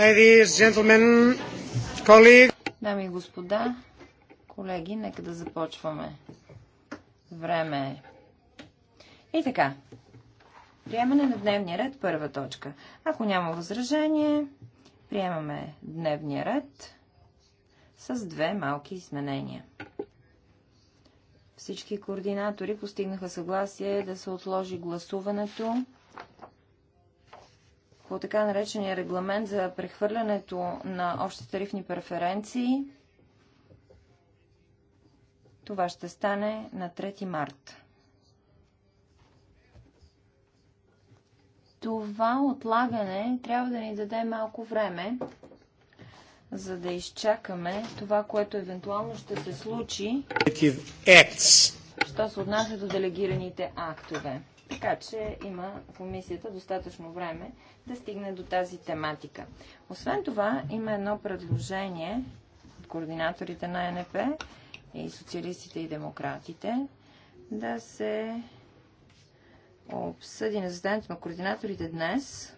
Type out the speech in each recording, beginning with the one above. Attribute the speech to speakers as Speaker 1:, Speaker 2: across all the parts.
Speaker 1: Ladies, gentlemen, colleagues.
Speaker 2: Дами и господа, колеги, нека да започваме. Време е. И така. Приемане на дневния ред, първа точка. Ако няма възражение, приемаме дневния ред с две малки изменения. Всички координатори постигнаха съгласие да се отложи гласуването по така наречения регламент за прехвърлянето на общи тарифни преференции. Това ще стане на 3 март. Това отлагане трябва да ни даде малко време, за да изчакаме това, което евентуално ще се случи, що се отнася до делегираните актове. Така че има комисията достатъчно време да стигне до тази тематика. Освен това, има едно предложение от координаторите на НП и социалистите и демократите да се обсъди на заседанието на координаторите днес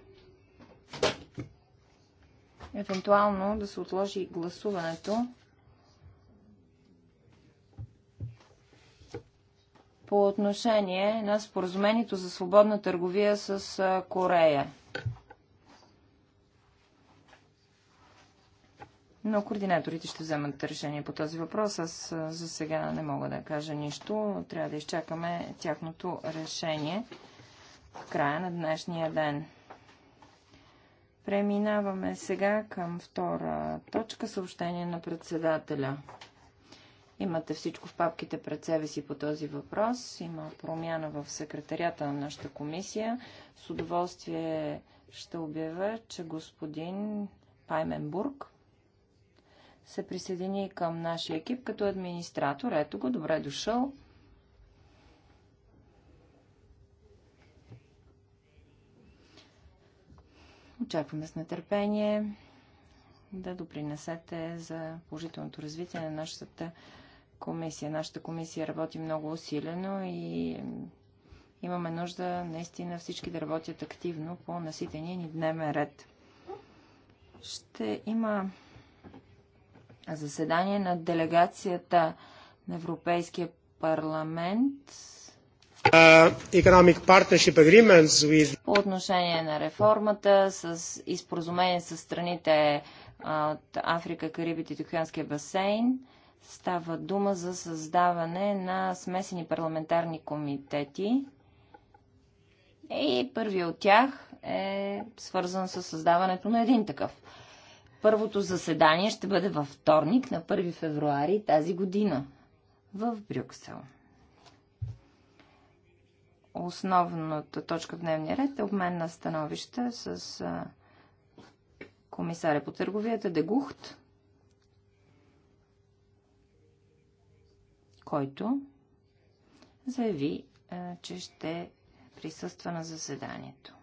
Speaker 2: евентуално да се отложи гласуването по отношение на споразумението за свободна търговия с Корея. Но координаторите ще вземат решение по този въпрос. Аз за сега не мога да кажа нищо. Трябва да изчакаме тяхното решение в края на днешния ден. Преминаваме сега към втора точка съобщение на председателя. Имате всичко в папките пред себе си по този въпрос. Има промяна в секретарията на нашата комисия. С удоволствие ще обявя, че господин Пайменбург се присъедини към нашия екип като администратор. Ето го, добре дошъл. Очакваме с нетърпение да допринесете за положителното развитие на нашата комисия. Нашата комисия работи много усилено и имаме нужда наистина всички да работят активно по наситения ни дневен ред. Ще има заседание на делегацията на Европейския парламент
Speaker 1: uh, with...
Speaker 2: по отношение на реформата с, изпоразумение споразумение с страните от Африка, Карибите и Тихоянския басейн. Става дума за създаване на смесени парламентарни комитети. И първият от тях е свързан с създаването на един такъв. Първото заседание ще бъде във вторник на 1 февруари тази година в Брюксел. Основната точка в дневния ред е обмен на становища с комисаря по търговията Дегухт който заяви, че ще присъства на заседанието.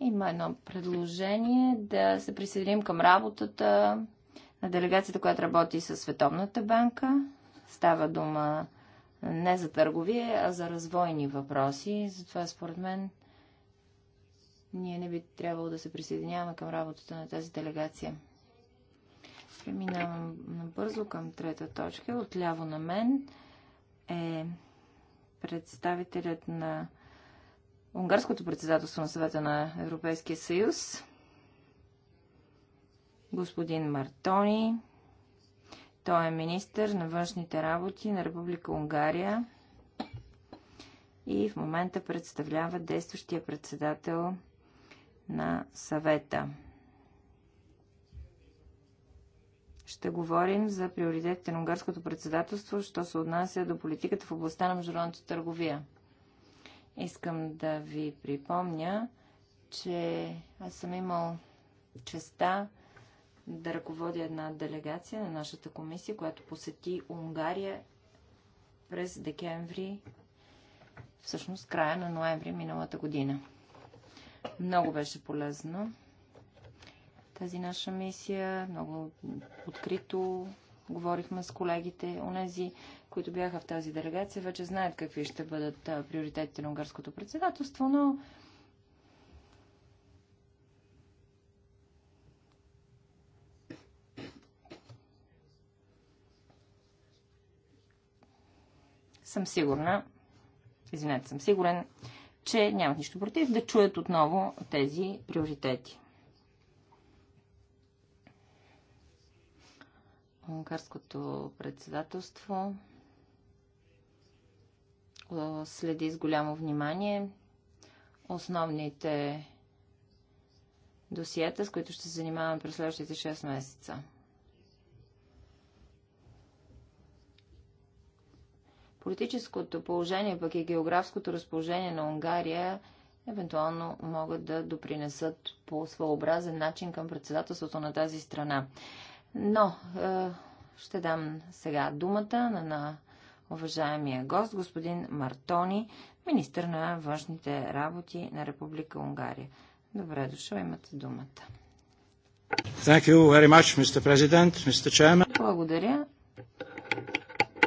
Speaker 2: Има едно предложение да се присъединим към работата на делегацията, която работи със Световната банка. Става дума не за търговия, а за развойни въпроси. Затова, според мен, ние не би трябвало да се присъединяваме към работата на тази делегация. Преминавам набързо към трета точка. Отляво на мен е представителят на Унгарското председателство на съвета на Европейския съюз, господин Мартони. Той е министър на външните работи на Република Унгария и в момента представлява действащия председател на съвета. ще говорим за приоритетите на унгарското председателство, що се отнася до политиката в областта на международната търговия. Искам да ви припомня, че аз съм имал честа да ръководя една делегация на нашата комисия, която посети Унгария през декември, всъщност края на ноември миналата година. Много беше полезно тази наша мисия. Много открито говорихме с колегите. Онези, които бяха в тази делегация, вече знаят какви ще бъдат приоритетите на унгарското председателство, но съм сигурна, извинете, съм сигурен, че нямат нищо против да чуят отново тези приоритети. Унгарското председателство следи с голямо внимание основните досиета, с които ще се занимаваме през следващите 6 месеца. Политическото положение, пък и географското разположение на Унгария евентуално могат да допринесат по своеобразен начин към председателството на тази страна. Но е, ще дам сега думата на, на уважаемия гост, господин Мартони, министр на външните работи на Република Унгария. Добре дошъл, имате думата.
Speaker 3: Thank you very much, Mr. President, Mr. Chairman.
Speaker 2: Благодаря,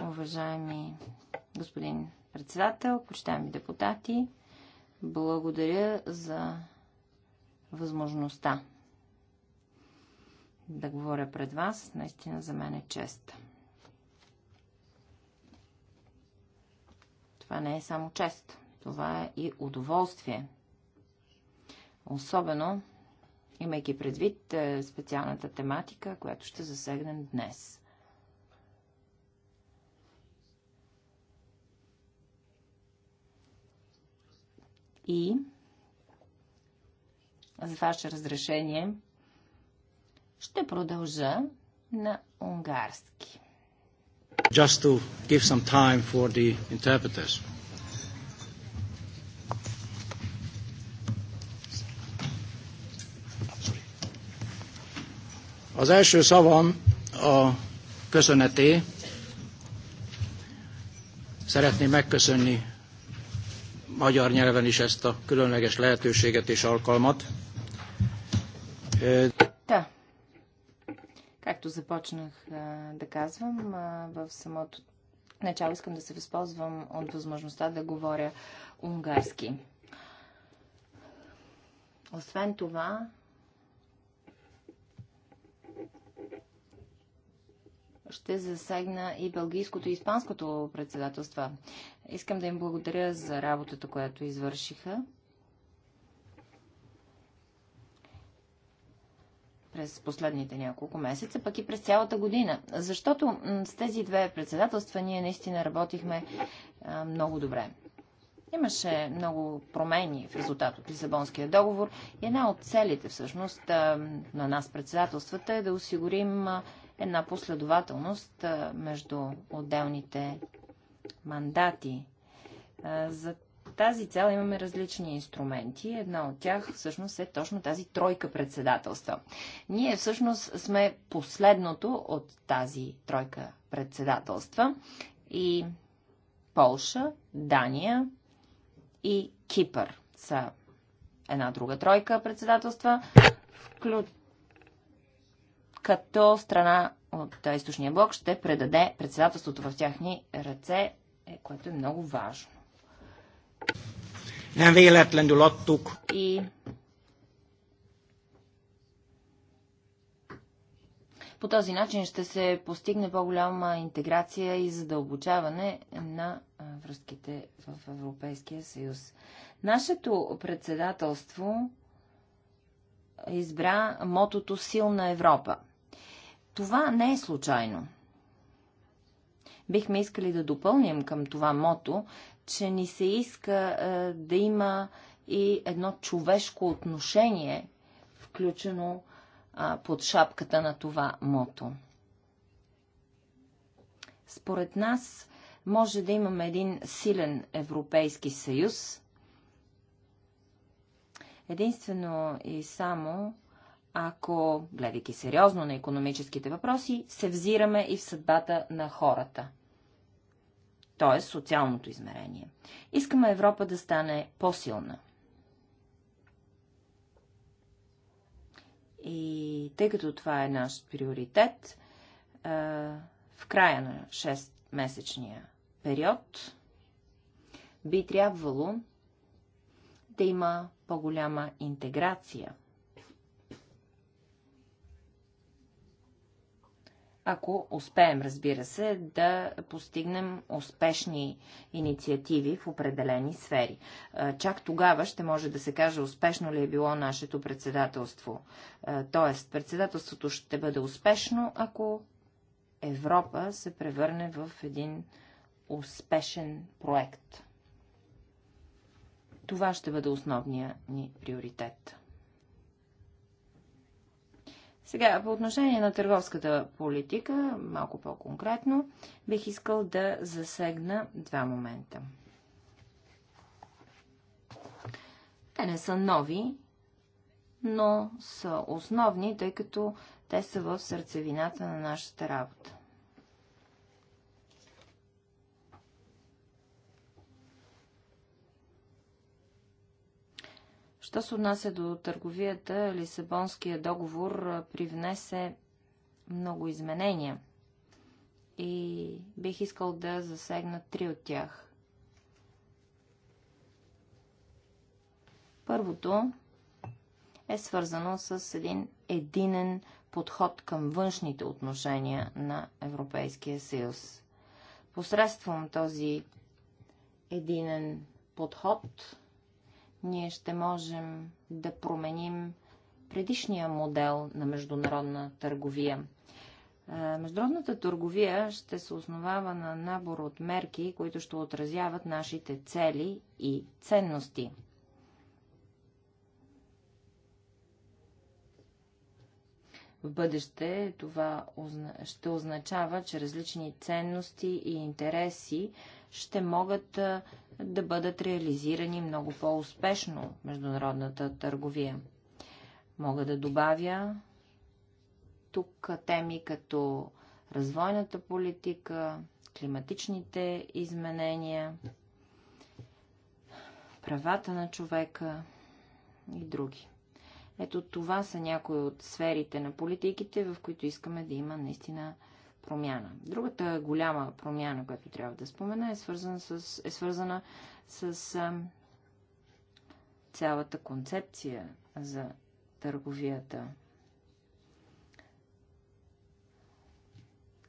Speaker 2: уважаеми господин председател, почитаеми депутати. Благодаря за възможността да говоря пред вас. Наистина за мен е чест. Това не е само чест. Това е и удоволствие. Особено, имайки предвид е, специалната тематика, която ще засегнем днес. И за ваше разрешение ще продължа на унгарски.
Speaker 3: Just to give some time for the interpreters. Az első szavam a köszöneté. Szeretném megköszönni magyar nyelven is ezt a különleges lehetőséget és alkalmat.
Speaker 2: Както започнах да казвам, в самото начало искам да се възползвам от възможността да говоря унгарски. Освен това, ще засегна и бългийското и испанското председателства. Искам да им благодаря за работата, която извършиха. през последните няколко месеца, пък и през цялата година. Защото с тези две председателства ние наистина работихме много добре. Имаше много промени в резултат от Лисабонския договор и една от целите всъщност на нас председателствата е да осигурим една последователност между отделните мандати. За тази цел имаме различни инструменти. Една от тях всъщност е точно тази тройка председателства. Ние всъщност сме последното от тази тройка председателства и Полша, Дания и Кипър са една друга тройка председателства, вклю... като страна от източния блок ще предаде председателството в тяхни ръце, е, което е много важно.
Speaker 3: Nem véletlenül adtuk.
Speaker 2: I. по този начин ще се постигне по-голяма интеграция и задълбочаване на връзките в Европейския съюз. Нашето председателство избра мотото Силна Европа. Това не е случайно. Бихме искали да допълним към това мото че ни се иска а, е, да има и едно човешко отношение, включено а, под шапката на това мото. Според нас може да имаме един силен Европейски съюз, единствено и само ако, гледайки сериозно на економическите въпроси, се взираме и в съдбата на хората – т.е. социалното измерение. Искаме Европа да стане по-силна. И тъй като това е наш приоритет, в края на 6-месечния период би трябвало да има по-голяма интеграция – ако успеем, разбира се, да постигнем успешни инициативи в определени сфери. Чак тогава ще може да се каже успешно ли е било нашето председателство. Тоест, председателството ще бъде успешно, ако Европа се превърне в един успешен проект. Това ще бъде основният ни приоритет. Сега, по отношение на търговската политика, малко по-конкретно, бих искал да засегна два момента. Те не са нови, но са основни, тъй като те са в сърцевината на нашата работа. Що се отнася до търговията, Лисабонския договор привнесе много изменения и бих искал да засегна три от тях. Първото е свързано с един единен подход към външните отношения на Европейския съюз. Посредством този единен подход ние ще можем да променим предишния модел на международна търговия. Международната търговия ще се основава на набор от мерки, които ще отразяват нашите цели и ценности. В бъдеще това ще означава, че различни ценности и интереси ще могат да бъдат реализирани много по-успешно международната търговия. Мога да добавя тук теми като развойната политика, климатичните изменения, правата на човека и други. Ето това са някои от сферите на политиките, в които искаме да има наистина промяна. Другата голяма промяна, която трябва да спомена, е свързана с, е свързана с а, цялата концепция за търговията.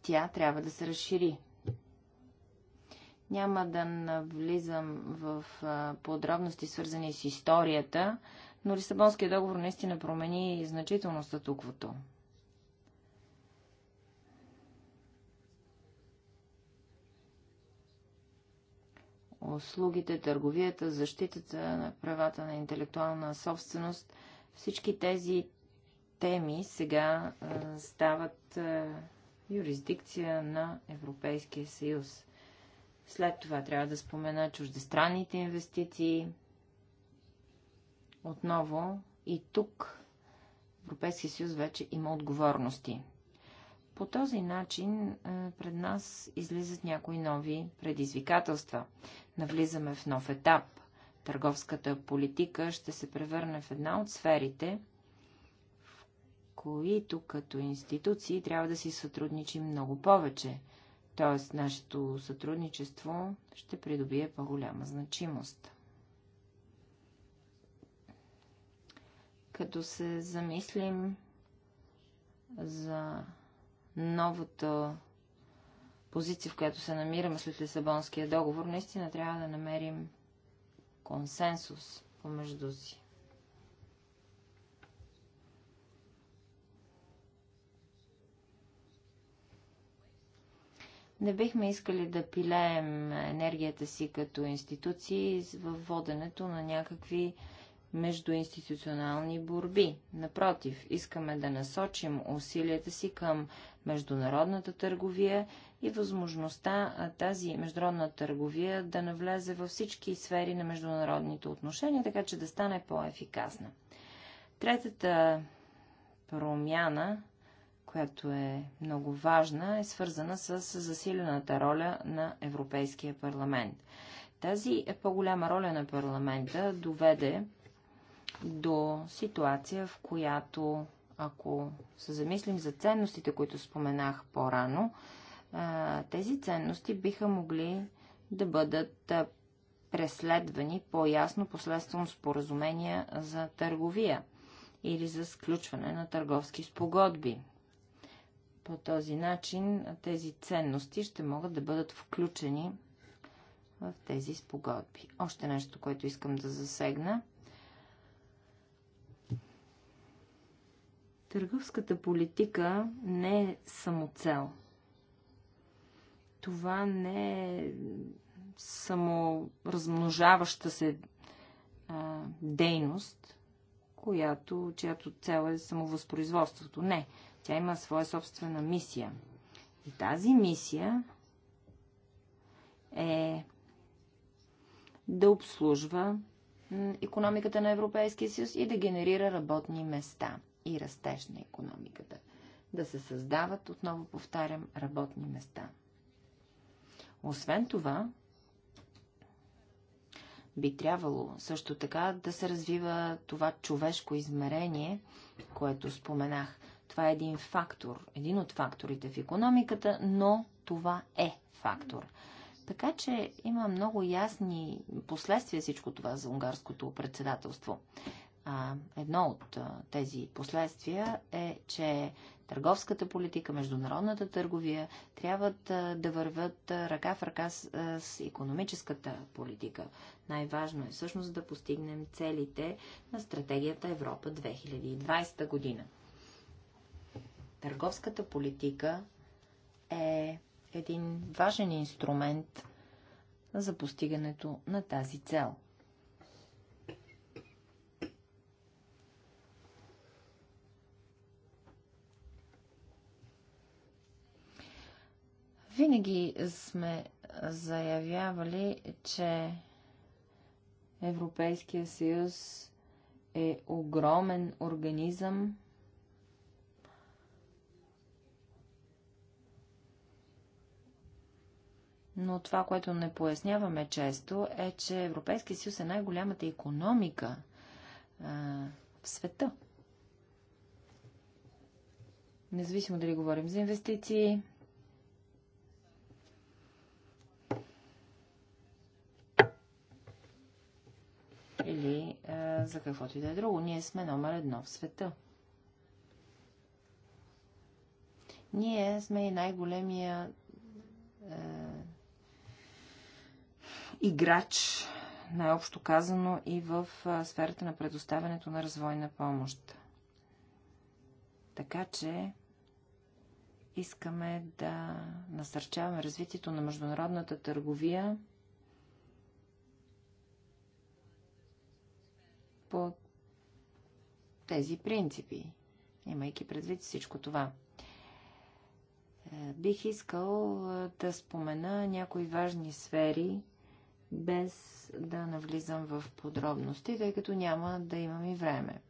Speaker 2: Тя трябва да се разшири. Няма да навлизам в а, подробности, свързани с историята, но Лисабонския договор наистина промени значително статуквото. услугите, търговията, защитата на правата на интелектуална собственост, всички тези теми сега стават юрисдикция на Европейския съюз. След това трябва да спомена чуждестранните инвестиции. Отново и тук Европейския съюз вече има отговорности. По този начин е, пред нас излизат някои нови предизвикателства. Навлизаме в нов етап. Търговската политика ще се превърне в една от сферите, в които като институции трябва да си сътрудничим много повече. Тоест, нашето сътрудничество ще придобие по-голяма значимост. Като се замислим за новата позиция, в която се намираме след Лисабонския договор, наистина трябва да намерим консенсус помежду си. Не бихме искали да пилеем енергията си като институции в воденето на някакви междуинституционални борби. Напротив, искаме да насочим усилията си към международната търговия и възможността тази международна търговия да навлезе във всички сфери на международните отношения, така че да стане по-ефикасна. Третата промяна, която е много важна, е свързана с засилената роля на Европейския парламент. Тази по-голяма роля на парламента доведе до ситуация, в която ако се замислим за ценностите, които споменах по-рано, тези ценности биха могли да бъдат преследвани по-ясно последством споразумения за търговия или за сключване на търговски спогодби. По този начин тези ценности ще могат да бъдат включени в тези спогодби. Още нещо, което искам да засегна – Търговската политика не е самоцел. Това не е саморазмножаваща се а, дейност, която, чиято цел е самовъзпроизводството. Не, тя има своя собствена мисия. И тази мисия е да обслужва економиката на Европейския съюз и да генерира работни места – и растеж на економиката. Да се създават, отново повтарям, работни места. Освен това, би трябвало също така да се развива това човешко измерение, което споменах. Това е един фактор, един от факторите в економиката, но това е фактор. Така че има много ясни последствия всичко това за унгарското председателство. А, едно от а, тези последствия е, че търговската политика, международната търговия трябва да, да вървят ръка в ръка с, с економическата политика. Най-важно е всъщност да постигнем целите на стратегията Европа 2020 година. Търговската политика е един важен инструмент за постигането на тази цел – Винаги сме заявявали, че Европейския съюз е огромен организъм, Но това, което не поясняваме често, е, че Европейския съюз е най-голямата економика а, в света. Независимо дали говорим за инвестиции, или а, е, за каквото и да е друго. Ние сме номер едно в света. Ние сме и най-големия е, играч, най-общо казано, и в а, е, сферата на предоставянето на развойна помощ. Така че искаме да насърчаваме развитието на международната търговия тези принципи, имайки предвид всичко това. Е, бих искал е, да спомена някои важни сфери, без да навлизам в подробности, тъй като няма да имам и време.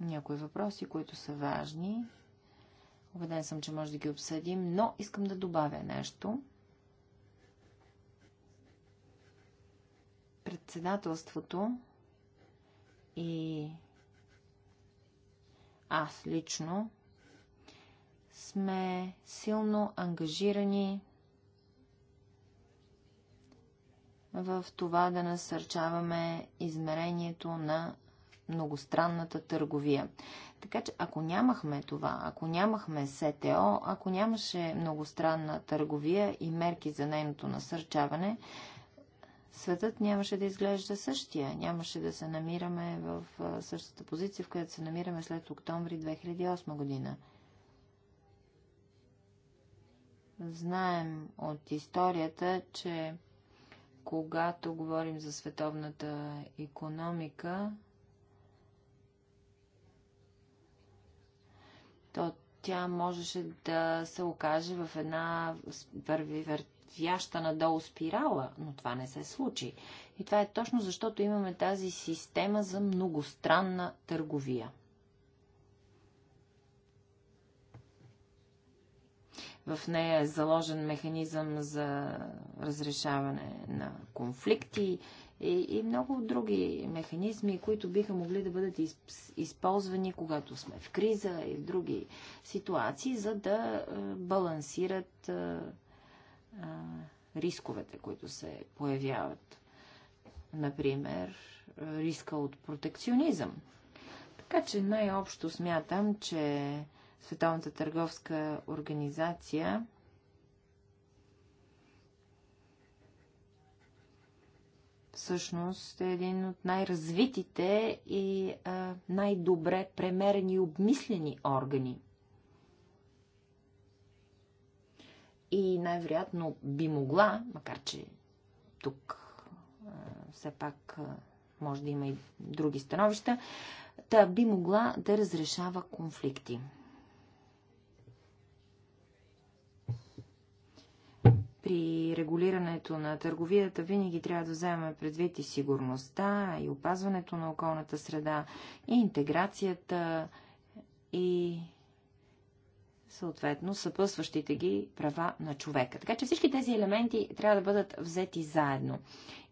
Speaker 2: Някои въпроси, които са важни. Убеден съм, че може да ги обсъдим, но искам да добавя нещо – председателството и аз лично сме силно ангажирани в това да насърчаваме измерението на многостранната търговия. Така че ако нямахме това, ако нямахме СТО, ако нямаше многостранна търговия и мерки за нейното насърчаване, светът нямаше да изглежда същия. Нямаше да се намираме в същата позиция, в която се намираме след октомври 2008 година. Знаем от историята, че когато говорим за световната економика, то тя можеше да се окаже в една Вяща надолу спирала, но това не се случи. И това е точно защото имаме тази система за многостранна търговия. В нея е заложен механизъм за разрешаване на конфликти и, и много други механизми, които биха могли да бъдат използвани, когато сме в криза и в други ситуации, за да е, балансират е, рисковете, които се появяват. Например, риска от протекционизъм. Така че най-общо смятам, че Световната търговска организация всъщност е един от най-развитите и най-добре премерени и обмислени органи. и най-вероятно би могла, макар че тук все пак може да има и други становища, та би могла да разрешава конфликти. При регулирането на търговията винаги трябва да вземем предвид и сигурността, и опазването на околната среда, и интеграцията, и съответно съпъсващите ги права на човека. Така че всички тези елементи трябва да бъдат взети заедно.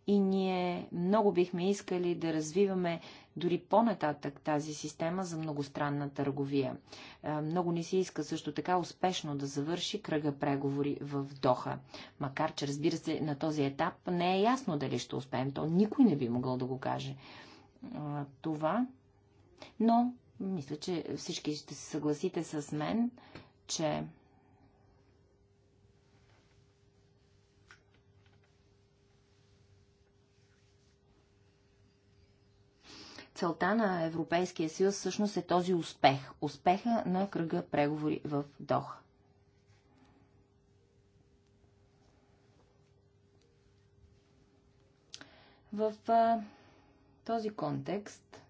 Speaker 2: И ние много бихме искали да развиваме дори по-нататък тази система за многостранна търговия. Е, много ни се иска също така успешно да завърши кръга преговори в Доха. Макар, че разбира се, на този етап не е ясно дали ще успеем. То никой не би могъл да го каже. Е, това. Но мисля, че всички ще се съгласите с мен, че целта на Европейския съюз всъщност е този успех. Успеха на кръга преговори в Доха. В а, този контекст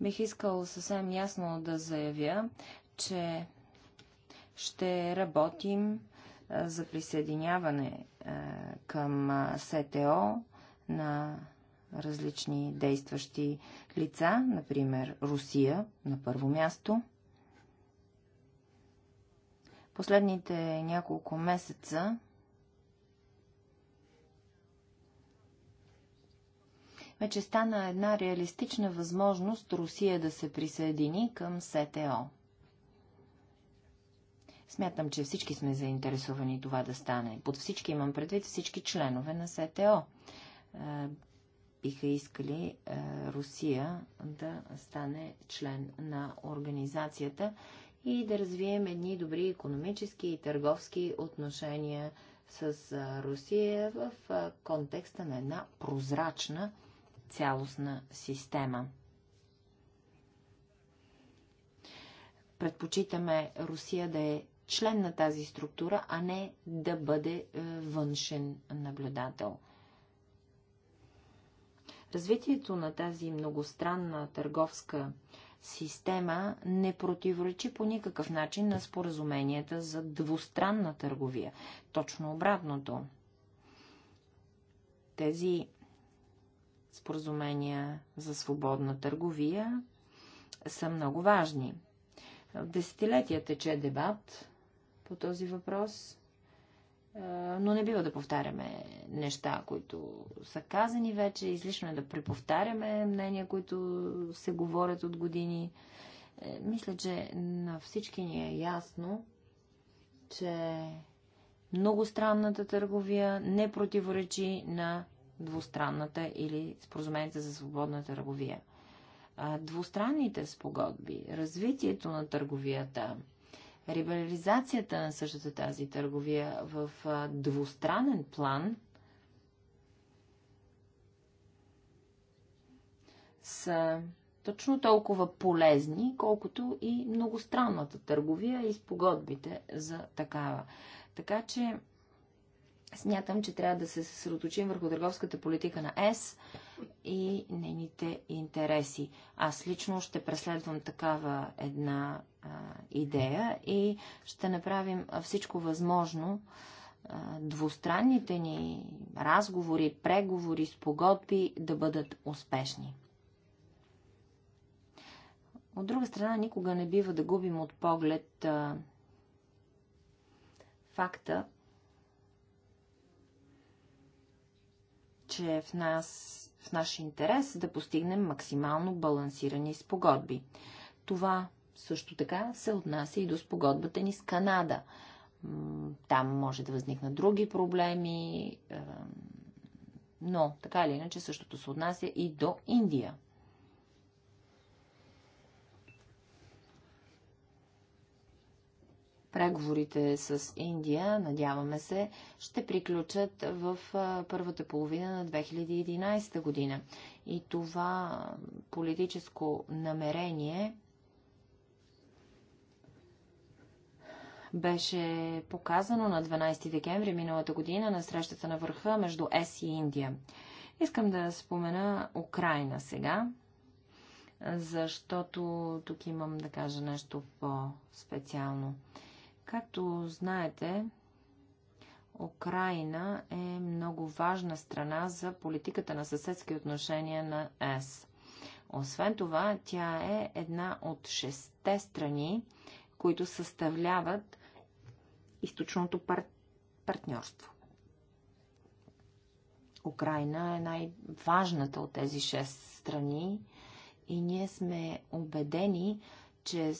Speaker 2: Бих искал съвсем ясно да заявя, че ще работим за присъединяване към СТО на различни действащи лица, например Русия на първо място. Последните няколко месеца вече стана една реалистична възможност Русия да се присъедини към СТО. Смятам, че всички сме заинтересовани това да стане. Под всички имам предвид всички членове на СТО. Е, биха искали е, Русия да стане член на организацията и да развием едни добри економически и търговски отношения с е, Русия в контекста на една прозрачна цялостна система. Предпочитаме Русия да е член на тази структура, а не да бъде е, външен наблюдател. Развитието на тази многостранна търговска система не противоречи по никакъв начин на споразуменията за двустранна търговия. Точно обратното. Тези споразумения за свободна търговия са много важни. В десетилетия тече дебат по този въпрос, но не бива да повтаряме неща, които са казани вече. Излишно е да преповтаряме мнения, които се говорят от години. Е, мисля, че на всички ни е ясно, че многостранната търговия не противоречи на двустранната или споразумението за свободна търговия. Двустранните спогодби, развитието на търговията, либерализацията на същата тази търговия в двустранен план са точно толкова полезни, колкото и многостранната търговия и спогодбите за такава. Така че Смятам, че трябва да се съсредоточим върху търговската политика на ЕС и нейните интереси. Аз лично ще преследвам такава една а, идея и ще направим всичко възможно а, двустранните ни разговори, преговори, спогодби да бъдат успешни. От друга страна, никога не бива да губим от поглед а, факта, че е в, нас, в наш интерес да постигнем максимално балансирани спогодби. Това също така се отнася и до спогодбата ни с Канада. Там може да възникнат други проблеми, но така или иначе същото се отнася и до Индия. Преговорите с Индия, надяваме се, ще приключат в първата половина на 2011 година. И това политическо намерение беше показано на 12 декември миналата година на срещата на върха между ЕС и Индия. Искам да спомена Украина сега, защото тук имам да кажа нещо по-специално. Както знаете, Украина е много важна страна за политиката на съседски отношения на ЕС. Освен това, тя е една от шесте страни, които съставляват източното пар... партньорство. Украина е най-важната от тези шест страни и ние сме убедени, че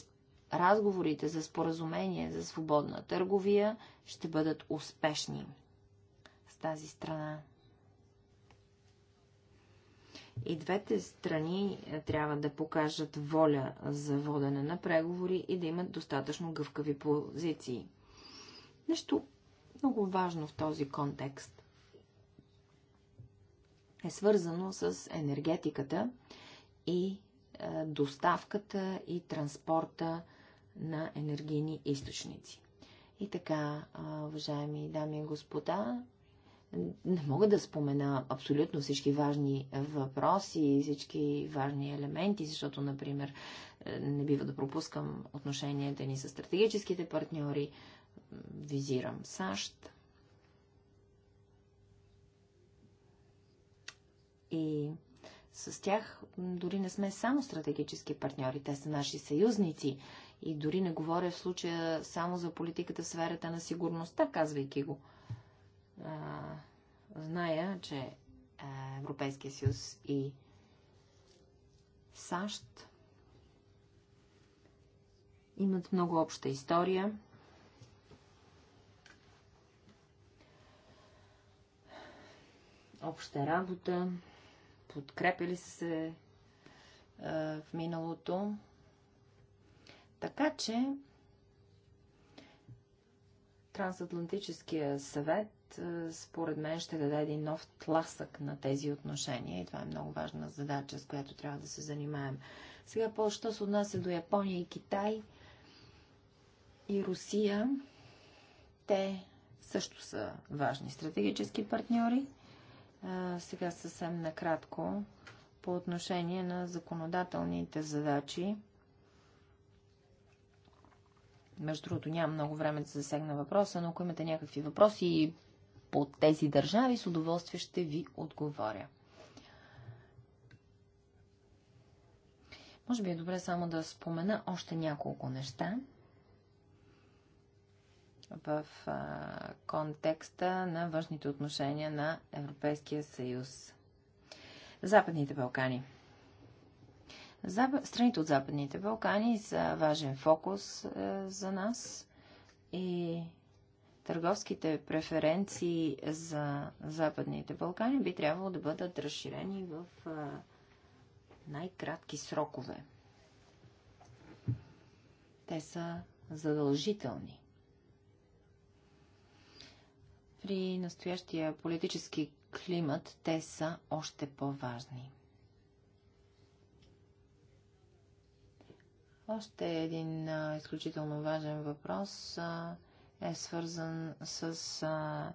Speaker 2: разговорите за споразумение за свободна търговия ще бъдат успешни с тази страна. И двете страни е, трябва да покажат воля за водене на преговори и да имат достатъчно гъвкави позиции. Нещо много важно в този контекст е свързано с енергетиката и е, доставката и транспорта на енергийни източници. И така, уважаеми дами и господа, не мога да спомена абсолютно всички важни въпроси и всички важни елементи, защото, например, е, не бива да пропускам отношенията ни с стратегическите партньори. Визирам САЩ. И с тях дори не сме само стратегически партньори, те са наши съюзници и дори не говоря в случая само за политиката в сферата на сигурността, казвайки го. А, зная, че Европейския съюз и САЩ имат много обща история. Обща работа. Подкрепили са се в миналото. Така че Трансатлантическия съвет, е, според мен, ще даде един нов тласък на тези отношения и това е много важна задача, с която трябва да се занимаем. Сега по-що се отнася до Япония и Китай и Русия, те също са важни стратегически партньори. Е, сега съвсем накратко по отношение на законодателните задачи между другото, нямам много време да засегна въпроса, но ако имате някакви въпроси по тези държави, с удоволствие ще ви отговоря. Може би е добре само да спомена още няколко неща в а, контекста на външните отношения на Европейския съюз. Западните Балкани – Запад... Страните от Западните Балкани са важен фокус е, за нас и търговските преференции за Западните Балкани би трябвало да бъдат разширени в е, най-кратки срокове. Те са задължителни. При настоящия политически климат те са още по-важни. Още един а, изключително важен въпрос а, е свързан с а,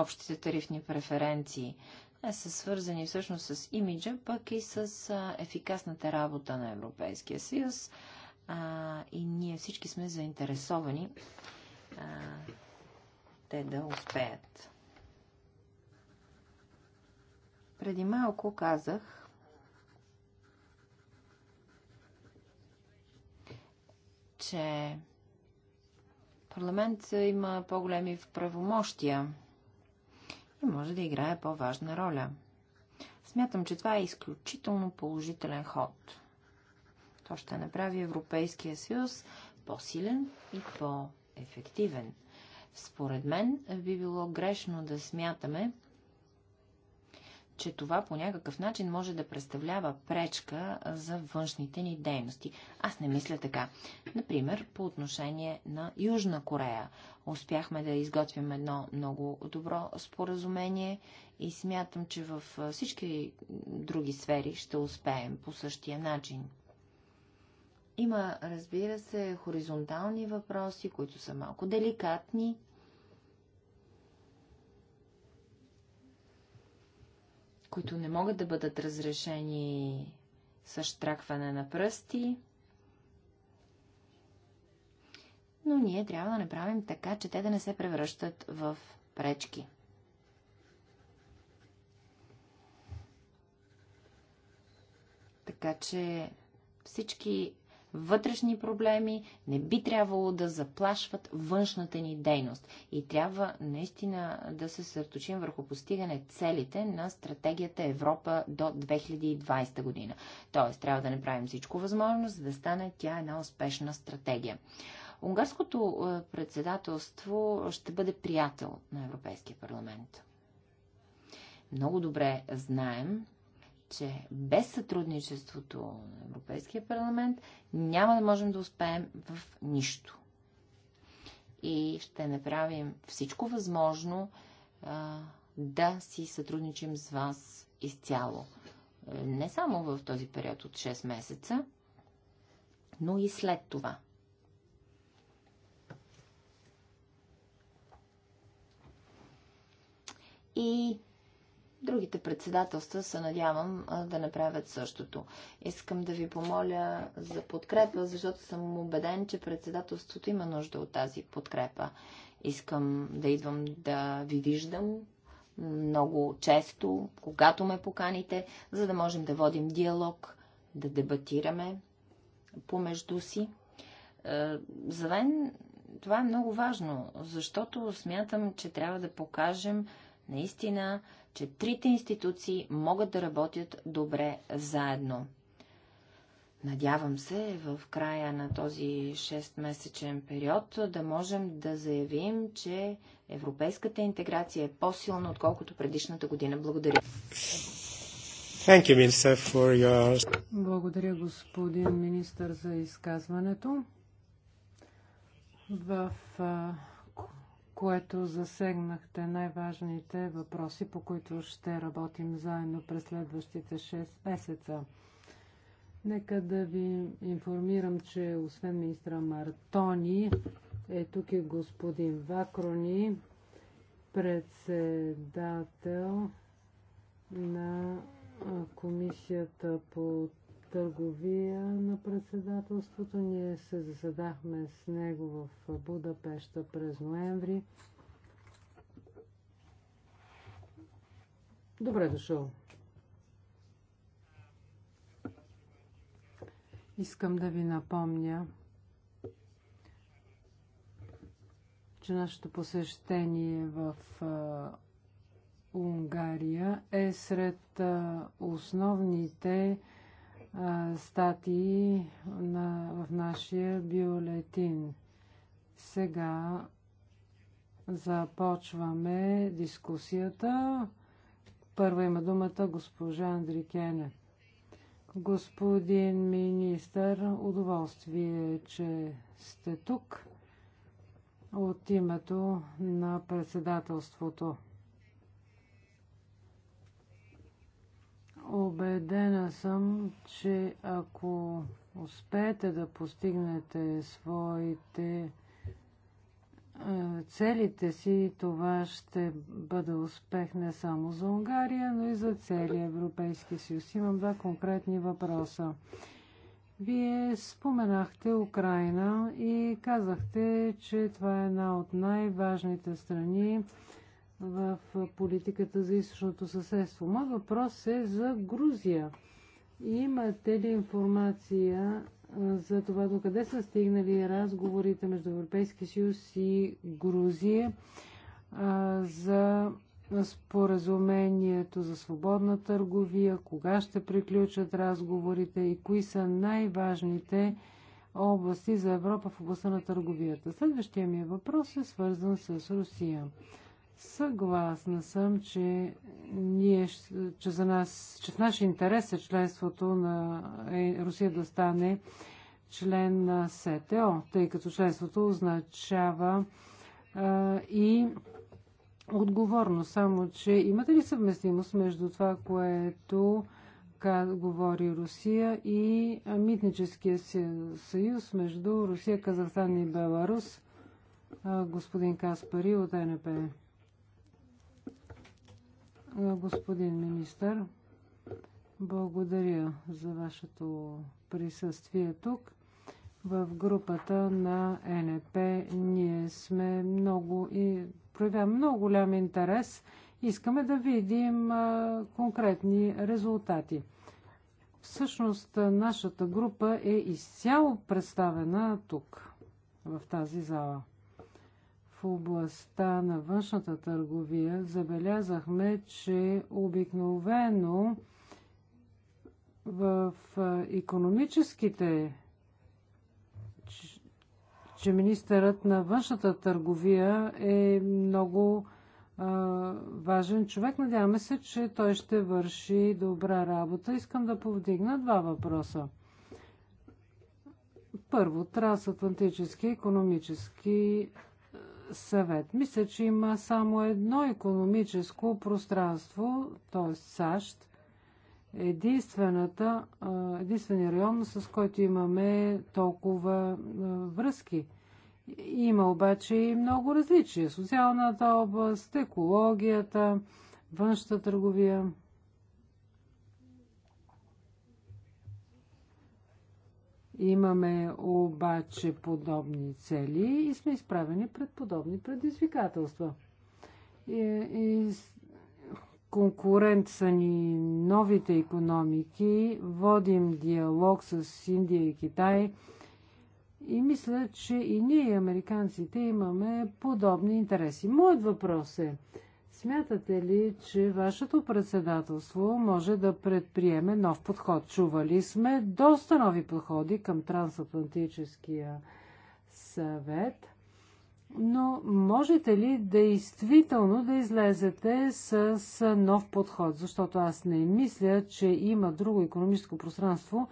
Speaker 2: общите тарифни преференции. Те са свързани всъщност с имиджа, пък и с а, ефикасната работа на Европейския съюз. А, и ние всички сме заинтересовани а, те да успеят. Преди малко казах, че парламент има по-големи правомощия и може да играе по-важна роля. Смятам, че това е изключително положителен ход. То ще направи Европейския съюз по-силен и по-ефективен. Според мен би било грешно да смятаме, че това по някакъв начин може да представлява пречка за външните ни дейности. Аз не мисля така. Например, по отношение на Южна Корея. Успяхме да изготвим едно много добро споразумение и смятам, че в всички други сфери ще успеем по същия начин. Има, разбира се, хоризонтални въпроси, които са малко деликатни, които не могат да бъдат разрешени с штракване на пръсти. Но ние трябва да направим така, че те да не се превръщат в пречки. Така че всички вътрешни проблеми не би трябвало да заплашват външната ни дейност. И трябва наистина да се съсредоточим върху постигане целите на стратегията Европа до 2020 година. Тоест, трябва да направим всичко възможно, за да стане тя една успешна стратегия. Унгарското е, председателство ще бъде приятел на Европейския парламент. Много добре знаем, че без сътрудничеството на Европейския парламент няма да можем да успеем в нищо. И ще направим всичко възможно а, да си сътрудничим с вас изцяло. Не само в този период от 6 месеца, но и след това. И Другите председателства се надявам да направят същото. Искам да ви помоля за подкрепа, защото съм убеден, че председателството има нужда от тази подкрепа. Искам да идвам да ви виждам много често, когато ме поканите, за да можем да водим диалог, да дебатираме помежду си. Е, за мен това е много важно, защото смятам, че трябва да покажем наистина, че трите институции могат да работят добре заедно. Надявам се в края на този 6-месечен период да можем да заявим, че европейската интеграция е по-силна, отколкото предишната година. Благодаря.
Speaker 3: Thank you, minister, for your...
Speaker 1: Благодаря, господин министър, за изказването. В което засегнахте най-важните въпроси, по които ще работим заедно през следващите 6 месеца. Нека да ви информирам, че освен министра Мартони, е тук и господин Вакрони, председател на Комисията по търговия на председателството. Ние се заседахме с него в Будапешта през ноември. Добре дошъл. Искам да ви напомня, че нашето посещение в Унгария е сред основните статии на, в нашия бюлетин. Сега започваме дискусията. Първа има думата госпожа Андрикене. Господин министър, удоволствие, че сте тук от името на председателството. Обедена съм, че ако успеете да постигнете своите е, целите си, това ще бъде успех не само за Унгария, но и за целия Европейски съюз. Имам два конкретни въпроса. Вие споменахте Украина и казахте, че това е една от най-важните страни в политиката за източното съседство. Моят въпрос е за Грузия. Имате ли информация за това до къде са стигнали разговорите между Европейския съюз и Грузия за споразумението за свободна търговия, кога ще приключат разговорите и кои са най-важните области за Европа в областта на търговията. Следващия ми въпрос е свързан с Русия. Съгласна съм, че, ние, че, за нас, че в наш интерес е членството на е, Русия да стане член на СТО, тъй като членството означава а, и отговорно. Само, че имате ли съвместимост между това, което говори Русия и митническия съюз между Русия, Казахстан и Беларус? господин Каспари от НП господин министър. Благодаря за вашето присъствие тук. В групата на НП ние сме много и проявяваме много голям интерес. Искаме да видим конкретни резултати. Всъщност нашата група е изцяло представена тук, в тази зала областта на външната търговия забелязахме, че обикновено в економическите че министърът на външната търговия е много а, важен човек. Надяваме се, че той ще върши добра работа. Искам да повдигна два въпроса. Първо, трансатлантически економически съвет. Мисля, че има само едно економическо пространство, т.е. САЩ. Единствената, единствения район, с който имаме толкова връзки. Има обаче и много различия. Социалната област, екологията, външната търговия. Имаме обаче подобни цели и сме изправени пред подобни предизвикателства. И, и конкурент са ни новите економики, водим диалог с Индия и Китай и мисля, че и ние, американците, имаме подобни интереси. Моят въпрос е, Смятате ли, че вашето председателство може да предприеме нов подход? Чували сме доста нови подходи към трансатлантическия съвет, но можете ли действително да излезете с нов подход? Защото аз не мисля, че има друго економическо пространство,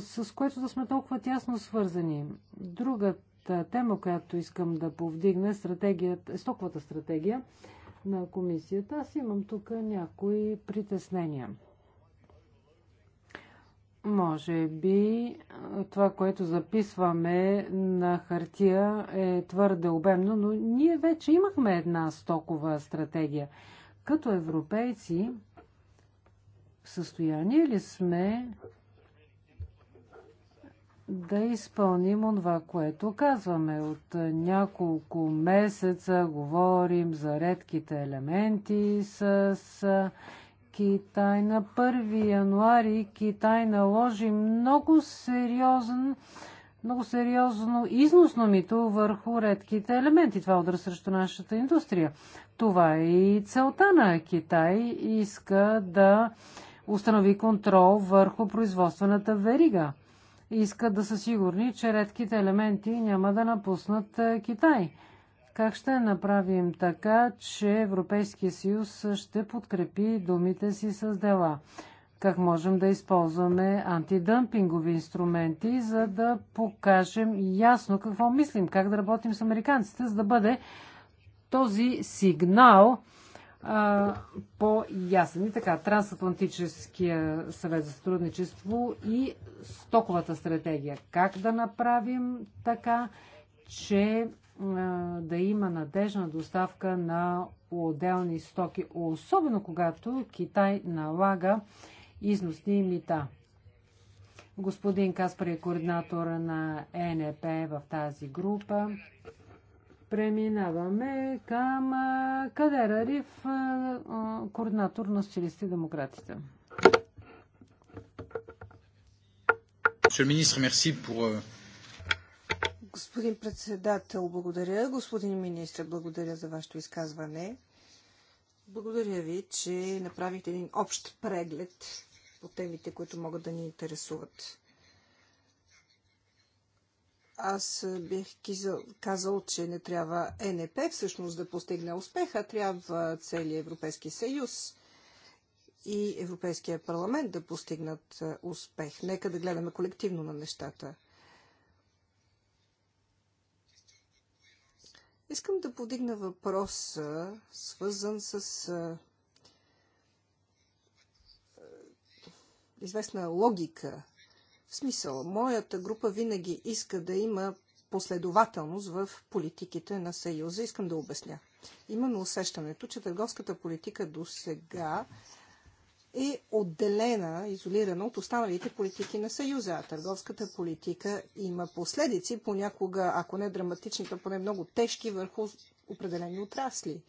Speaker 1: с което да сме толкова тясно свързани. Другата тема, която искам да повдигна, е стратегията, стоковата стратегия на комисията. Аз имам тук някои притеснения. Може би това, което записваме на хартия е твърде обемно, но ние вече имахме една стокова стратегия. Като европейци, в състояние ли сме да изпълним онова, което казваме. От няколко месеца говорим за редките елементи с Китай. На 1 януари Китай наложи много сериозен много сериозно износно мито върху редките елементи. Това е удра срещу нашата индустрия. Това е и целта на Китай. Иска да установи контрол върху производствената верига искат да са сигурни, че редките елементи няма да напуснат е, Китай. Как ще направим така, че Европейския съюз ще подкрепи думите си с дела? Как можем да използваме антидъмпингови инструменти, за да покажем ясно какво мислим, как да работим с американците, за да бъде този сигнал по-ясен. И така, Трансатлантическия съвет за сътрудничество и стоковата стратегия. Как да направим така, че да има надежна доставка на отделни стоки, особено когато Китай налага износни мита. Господин Каспар е координатор на ЕНП в тази група. Преминаваме към кадера Риф, координатор на социалистите и демократите.
Speaker 3: Euh,
Speaker 4: Господин председател, благодаря. Господин министр, благодаря за вашето изказване. Благодаря ви, че направихте един общ преглед по темите, които могат да ни интересуват. Аз бих казал, че не трябва ЕНП всъщност да постигне успеха, трябва целият Европейски съюз и Европейския парламент да постигнат успех. Нека да гледаме колективно на нещата. Искам да подигна въпроса, свързан с известна логика в смисъл, моята група винаги иска да има последователност в политиките на Съюза. Искам да обясня. Имаме усещането, че търговската политика до сега е отделена, изолирана от останалите политики на Съюза. Търговската политика има последици, понякога, ако не драматични, то поне много тежки върху определени отрасли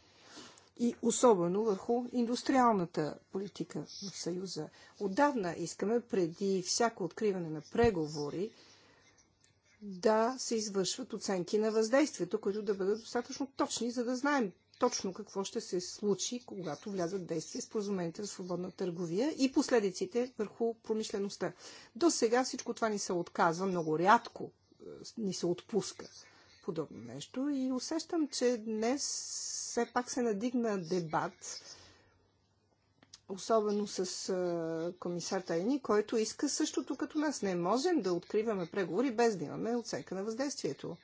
Speaker 4: и особено върху индустриалната политика в Съюза. Отдавна искаме преди всяко откриване на преговори да се извършват оценки на въздействието, които да бъдат достатъчно точни, за да знаем точно какво ще се случи, когато влязат в действие споразумените за свободна търговия и последиците върху промишлеността. До сега всичко това ни се отказва, много рядко е, ни се отпуска подобно нещо и усещам, че днес все пак се надигна дебат, особено с комисар Тайни, който иска същото като нас. Не можем да откриваме преговори без да имаме оценка на въздействието.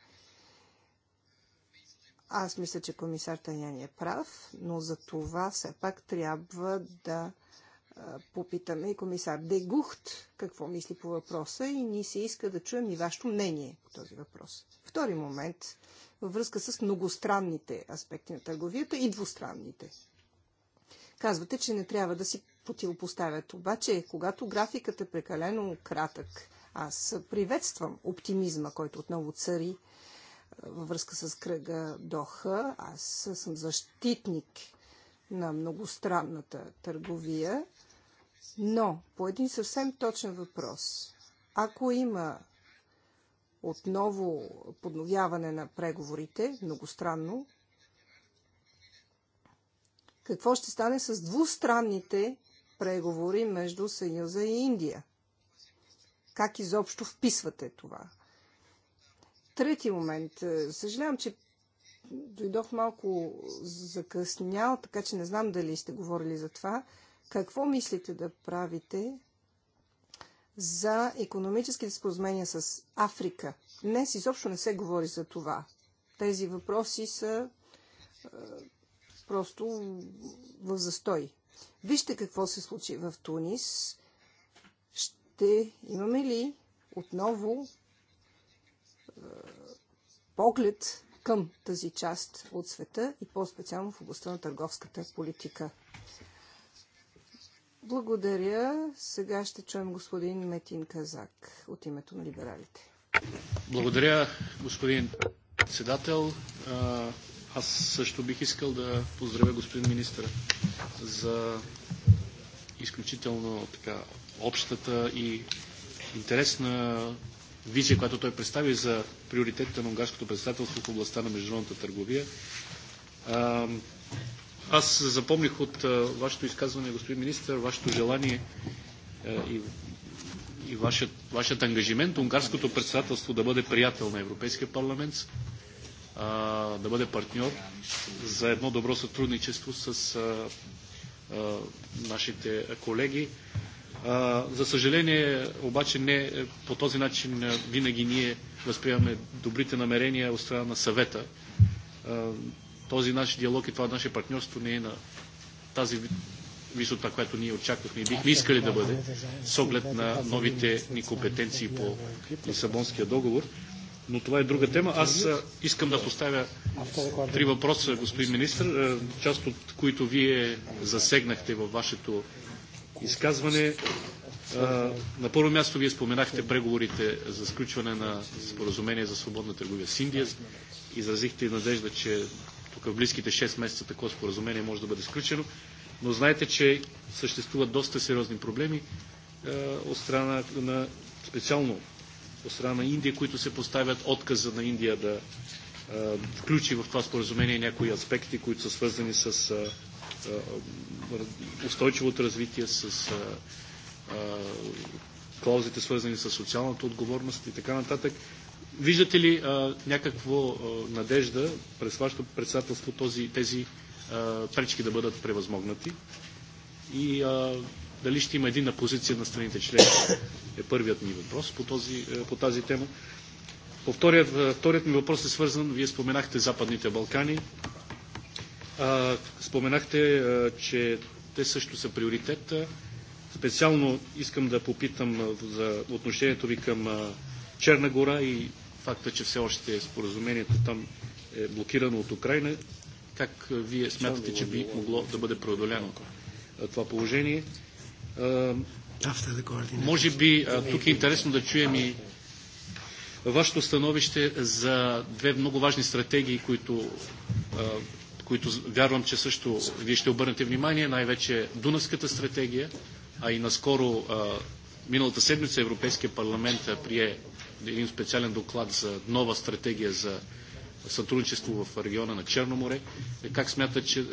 Speaker 4: Аз мисля, че комисар Таняни е прав, но за това все пак трябва да попитаме и комисар Дегухт какво мисли по въпроса и ни се иска да чуем и вашето мнение по този въпрос. Втори момент във връзка с многостранните аспекти на търговията и двустранните. Казвате, че не трябва да си противопоставят. Обаче, когато графикът е прекалено кратък, аз приветствам оптимизма, който отново цари във връзка с кръга Доха. Аз съм защитник на многостранната търговия, но по един съвсем точен въпрос. Ако има отново подновяване на преговорите, многостранно. Какво ще стане с двустранните преговори между Съюза и Индия? Как изобщо вписвате това? Трети момент. Е, съжалявам, че дойдох малко закъснял, така че не знам дали сте говорили за това. Какво мислите да правите за економическите споразумения с Африка. Днес изобщо не се говори за това. Тези въпроси са е, просто в застой. Вижте какво се случи в Тунис. Ще имаме ли отново е, поглед към тази част от света и по-специално в областта на търговската политика? Благодаря. Сега ще чуем господин Метин Казак от името на либералите.
Speaker 3: Благодаря, господин председател. Аз също бих искал да поздравя господин министър за изключително така, общата и интересна визия, която той представи за приоритетите на унгарското председателство в областта на международната търговия. Аз запомних от вашето изказване, господин министр, вашето желание и, и вашият, вашият ангажимент унгарското председателство да бъде приятел на Европейския парламент, да бъде партньор за едно добро сътрудничество с нашите колеги. за съжаление, обаче не по този начин винаги ние възприемаме добрите намерения от страна на съвета този наш диалог и това наше партньорство не е на тази висота, която ние очаквахме и бихме искали да бъде с оглед на новите ни компетенции по Лисабонския договор. Но това е друга тема. Аз искам да поставя три въпроса, господин министр, част от които вие засегнахте във вашето изказване. На първо място вие споменахте преговорите за сключване на споразумение за свободна търговия с Индия. Изразихте надежда, че тук в близките 6 месеца такова споразумение може да бъде сключено, но знаете, че съществуват доста сериозни проблеми е, от страна на, специално от страна на Индия, които се поставят отказа на Индия да е, включи в това споразумение някои аспекти, които са свързани с е, устойчивото развитие, с клаузите свързани с социалната отговорност и така нататък. Виждате ли а, някакво а, надежда през вашето председателство този, тези а, пречки да бъдат превъзмогнати? И а, дали ще има единна позиция на страните членки е първият ми въпрос по, този, по тази тема. По вторият, вторият ми въпрос е свързан, вие споменахте Западните Балкани. А, споменахте, а, че те също са приоритет. Специално искам да попитам за отношението ви към Черна гора и факта, че все още споразумението там е блокирано от Украина, как вие смятате, че би могло да бъде преодоляно това положение? Може би тук е интересно да чуем и вашето становище за две много важни стратегии, които, които вярвам, че също вие ще обърнете внимание, най-вече Дунавската стратегия, а и наскоро миналата седмица Европейския парламент прие един специален доклад за нова стратегия за сътрудничество в региона на Черно море. Е, как, смята, че,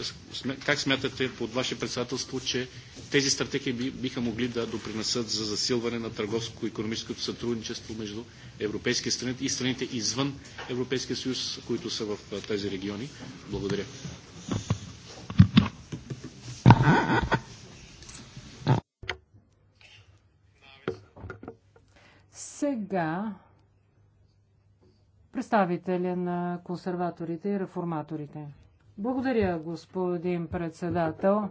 Speaker 3: как смятате под ваше председателство, че тези стратегии биха могли да допринесат за засилване на търговско-економическото сътрудничество между европейските страни и страните извън Европейския съюз, които са в тези региони? Благодаря.
Speaker 1: Сега представителя на консерваторите и реформаторите. Благодаря, господин председател.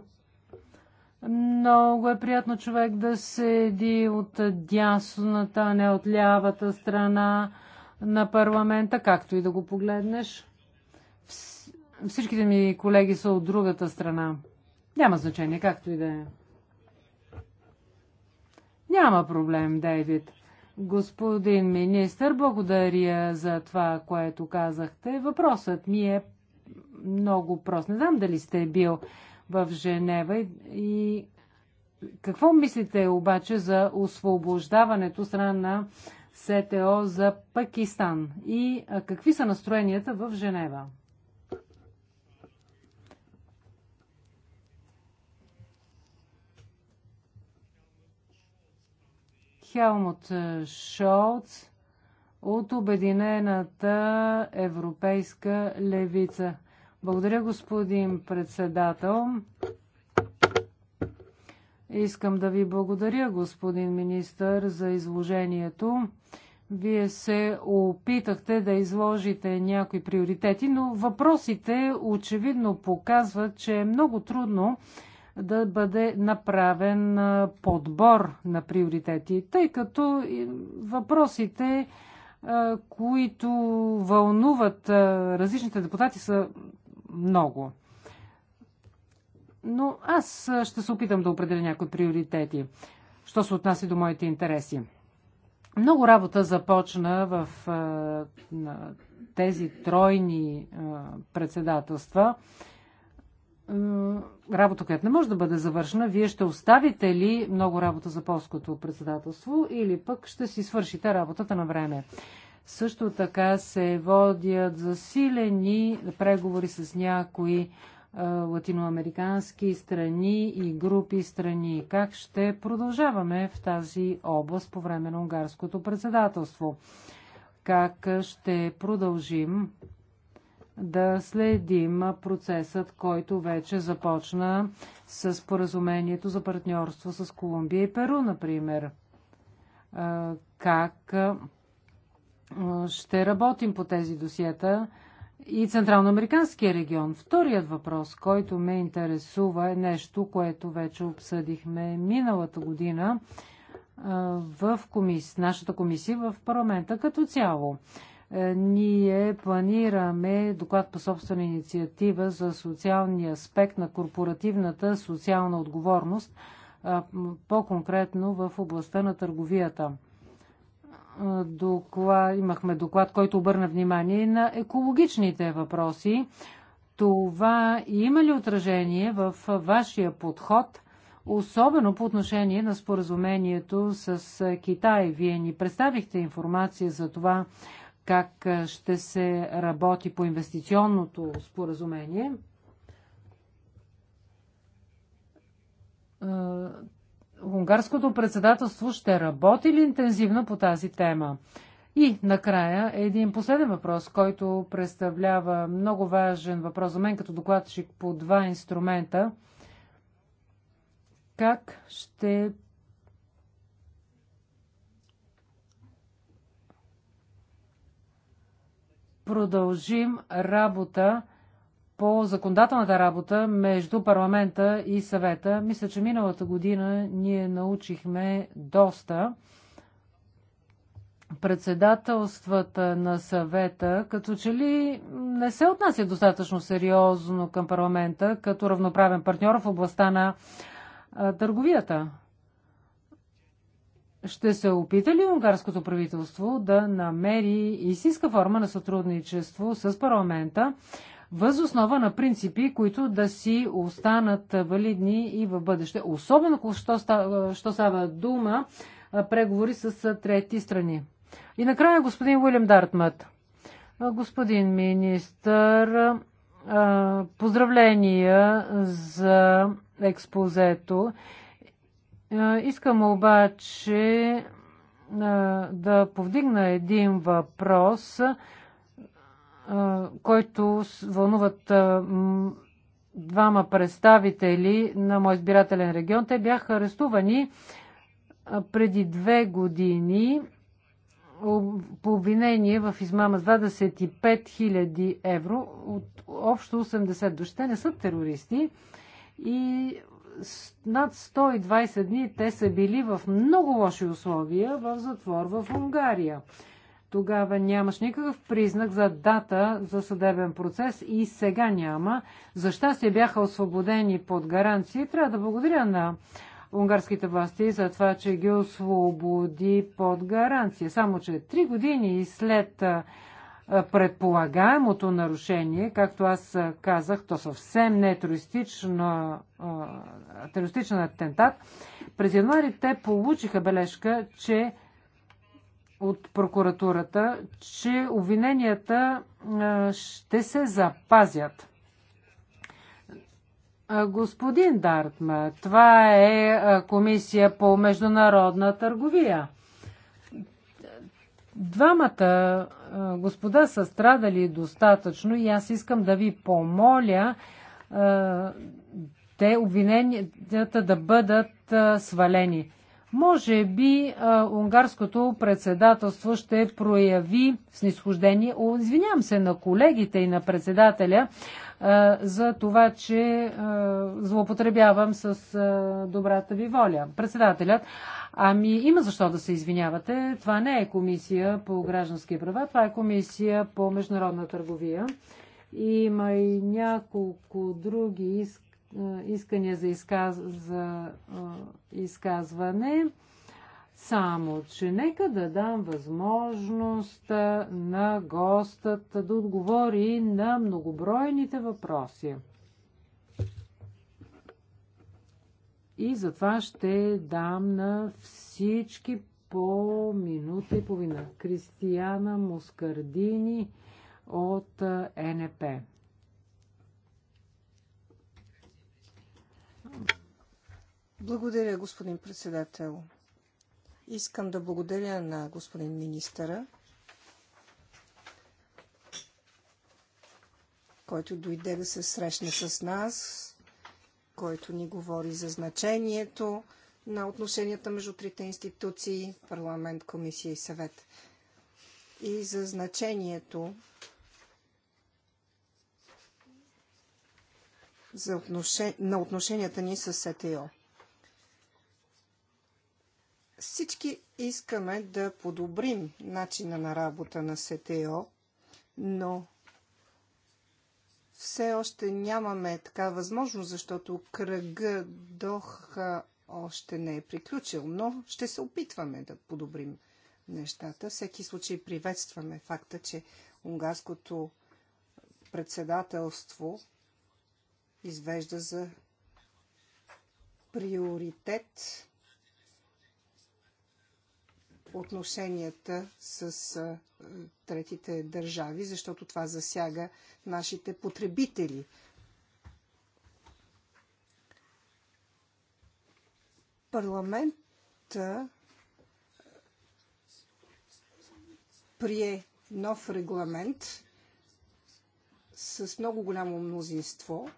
Speaker 1: Много е приятно човек да седи от дясната, а не от лявата страна на парламента, както и да го погледнеш. Всичките ми колеги са от другата страна. Няма значение, както и да е. Няма проблем, Дейвид. Господин министр, благодаря за това, което казахте. Въпросът ми е много прост. Не знам дали сте бил в Женева и, и какво мислите обаче за освобождаването страна на СТО за Пакистан и какви са настроенията в Женева? Хелмут Шолц от Обединената европейска левица. Благодаря, господин председател. Искам да ви благодаря, господин министър, за изложението. Вие се опитахте да изложите някои приоритети, но въпросите очевидно показват, че е много трудно да бъде направен подбор на приоритети, тъй като въпросите, които вълнуват различните депутати, са много. Но аз ще се опитам да определя някои приоритети, що се отнася до моите интереси. Много работа започна в тези тройни председателства. Е, работа, която не може да бъде завършена, вие ще оставите ли много работа за полското председателство или пък ще си свършите работата на време? Също така се водят засилени преговори с някои е, латиноамерикански страни и групи страни. Как ще продължаваме в тази област по време на унгарското председателство? Как ще продължим да следим процесът, който вече започна с поразумението за партньорство с Колумбия и Перу, например. Как ще работим по тези досиета и Централноамериканския регион. Вторият въпрос, който ме интересува е нещо, което вече обсъдихме миналата година в комис... нашата комисия в парламента като цяло. Е, ние планираме доклад по собствена инициатива за социалния аспект на корпоративната социална отговорност, по-конкретно в областта на търговията. Е, доклад, имахме доклад, който обърна внимание на екологичните въпроси. Това има ли отражение в вашия подход – особено по отношение на споразумението с е, Китай. Вие ни представихте информация за това как ще се работи по инвестиционното споразумение. Унгарското председателство ще работи ли интензивно по тази тема? И накрая един последен въпрос, който представлява много важен въпрос за мен като докладчик по два инструмента. Как ще продължим работа по законодателната работа между парламента и съвета. Мисля, че миналата година ние научихме доста. Председателствата на съвета като че ли не се отнася достатъчно сериозно към парламента като равноправен партньор в областта на търговията. Ще се опита ли унгарското правителство да намери истинска форма на сътрудничество с парламента, въз основа на принципи, които да си останат валидни и в бъдеще. Особено, що, става, що става дума, преговори с трети страни. И накрая господин Уилям Дартмът. Господин министър, поздравления за експозето. Искам обаче да повдигна един въпрос, който вълнуват двама представители на мой избирателен регион. Те бяха арестувани преди две години по обвинение в измама с 25 000 евро от общо 80 души. Те не са терористи и над 120 дни те са били в много лоши условия в затвор в Унгария. Тогава нямаш никакъв признак за дата за съдебен процес и сега няма. За щастие бяха освободени под гаранции. Трябва да благодаря на унгарските власти за това, че ги освободи под гаранция. Само, че три години след предполагаемото нарушение, както аз казах, то съвсем не е терористичен атентат. През януари те получиха бележка, че от прокуратурата, че обвиненията ще се запазят. Господин Дартма, това е комисия по международна търговия. Двамата господа са страдали достатъчно и аз искам да ви помоля те обвиненията да бъдат свалени. Може би а, унгарското председателство ще прояви снисхождение. О, извинявам се на колегите и на председателя а, за това, че а, злоупотребявам с а, добрата ви воля. Председателят, ами има защо да се извинявате. Това не е комисия по граждански права, това е комисия по международна търговия. Има и няколко други искания искания за, изказ... за изказване. Само, че нека да дам възможност на гостът да отговори на многобройните въпроси. И затова ще дам на всички по минута и половина. Кристияна Мускардини от НП. Благодаря, господин
Speaker 4: председател. Искам да благодаря на господин министъра, който дойде да се срещне с нас, който ни говори за значението на отношенията между трите институции парламент, комисия и съвет и за значението за на отношенията ни с СТО. Всички искаме да подобрим начина на работа на СТО, но все още нямаме така възможност, защото кръга Доха още не е приключил, но ще се опитваме да подобрим нещата. Всеки случай приветстваме факта, че унгарското председателство извежда за приоритет отношенията с третите държави, защото това засяга нашите потребители. Парламента прие нов регламент с много голямо мнозинство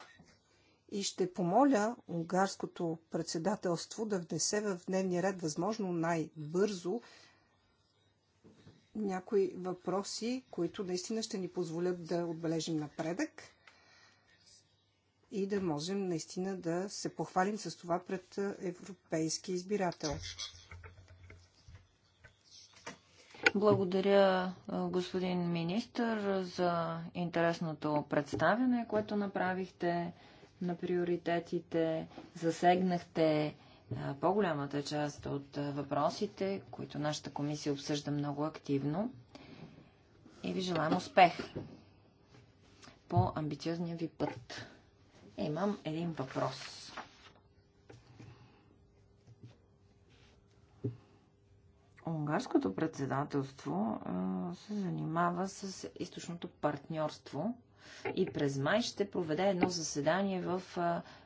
Speaker 4: и ще помоля унгарското председателство да внесе в дневния ред възможно най-бързо някои въпроси, които наистина ще ни позволят да отбележим напредък и да можем наистина да се похвалим с това пред европейски избирател.
Speaker 2: Благодаря, господин министр, за интересното представяне, което направихте на приоритетите, засегнахте по-голямата част от въпросите, които нашата комисия обсъжда много активно. И ви желаем успех по амбициозния ви път. Имам един въпрос. Унгарското председателство се занимава с източното партньорство и през май ще проведе едно заседание в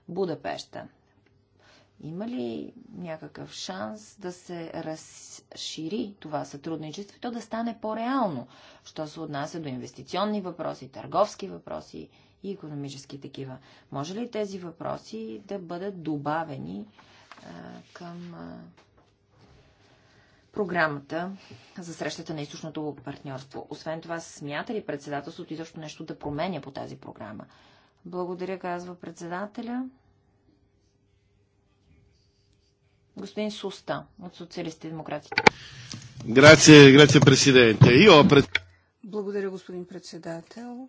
Speaker 2: Будапешта. Има ли някакъв шанс да се разшири това сътрудничество и то да стане по-реално, що се отнася до инвестиционни въпроси, търговски въпроси и економически такива? Може ли тези въпроси да бъдат добавени а, към а, програмата за срещата на източното партньорство. Освен това, смята ли председателството изобщо нещо да променя по тази програма? Благодаря, казва председателя. Господин Суста от Социалистите и демократите.
Speaker 3: Грация, грация, президенте. Ио, пред...
Speaker 2: Благодаря, господин председател.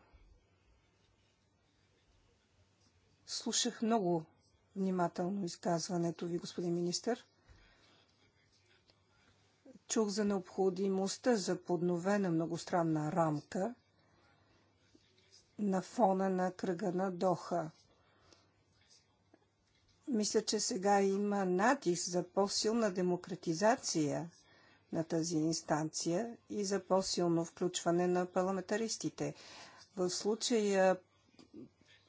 Speaker 4: Слушах много внимателно изказването ви, господин министър чух за необходимостта за подновена многостранна рамка на фона на кръга на Доха. Мисля, че сега има натиск за по-силна демократизация на тази инстанция и за по-силно включване на парламентаристите. В случая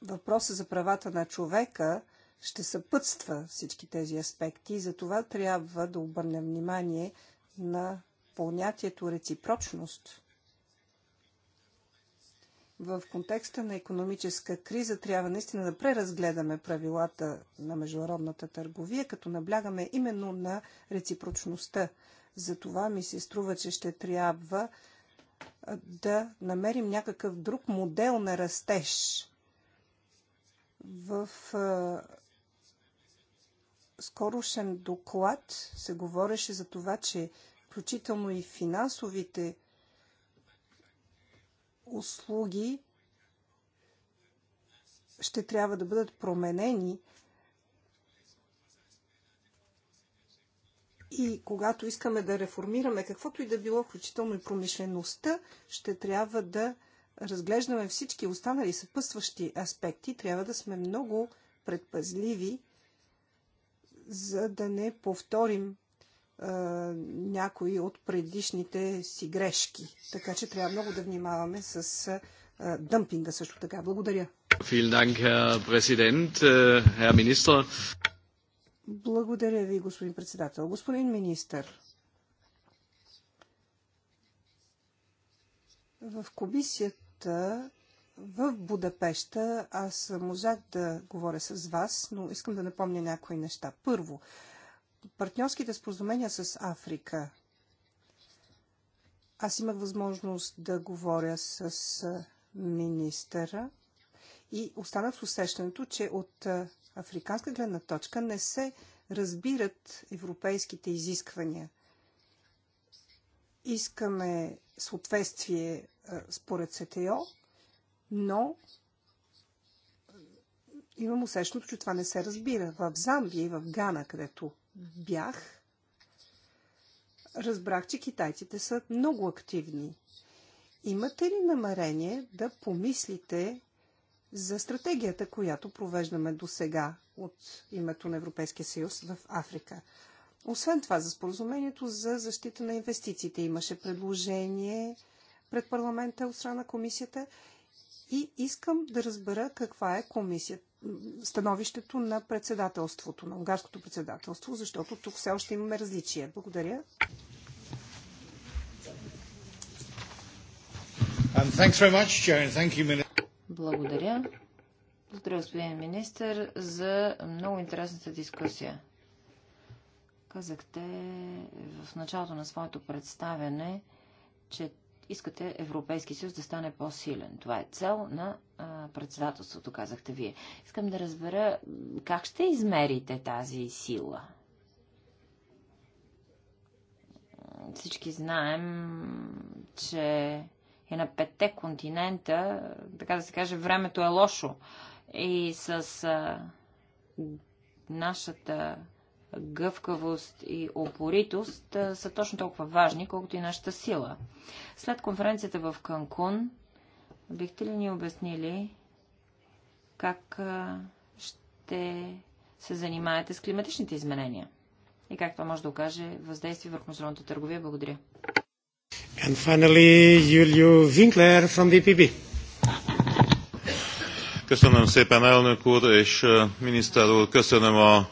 Speaker 4: въпроса за правата на човека ще съпътства всички тези аспекти и за това трябва да обърнем внимание на понятието реципрочност. В контекста на економическа криза трябва наистина да преразгледаме правилата на международната търговия, като наблягаме именно на реципрочността. Затова ми се струва, че ще трябва да намерим някакъв друг модел на растеж в скорошен доклад се говореше за това, че включително и финансовите услуги ще трябва да бъдат променени. И когато искаме да реформираме каквото и да било, включително и промишлеността, ще трябва да разглеждаме всички останали съпътстващи аспекти. Трябва да сме много предпазливи за да не повторим а, някои от предишните си грешки. Така че трябва много да внимаваме с а, дъмпинга също така. Благодаря.
Speaker 3: Э,
Speaker 4: Благодаря ви, господин председател. Господин министър, в комисията в Будапеща аз можах да говоря с вас, но искам да напомня някои неща. Първо, партньорските споразумения с Африка. Аз имах възможност да говоря с министъра и останах с усещането, че от африканска гледна точка не се разбират европейските изисквания. Искаме съответствие според СТО, но имам усещането, че това не се разбира. В Замбия и в Гана, където бях, разбрах, че китайците са много активни. Имате ли намерение да помислите за стратегията, която провеждаме до сега от името на Европейския съюз в Африка? Освен това, за споразумението за защита на инвестициите имаше предложение пред парламента от страна на комисията и искам да разбера каква е комисията становището на председателството, на унгарското председателство, защото тук все още имаме различия. Благодаря.
Speaker 3: Um,
Speaker 2: Благодаря. Благодаря, господин министр, за много интересната дискусия. Казахте в началото на своето представяне, че Искате Европейски съюз да стане по-силен. Това е цел на а, председателството, казахте вие. Искам да разбера как ще измерите тази сила. Всички знаем, че е на петте континента, така да се каже, времето е лошо. И с а, нашата гъвкавост и опоритост са точно толкова важни, колкото и нашата сила. След конференцията в Канкун, бихте ли ни обяснили как ще се занимаете с климатичните изменения и как това може да окаже въздействие върху международната търговия? Благодаря.
Speaker 1: And finally, Юлио Винклер from DPB.
Speaker 3: Köszönöm szépen, elnök úr, és miniszter úr, köszönöm a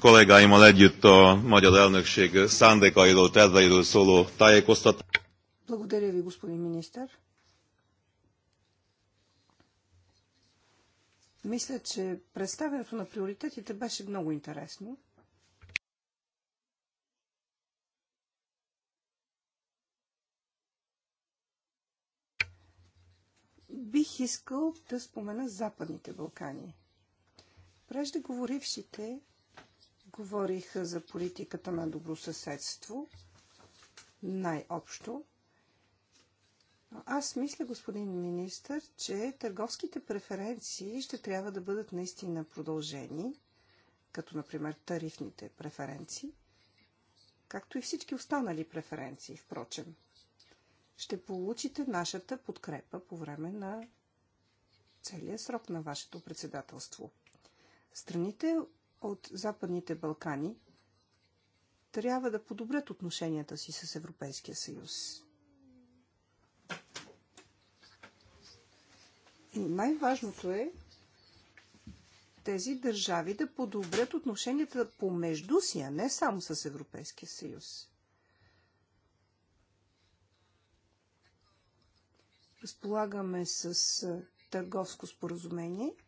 Speaker 3: kollégáimmal együtt a magyar elnökség szándékairól, terveiről szóló tájékoztatást.
Speaker 4: Благодаря ви, господин министър. Мисля, че представянето на приоритетите беше много интересно. Бих искал да спомена Западните Балкани. Преждеговорившите Говорих за политиката на добросъседство, най-общо. Аз мисля, господин министр, че търговските преференции ще трябва да бъдат наистина продължени, като например тарифните преференции, както и всички останали преференции, впрочем. Ще получите нашата подкрепа по време на целия срок на вашето председателство. Страните от Западните Балкани трябва да подобрят отношенията си с Европейския съюз. И най-важното е тези държави да подобрят отношенията помежду си, а не само с Европейския съюз. Разполагаме с търговско споразумение –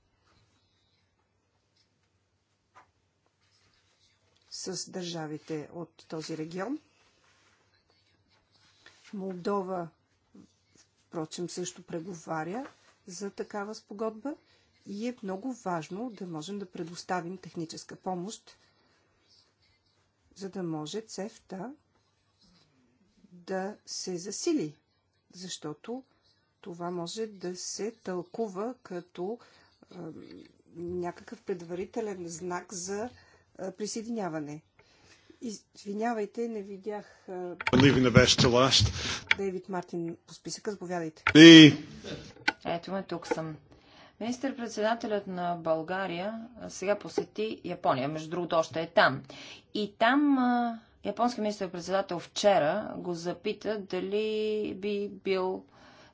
Speaker 4: с държавите от този регион. Молдова, впрочем, също преговаря за такава спогодба и е много важно да можем да предоставим техническа помощ, за да може ЦЕФТА да се засили, защото това може да се тълкува като е, някакъв предварителен знак за присъединяване. Извинявайте, не видях. Дейвид Мартин
Speaker 2: по списъка, заповядайте. Ето ме, тук съм. Министър-председателят на България сега посети Япония, между другото още е там. И там японски министър-председател вчера го запита дали би бил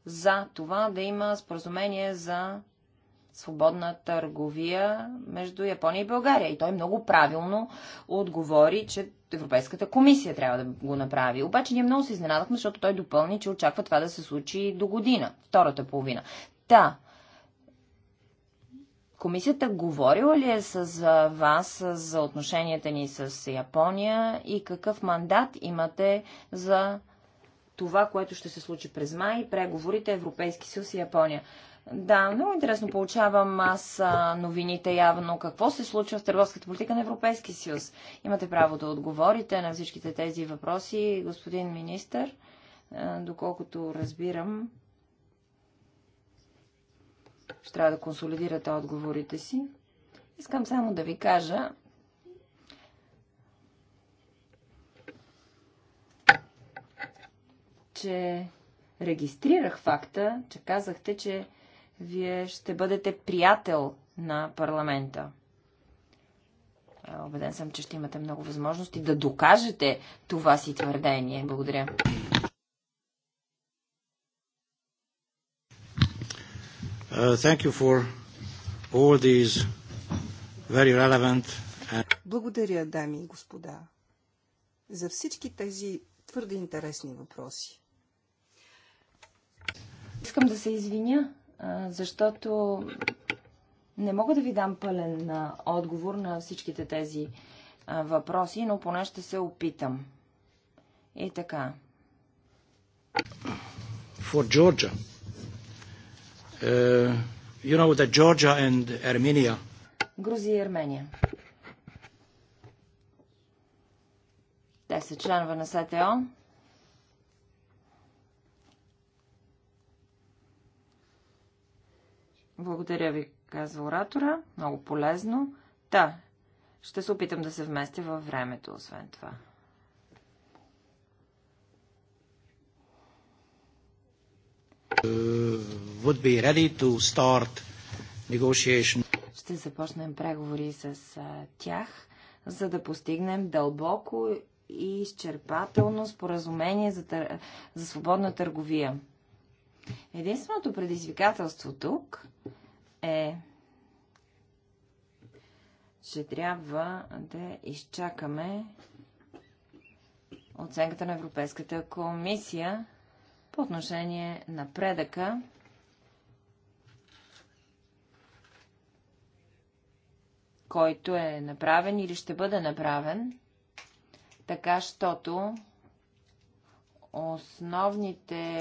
Speaker 2: за това да има споразумение за свободна търговия между Япония и България. И той много правилно отговори, че Европейската комисия трябва да го направи. Обаче ние много се изненадахме, защото той допълни, че очаква това да се случи до година, втората половина. Та, Комисията говорила ли е с вас за отношенията ни с Япония и какъв мандат имате за това, което ще се случи през май, преговорите Европейски съюз и Япония? Да, много интересно получавам аз новините явно. Какво се случва в търговската политика на Европейския съюз? Имате право да отговорите на всичките тези въпроси, господин министър. Доколкото разбирам, ще трябва да консолидирате отговорите си. Искам само да ви кажа, че регистрирах факта, че казахте, че вие ще бъдете приятел на парламента. Обеден съм, че ще имате много възможности да докажете това си твърдение. Благодаря.
Speaker 3: Uh, thank you for all these very relevant and...
Speaker 4: Благодаря, дами и господа, за всички тези твърде интересни въпроси.
Speaker 2: Искам да се извиня защото не мога да ви дам пълен отговор на всичките тези въпроси, но поне ще се опитам. И така.
Speaker 3: For Georgia. Uh, you know that Georgia and Armenia.
Speaker 2: Грузия и Армения. Те са членове на СТО. Благодаря ви, казва оратора. Много полезно. Да, ще се опитам да се вместя във времето, освен това.
Speaker 3: Uh, would be ready to start negotiation.
Speaker 2: Ще започнем преговори с тях, за да постигнем дълбоко и изчерпателно споразумение за, тър... за свободна търговия. Единственото предизвикателство тук е, че трябва да изчакаме оценката на Европейската комисия по отношение на предъка който е направен или ще бъде направен, така, щото основните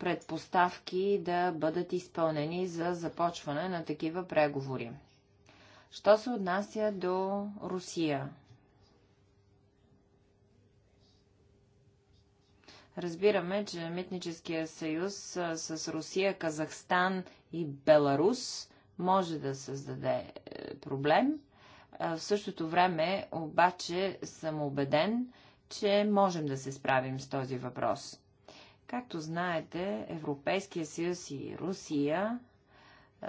Speaker 2: предпоставки да бъдат изпълнени за започване на такива преговори. Що се отнася до Русия? Разбираме, че Митническия съюз с Русия, Казахстан и Беларус може да създаде е, проблем. В същото време обаче съм убеден, че можем да се справим с този въпрос. Както знаете, Европейския съюз и Русия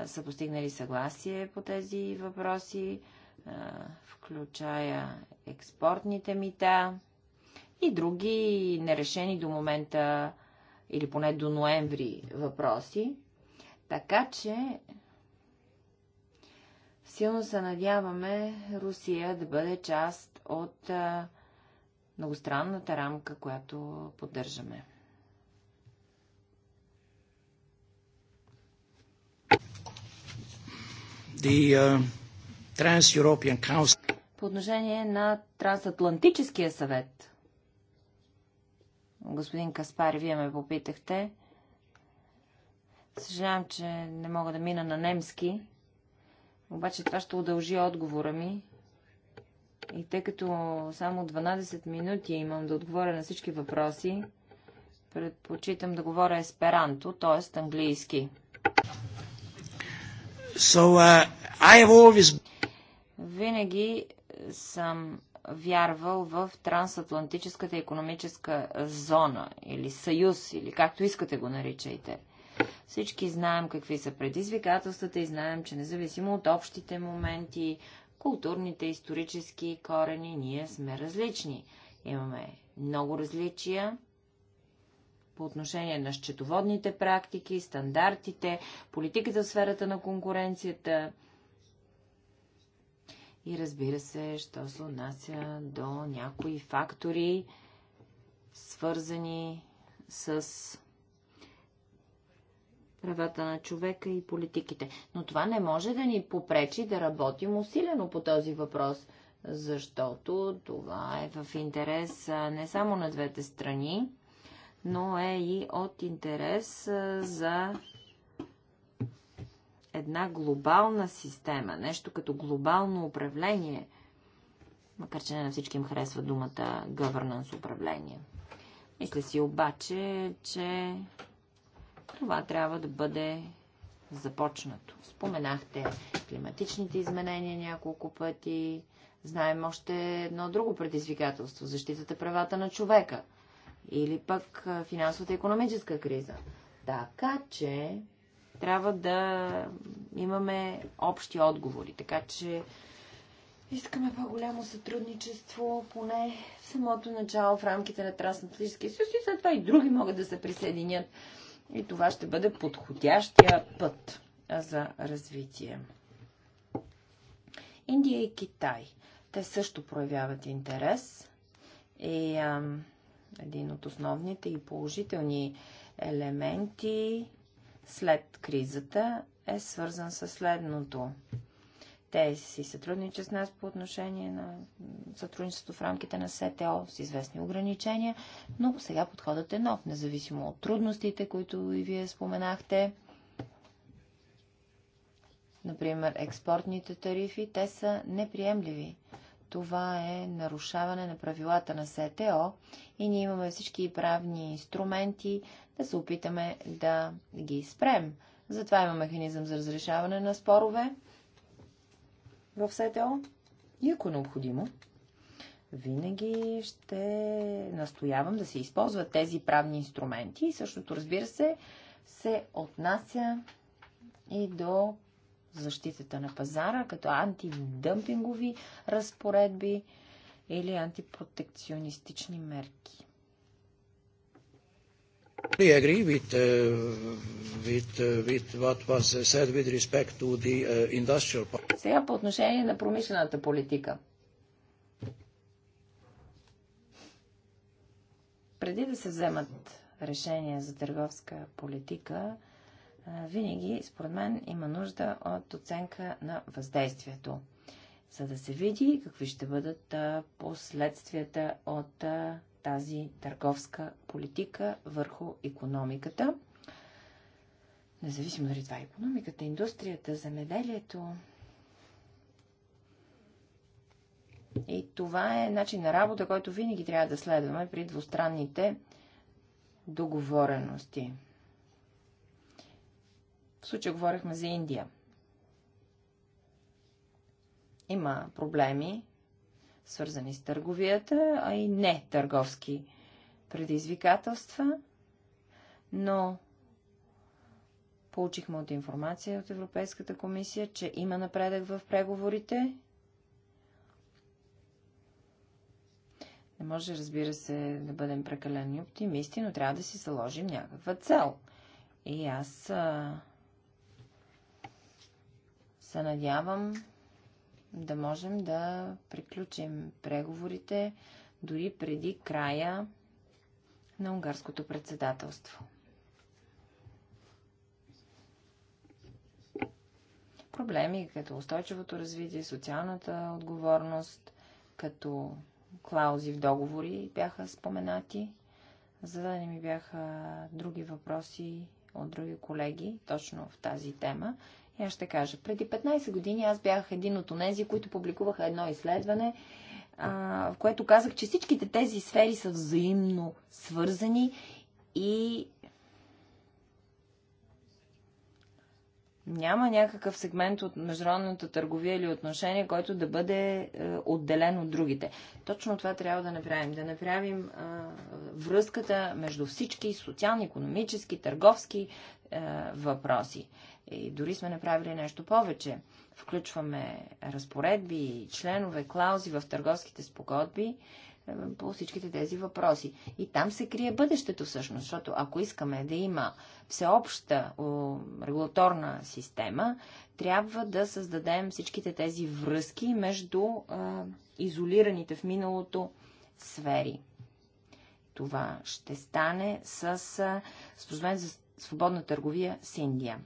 Speaker 2: са постигнали съгласие по тези въпроси, включая експортните мита и други нерешени до момента или поне до ноември въпроси. Така че силно се надяваме Русия да бъде част от многостранната рамка, която поддържаме.
Speaker 3: the uh, Trans-European Council.
Speaker 2: По отношение на Трансатлантическия съвет. Господин Каспар, вие ме попитахте. Съжалявам, че не мога да мина на немски. Обаче това ще удължи отговора ми. И тъй като само 12 минути имам да отговоря на всички въпроси, предпочитам да говоря есперанто, т.е. английски. So, uh, I have always... Винаги съм вярвал в трансатлантическата економическа зона или съюз, или както искате го наричайте. Всички знаем какви са предизвикателствата и знаем, че независимо от общите моменти, културните, исторически корени, ние сме различни. Имаме много различия по отношение на счетоводните практики, стандартите, политиката в сферата на конкуренцията и разбира се, що се отнася до някои фактори, свързани с правата на човека и политиките. Но това не може да ни попречи да работим усилено по този въпрос, защото това е в интерес не само на двете страни, но е и от интерес за една глобална система, нещо като глобално управление, макар че не на всички им харесва думата governance управление. Мисля си обаче, че това трябва да бъде започнато. Споменахте климатичните изменения няколко пъти. Знаем още едно друго предизвикателство защитата правата на човека – или пък финансовата и економическа криза. Така че трябва да имаме общи отговори. Така че искаме по-голямо сътрудничество, поне в самото начало в рамките на Трансатлантическия съюз и след това и други могат да се присъединят. И това ще бъде подходящия път за развитие. Индия и Китай. Те също проявяват интерес. И ам, един от основните и положителни елементи след кризата е свързан с следното. Те си сътрудничат с нас по отношение на сътрудничеството в рамките на СТО с известни ограничения, но сега подходът е нов, независимо от трудностите, които и вие споменахте. Например, експортните тарифи, те са неприемливи това е нарушаване на правилата на СТО и ние имаме всички правни инструменти да се опитаме да ги спрем. Затова има механизъм за разрешаване на спорове в СТО и ако е необходимо, винаги ще настоявам да се използват тези правни инструменти. И същото, разбира се, се отнася и до защитата на пазара, като антидъмпингови разпоредби или антипротекционистични мерки.
Speaker 3: agree with, uh, with, uh, with what was said with respect to the uh, industrial
Speaker 2: Сега по отношение на промишлената политика. Преди да се вземат решения за търговска политика, винаги, според мен, има нужда от оценка на въздействието, за да се види какви ще бъдат последствията от тази търговска политика върху економиката. Независимо дали това е економиката, индустрията, земеделието. И това е начин на работа, който винаги трябва да следваме при двустранните договорености. В случая говорихме за Индия. Има проблеми, свързани с търговията, а и не търговски предизвикателства, но получихме от информация от Европейската комисия, че има напредък в преговорите. Не може, разбира се, да бъдем прекалени оптимисти, но трябва да си заложим някаква цел. И аз а, се надявам да можем да приключим преговорите дори преди края на унгарското председателство. Проблеми като устойчивото развитие, социалната отговорност, като клаузи в договори бяха споменати, за да не ми бяха други въпроси от други колеги точно в тази тема. Я е, ще кажа, преди 15 години аз бях един от онези, които публикуваха едно изследване, а, в което казах, че всичките тези сфери са взаимно свързани и няма някакъв сегмент от международната търговия или отношение, който да бъде е, отделен от другите. Точно това трябва да направим. Да направим е, връзката между всички социални, економически, търговски е, въпроси. И дори сме направили нещо повече. Включваме разпоредби, членове, клаузи в търговските спогодби е, по всичките тези въпроси. И там се крие бъдещето всъщност, защото ако искаме да има всеобща регулаторна система, трябва да създадем всичките тези връзки между а, е, изолираните в миналото сфери. Това ще стане с е, споразумение за свободна търговия с Индия.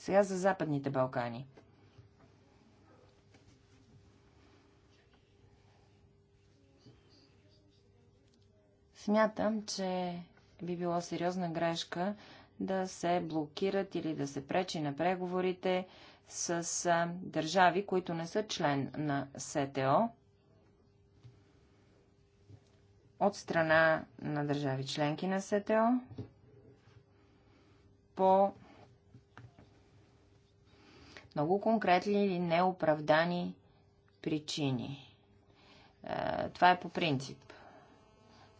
Speaker 2: Сега за Западните Балкани. Смятам, че би било сериозна грешка да се блокират или да се пречи на преговорите с държави, които не са член на СТО от страна на държави членки на СТО по много конкретни или неоправдани причини. Е, това е по принцип.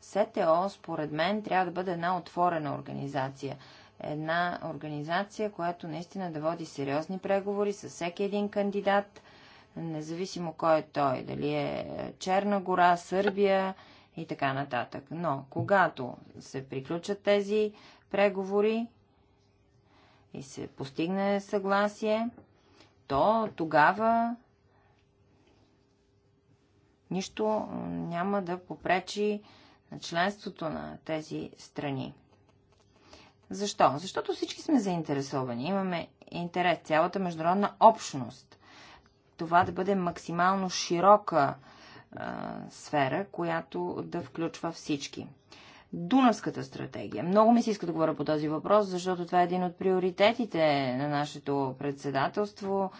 Speaker 2: СТО, според мен, трябва да бъде една отворена организация. Една организация, която наистина да води сериозни преговори с всеки един кандидат, независимо кой е той, дали е Черна гора, Сърбия и така нататък. Но, когато се приключат тези преговори и се постигне съгласие, то тогава нищо няма да попречи на членството на тези страни. Защо? Защото всички сме заинтересовани. Имаме интерес, цялата международна общност. Това да бъде максимално широка а, сфера, която да включва всички. Дунавската стратегия. Много ми се иска да говоря по този въпрос, защото това е един от приоритетите на нашето председателство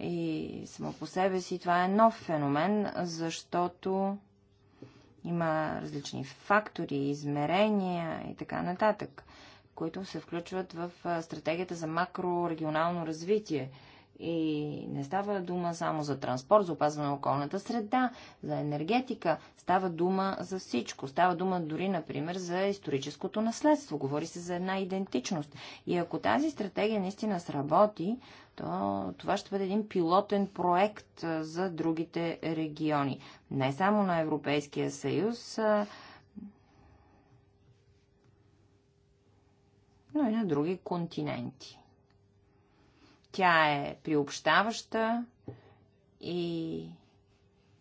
Speaker 2: и само по себе си това е нов феномен, защото има различни фактори, измерения и така нататък, които се включват в стратегията за макрорегионално развитие – и не става дума само за транспорт, за опазване на околната среда, за енергетика. Става дума за всичко. Става дума дори, например, за историческото наследство. Говори се за една идентичност. И ако тази стратегия наистина сработи, то това ще бъде един пилотен проект за другите региони. Не само на Европейския съюз, но и на други континенти. Тя е приобщаваща и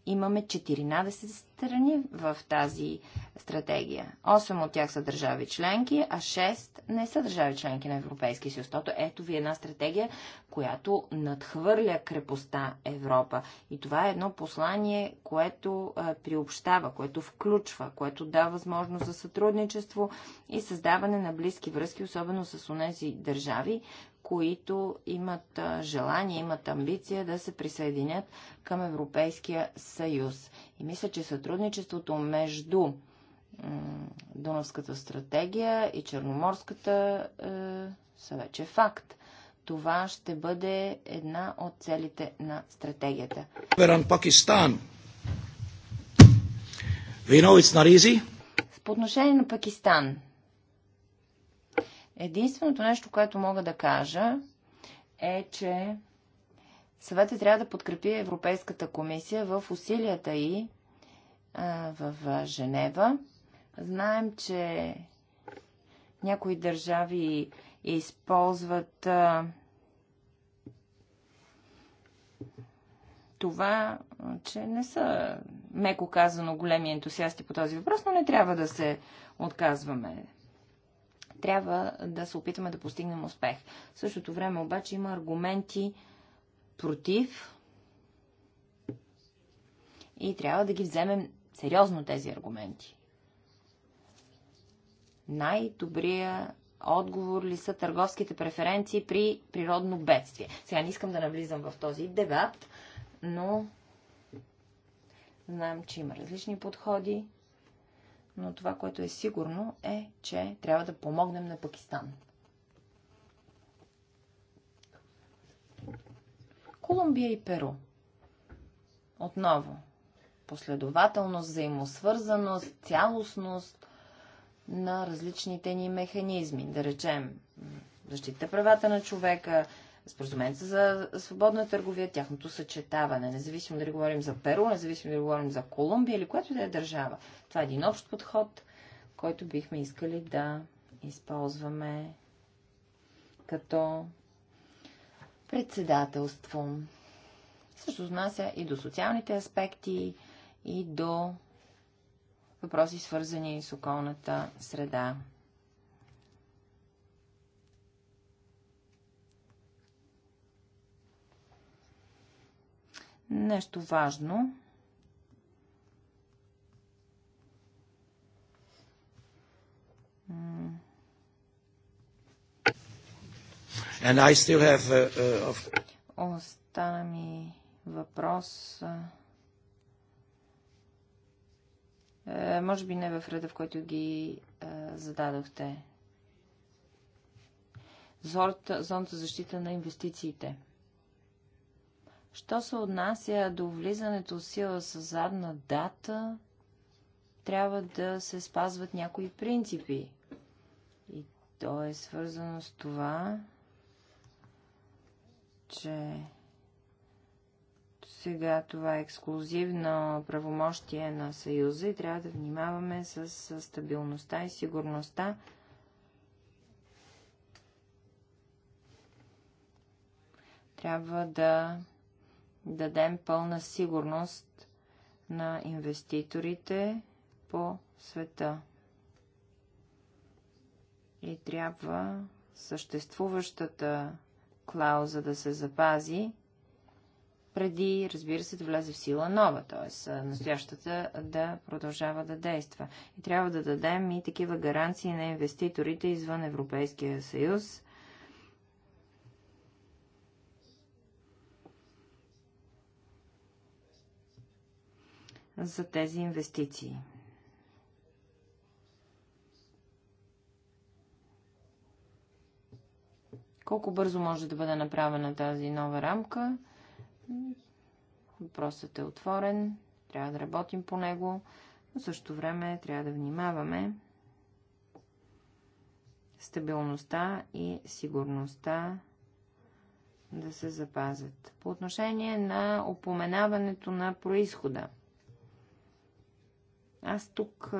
Speaker 2: имаме 14 страни в тази стратегия. 8 от тях са държави членки, а 6 не са държави членки на Европейския съюз. Тото ето ви една стратегия, която надхвърля крепостта Европа. И това е едно послание, което приобщава, което включва, което дава възможност за сътрудничество и създаване на близки връзки, особено с онези държави, които имат желание, имат амбиция да се присъединят към Европейския съюз. И мисля, че сътрудничеството между Дунавската стратегия и Черноморската е, са вече факт. Това ще бъде една от целите на стратегията.
Speaker 3: Веран Пакистан. We know it's not easy.
Speaker 2: По отношение на Пакистан, Единственото нещо, което мога да кажа е, че съветът трябва да подкрепи Европейската комисия в усилията и в Женева. Знаем, че някои държави използват това, че не са, меко казано, големи ентусиасти по този въпрос, но не трябва да се отказваме трябва да се опитаме да постигнем успех. В същото време обаче има аргументи против и трябва да ги вземем сериозно тези аргументи. Най-добрия отговор ли са търговските преференции при природно бедствие? Сега не искам да навлизам в този дебат, но знаем, че има различни подходи но това, което е сигурно е, че трябва да помогнем на Пакистан. Колумбия и Перу. Отново. Последователност, взаимосвързаност, цялостност на различните ни механизми. Да речем, защита правата на човека, споразумението за свободна търговия, тяхното съчетаване, независимо дали говорим за Перу, независимо дали говорим за Колумбия или която да е държава. Това е един общ подход, който бихме искали да използваме като председателство. Също отнася и до социалните аспекти, и до въпроси свързани с околната среда. Нещо важно.
Speaker 3: And I still have, uh, uh, of...
Speaker 2: Остана ми въпрос. Е, може би не в реда, в който ги е, зададохте. Зорта, зоната защита на инвестициите. Що се отнася до влизането в сила с задна дата, трябва да се спазват някои принципи. И то е свързано с това, че сега това е ексклюзивно правомощие на Съюза и трябва да внимаваме с стабилността и сигурността. Трябва да дадем пълна сигурност на инвеститорите по света. И трябва съществуващата клауза да се запази, преди, разбира се, да влезе в сила нова, т.е. настоящата да продължава да действа. И трябва да дадем и такива гаранции на инвеститорите извън Европейския съюз, за тези инвестиции. Колко бързо може да бъде направена тази нова рамка? Въпросът е отворен. Трябва да работим по него. Но също време трябва да внимаваме стабилността и сигурността да се запазят. По отношение на опоменаването на происхода. Аз тук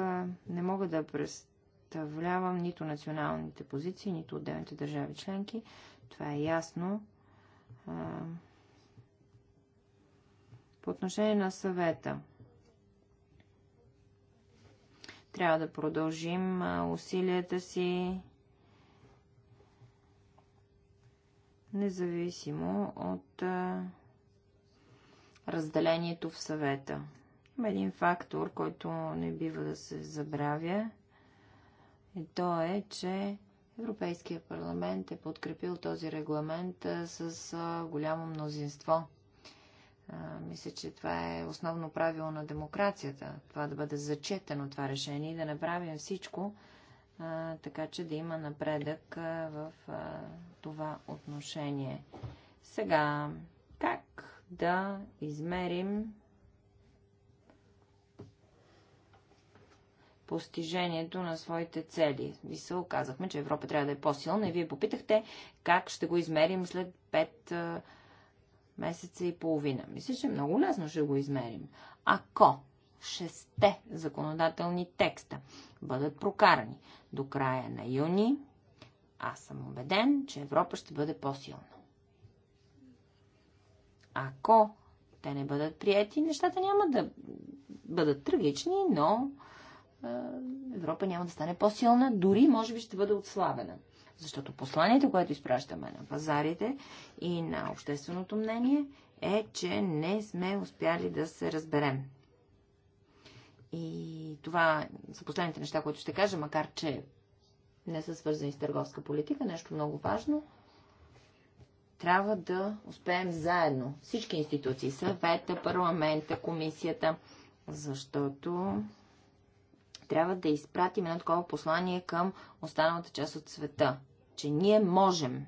Speaker 2: не мога да представлявам нито националните позиции, нито отделните държави членки. Това е ясно. По отношение на съвета, трябва да продължим усилията си, независимо от разделението в съвета. Има един фактор, който не бива да се забравя. И то е, че Европейския парламент е подкрепил този регламент с голямо мнозинство. Мисля, че това е основно правило на демокрацията. Това да бъде зачетено това решение и да направим всичко, така че да има напредък в това отношение. Сега, как да измерим постижението на своите цели. се казахме, че Европа трябва да е по-силна и вие попитахте как ще го измерим след 5 месеца и половина. Мисля, че е много лесно ще го измерим. Ако шесте законодателни текста бъдат прокарани до края на юни, аз съм убеден, че Европа ще бъде по-силна. Ако те не бъдат прияти, нещата няма да бъдат трагични, но Европа няма да стане по-силна, дори може би ще бъде отслабена. Защото посланието, което изпращаме на пазарите и на общественото мнение е, че не сме успяли да се разберем. И това са последните неща, които ще кажа, макар че не са свързани с търговска политика, нещо много важно. Трябва да успеем заедно всички институции, съвета, парламента, комисията, защото трябва да изпратим едно такова послание към останалата част от света, че ние можем.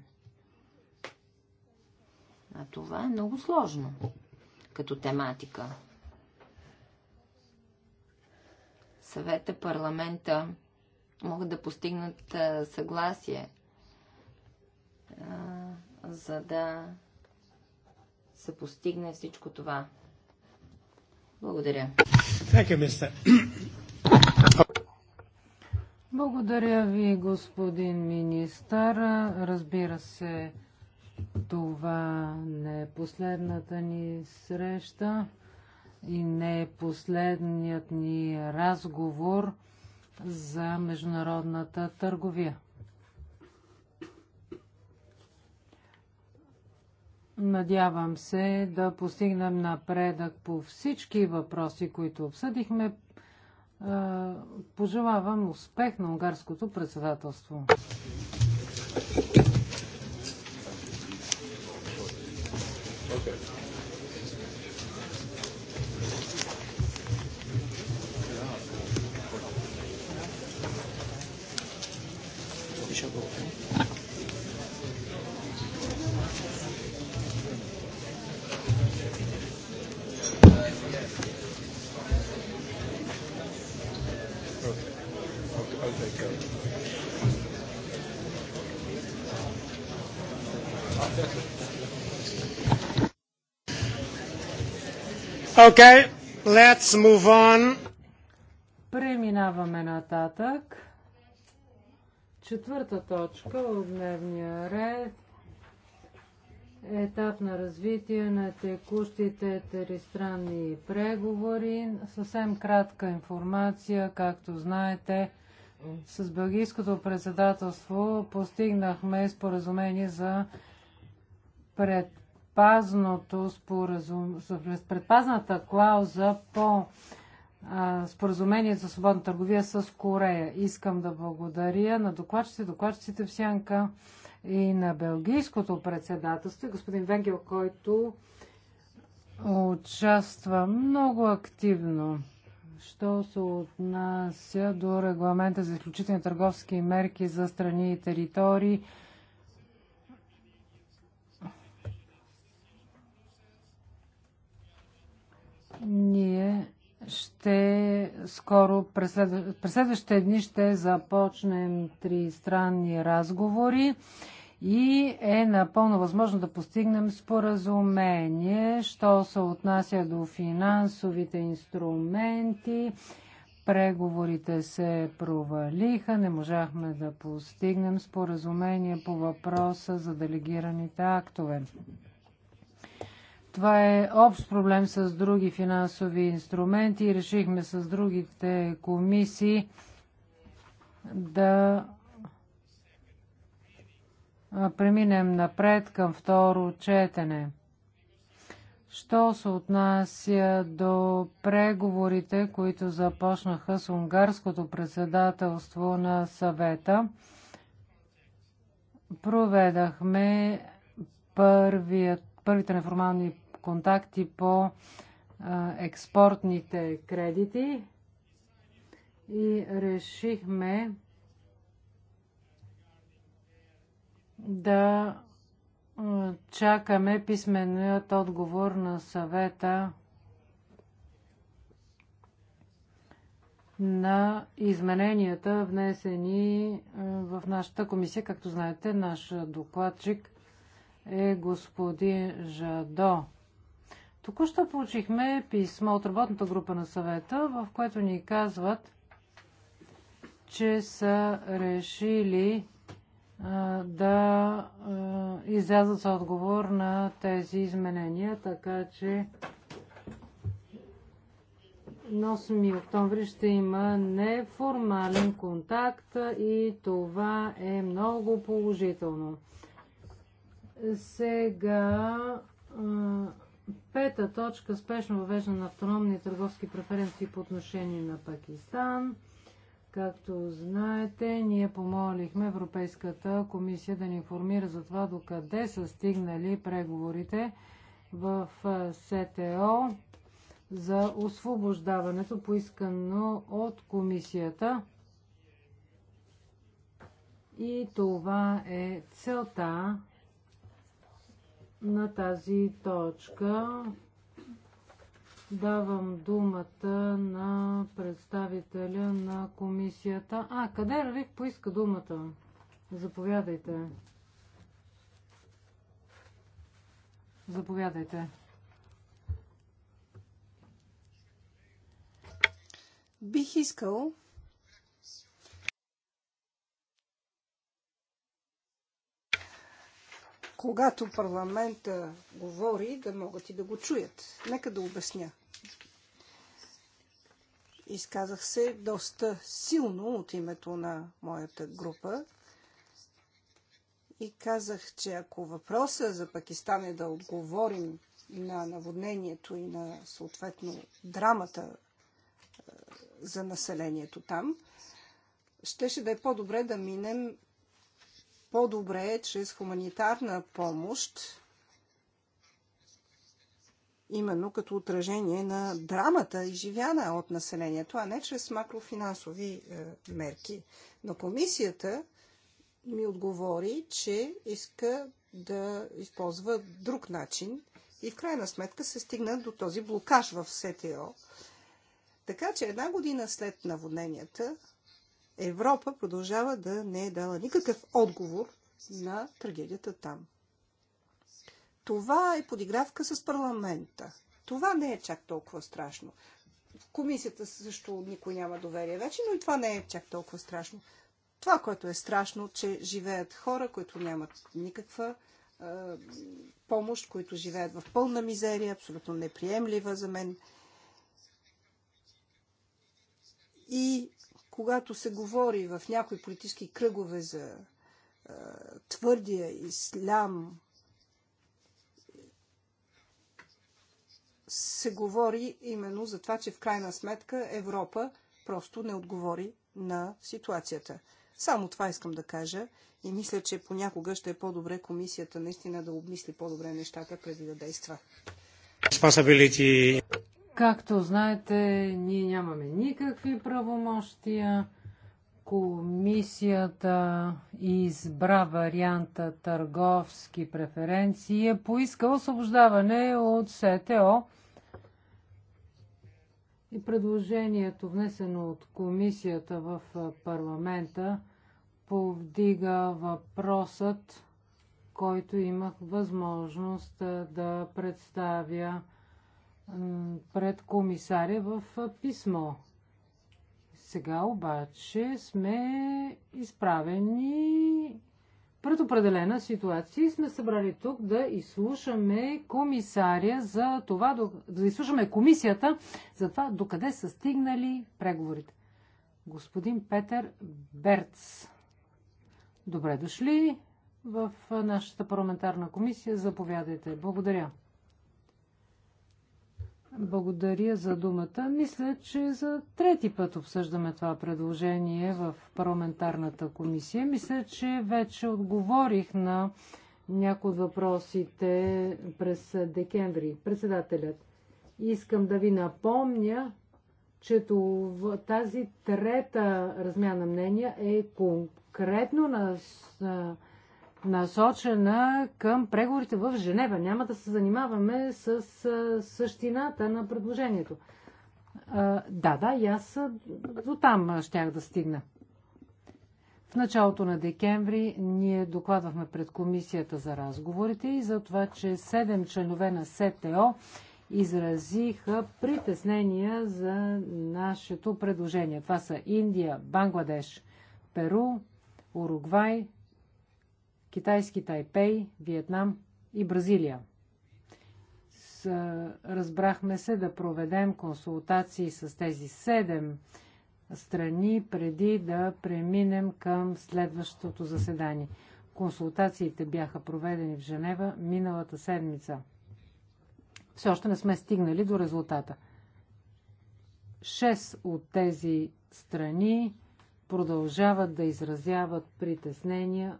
Speaker 2: А това е много сложно като тематика. Съвета, парламента могат да постигнат съгласие, за да се постигне всичко това. Благодаря.
Speaker 1: Благодаря ви, господин министър. Разбира се, това не е последната ни среща и не е последният ни разговор за международната търговия. Надявам се да постигнем напредък по всички въпроси, които обсъдихме. Пожелавам успех на унгарското председателство. Okay, let's move on. Преминаваме нататък. Четвърта точка от дневния ред етап на развитие на текущите тристранни преговори. Съвсем кратка информация, както знаете, с Бългийското председателство постигнахме споразумение за пред предпазното споразум... предпазната клауза по споразумение за свободна търговия с Корея. Искам да благодаря на докладчите, докладчиците в Сянка и на Белгийското председателство господин Венгел, който участва много активно, що се отнася до регламента за изключителни търговски мерки за страни и територии, Ние ще скоро, през, следващ, през следващите дни ще започнем три странни разговори и е напълно възможно да постигнем споразумение, що се отнася до финансовите инструменти. Преговорите се провалиха, не можахме да постигнем споразумение по въпроса за делегираните актове. Това е общ проблем с други финансови инструменти. Решихме с другите комисии да преминем напред към второ четене. Що се отнася до преговорите, които започнаха с унгарското председателство на съвета, проведахме първият, първите неформални контакти по експортните кредити и решихме да чакаме писменният отговор на съвета на измененията, внесени в нашата комисия. Както знаете, наш докладчик е господин Жадо. Току-що получихме писмо от работната група на съвета, в което ни казват, че са решили а, да а, излязат с отговор на тези изменения, така че на 8 октомври ще има неформален контакт и това е много положително. Сега Пета точка – спешно въвеждане на автономни търговски преференции по отношение на Пакистан. Както знаете, ние помолихме Европейската комисия да ни информира за това докъде са стигнали преговорите в СТО за освобождаването, поискано от комисията. И това е целта на тази точка. Давам думата на представителя на комисията. А, къде Равик поиска думата? Заповядайте. Заповядайте. Бих искал
Speaker 4: когато парламента говори, да могат и да го чуят. Нека да обясня. Изказах се доста силно от името на моята група и казах, че ако въпроса за Пакистан е да отговорим на наводнението и на съответно драмата е, за населението там, щеше да е по-добре да минем по-добре е чрез хуманитарна помощ, именно като отражение на драмата, изживяна от населението, а не чрез макрофинансови е, мерки. Но комисията ми отговори, че иска да използва друг начин и в крайна сметка се стигна до този блокаж в СТО. Така че една година след наводненията Европа продължава да не е дала никакъв отговор на трагедията там. Това е подигравка с парламента. Това не е чак толкова страшно. В комисията също никой няма доверие вече, но и това не е чак толкова страшно. Това, което е страшно, че живеят хора, които нямат никаква е, помощ, които живеят в пълна мизерия, абсолютно неприемлива за мен. И когато се говори в някои политически кръгове за а, твърдия ислям, се говори именно за това, че в крайна сметка Европа просто не отговори на ситуацията. Само това искам да кажа и мисля, че понякога ще е по-добре комисията наистина да обмисли по-добре нещата преди да действа.
Speaker 1: Както знаете, ние нямаме никакви правомощия. Комисията избра варианта търговски преференции и е поиска освобождаване от СТО. И предложението, внесено от комисията в парламента, повдига въпросът, който имах възможност да представя пред комисаря в писмо. Сега обаче сме изправени пред определена ситуация и сме събрали тук да изслушаме комисаря за това, да изслушаме комисията за това докъде са стигнали преговорите. Господин Петър Берц. Добре дошли в нашата парламентарна комисия. Заповядайте. Благодаря. Благодаря за думата. Мисля, че за трети път обсъждаме това предложение в парламентарната комисия. Мисля, че вече отговорих на някои от въпросите през декември. Председателят, искам да ви напомня, че тази трета размяна мнения е конкретно на насочена към преговорите в Женева. Няма да се занимаваме с същината на предложението. Да, да, и аз до там щях да стигна. В началото на декември ние докладвахме пред комисията за разговорите и за това, че седем членове на СТО изразиха притеснения за нашето предложение. Това са Индия, Бангладеш, Перу, Уругвай, китайски Тайпей, Виетнам и Бразилия. С, разбрахме се да проведем консултации с тези седем страни преди да преминем към следващото заседание. Консултациите бяха проведени в Женева миналата седмица. Все още не сме стигнали до резултата. Шест от тези страни продължават да изразяват притеснения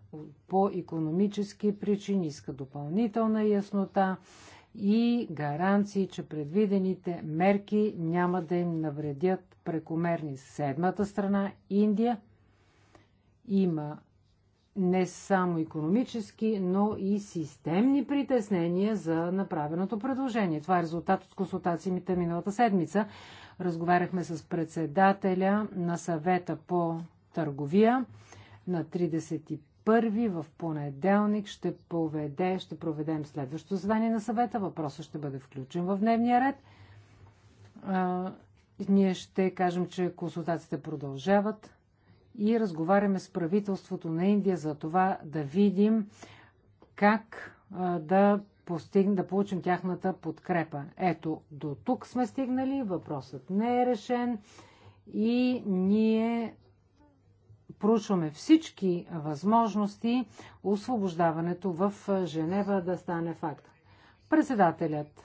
Speaker 1: по економически причини, иска допълнителна яснота и гаранции, че предвидените мерки няма да им навредят прекомерни. Седмата страна, Индия, има не само економически, но и системни притеснения за направеното предложение. Това е резултат от консултациите миналата седмица Разговаряхме с председателя на съвета по търговия на 31 в понеделник ще, поведе, ще проведем следващото задание на съвета. Въпросът ще бъде включен в дневния ред. А, ние ще кажем, че консултациите продължават и разговаряме с правителството на Индия за това да видим как а, да постиг, да получим тяхната подкрепа. Ето, до тук сме стигнали, въпросът не е решен и ние проучваме всички възможности освобождаването в Женева да стане факт. Председателят.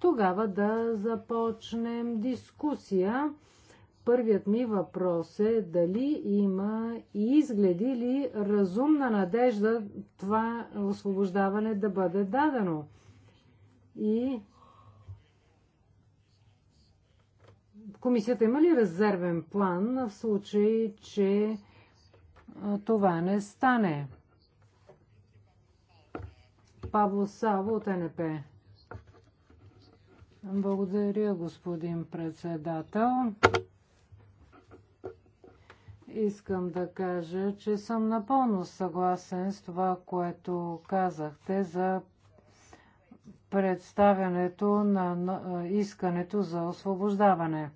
Speaker 1: Тогава да започнем дискусия. Първият ми въпрос е дали има и изгледи или разумна надежда това освобождаване да бъде дадено. И комисията има ли резервен план в случай, че това не стане? Павло Саво от НП. Благодаря, господин председател. Искам да кажа, че съм напълно съгласен с това, което казахте за представянето на искането за освобождаване.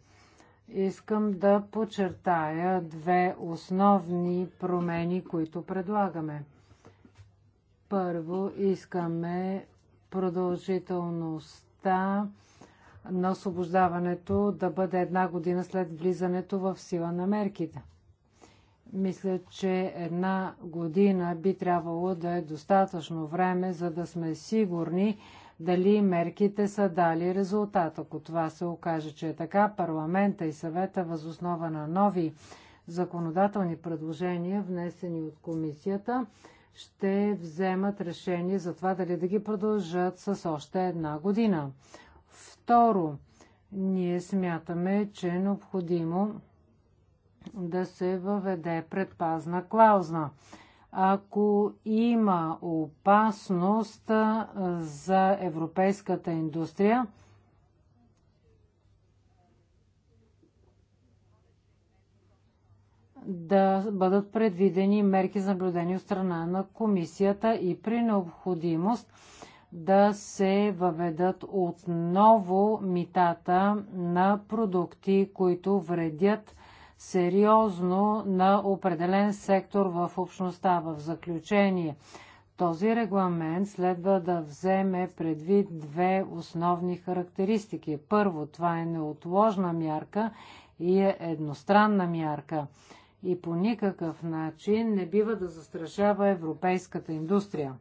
Speaker 1: Искам да подчертая две основни промени, които предлагаме. Първо, искаме продължителността на освобождаването да бъде една година след влизането в сила на мерките – мисля, че една година би трябвало да е достатъчно време, за да сме сигурни дали мерките са дали резултат. Ако това се окаже, че е така, парламента и съвета възоснова на нови законодателни предложения, внесени от комисията, ще вземат решение за това дали да ги продължат с още една година. Второ, ние смятаме, че е необходимо да се въведе предпазна клауза. Ако има опасност за европейската индустрия, да бъдат предвидени мерки за наблюдение от страна на комисията и при необходимост да се въведат отново митата на продукти, които вредят сериозно на определен сектор в общността. В заключение, този регламент следва да вземе предвид две основни характеристики. Първо, това е неотложна мярка и е едностранна мярка и по никакъв начин не бива да застрашава европейската индустрия.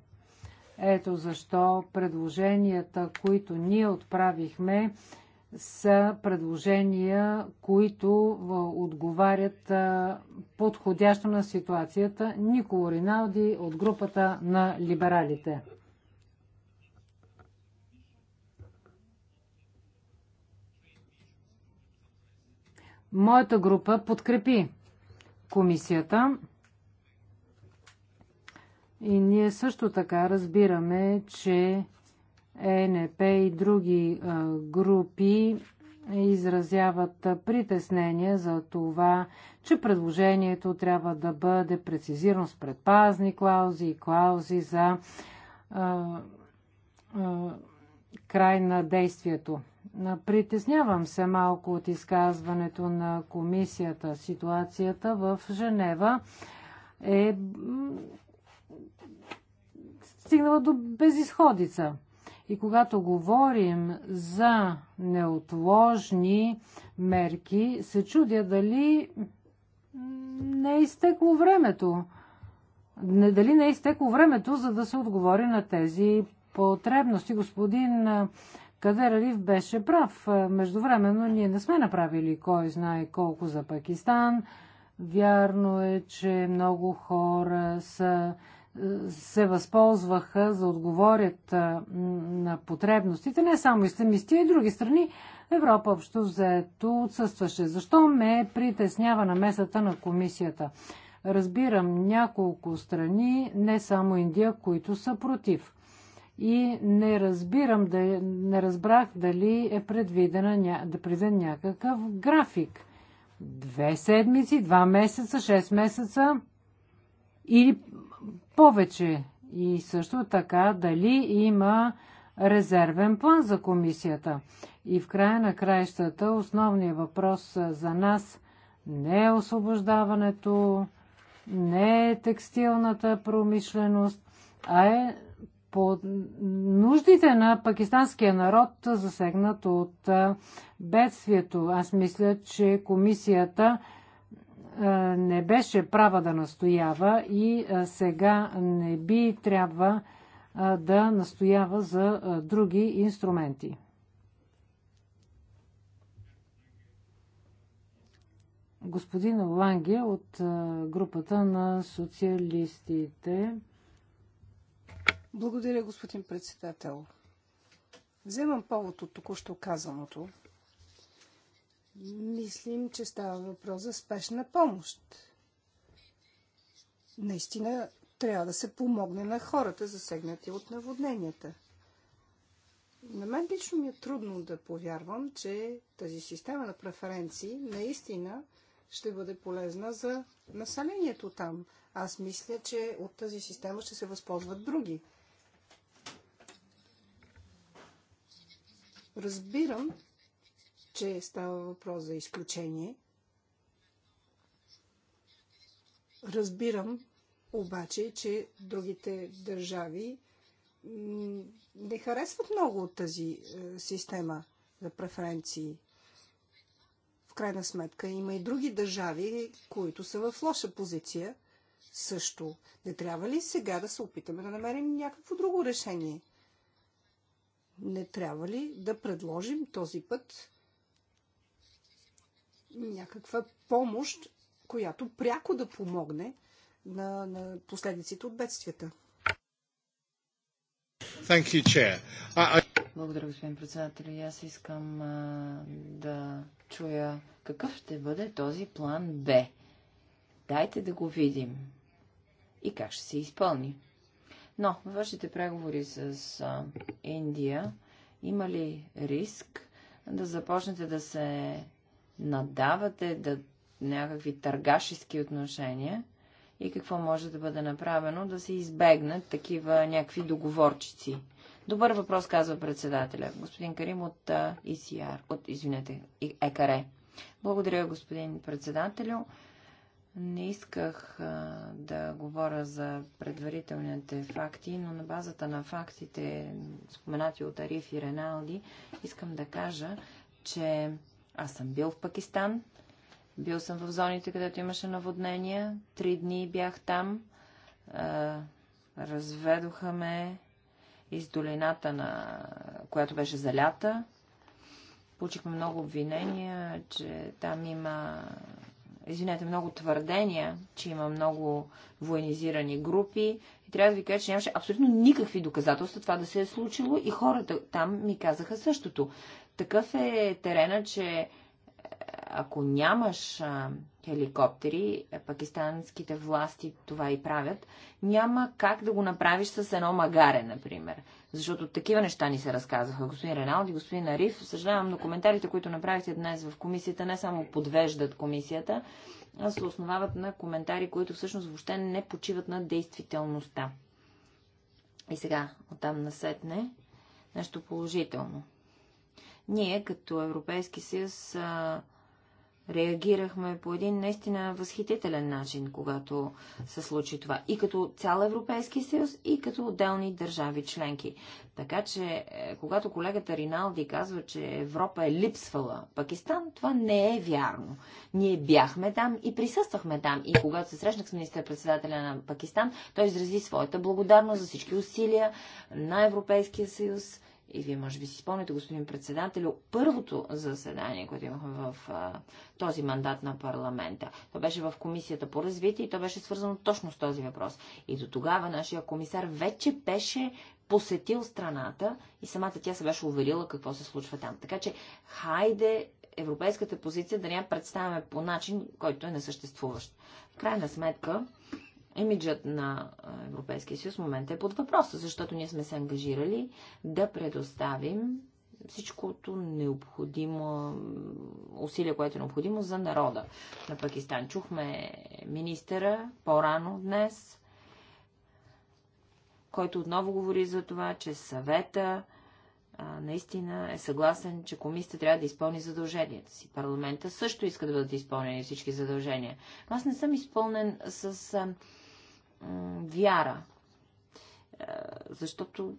Speaker 1: Ето защо предложенията, които ние отправихме, са предложения, които отговарят подходящо на ситуацията. Николо Риналди от групата на либералите. Моята група подкрепи комисията и ние също така разбираме, че ЕНП и други групи изразяват притеснение за това, че предложението трябва да бъде прецизирано с предпазни клаузи и клаузи за а, а, край на действието. Притеснявам се малко от изказването на комисията. Ситуацията в Женева е стигнала до безисходица. И когато говорим за неотложни мерки, се чудя дали не е изтекло времето. Не, дали не е изтекло времето, за да се отговори на тези потребности. Господин Кадер беше прав. Междувременно ние не сме направили кой знае колко за Пакистан. Вярно е, че много хора са се възползваха за отговорят на потребностите, не само исламисти, и други страни, Европа общо взето отсъстваше. Защо ме притеснява намесата на комисията? Разбирам няколко страни, не само Индия, които са против. И не разбирам, да, не разбрах дали е предвидена, да предвиден някакъв график. Две седмици, два месеца, шест месеца или повече и също така дали има резервен план за комисията. И в края на краищата основният въпрос за нас не е освобождаването, не е текстилната промишленост, а е по нуждите на пакистанския народ, засегнат от бедствието. Аз мисля, че комисията не беше права да настоява и сега не би трябва да настоява за други инструменти. Господин Ланге от групата на социалистите. Благодаря, господин председател.
Speaker 4: Вземам повод от току-що казаното – Мислим, че става въпрос за спешна помощ. Наистина трябва да се помогне на хората, засегнати от наводненията. На мен лично ми е трудно да повярвам, че тази система на преференции наистина ще бъде полезна за населението там. Аз мисля, че от тази система ще се възползват други. Разбирам, че става въпрос за изключение. Разбирам обаче, че другите държави не харесват много от тази е, система за преференции. В крайна сметка има и други държави, които са в лоша позиция също. Не трябва ли сега да се опитаме да намерим някакво друго решение? Не трябва ли да предложим този път някаква помощ, която пряко да помогне на, на последиците
Speaker 2: от бедствията.
Speaker 3: Thank you, Chair. I, Благодаря,
Speaker 2: господин председател. И аз искам а, да чуя какъв ще бъде този план Б. Дайте да го видим. И как ще се изпълни. Но, във вашите преговори с а, Индия, има ли риск да започнете да се надавате, да някакви търгашески отношения и какво може да бъде направено да се избегнат такива някакви договорчици. Добър въпрос, казва председателя. Господин Карим от ИСР, от, извинете, ЕКАРЕ. Благодаря, господин председателю. Не исках а, да говоря за предварителните факти, но на базата на фактите, споменати от Ариф и Реналди, искам да кажа, че аз съм бил в Пакистан. Бил съм в зоните, където имаше наводнения. Три дни бях там. разведоха ме из долината, на... която беше залята. Получихме много обвинения, че там има извинете, много твърдения, че има много военизирани групи. И трябва да ви кажа, че нямаше абсолютно никакви доказателства това да се е случило и хората там ми казаха същото. Такъв е терена, че е, ако нямаш а, хеликоптери, е, пакистанските власти това и правят, няма как да го направиш с едно магаре, например. Защото такива неща ни се разказаха. Господин Реналди, господин Ариф, съжалявам, но коментарите, които направихте днес в комисията, не само подвеждат комисията, а се основават на коментари, които всъщност въобще не почиват на действителността. И сега, оттам насетне, нещо положително. Ние, като Европейски съюз, реагирахме по един наистина възхитителен начин, когато се случи това. И като цял Европейски съюз, и като отделни държави членки. Така че, е, когато колегата Риналди казва, че Европа е липсвала Пакистан, това не е вярно. Ние бяхме там и присъствахме там. И когато се срещнах с министър-председателя на Пакистан, той изрази своята благодарност за всички усилия на Европейския съюз и вие може би си спомните, господин председател, първото заседание, което имахме в а, този мандат на парламента. То беше в Комисията по развитие и то беше свързано точно с този въпрос. И до тогава нашия комисар вече беше посетил страната и самата тя се беше уверила какво се случва там. Така че, хайде европейската позиция да не я представяме по начин, който е несъществуващ. В крайна сметка, имиджът на Европейския съюз в момента е под въпроса, защото ние сме се ангажирали да предоставим всичкото необходимо усилие, което е необходимо за народа на Пакистан. Чухме министъра по-рано днес, който отново говори за това, че съвета а, наистина е съгласен, че комисията трябва да изпълни задълженията си. Парламента също иска да бъдат изпълнени всички задължения. аз не съм изпълнен с а, вяра. Е, защото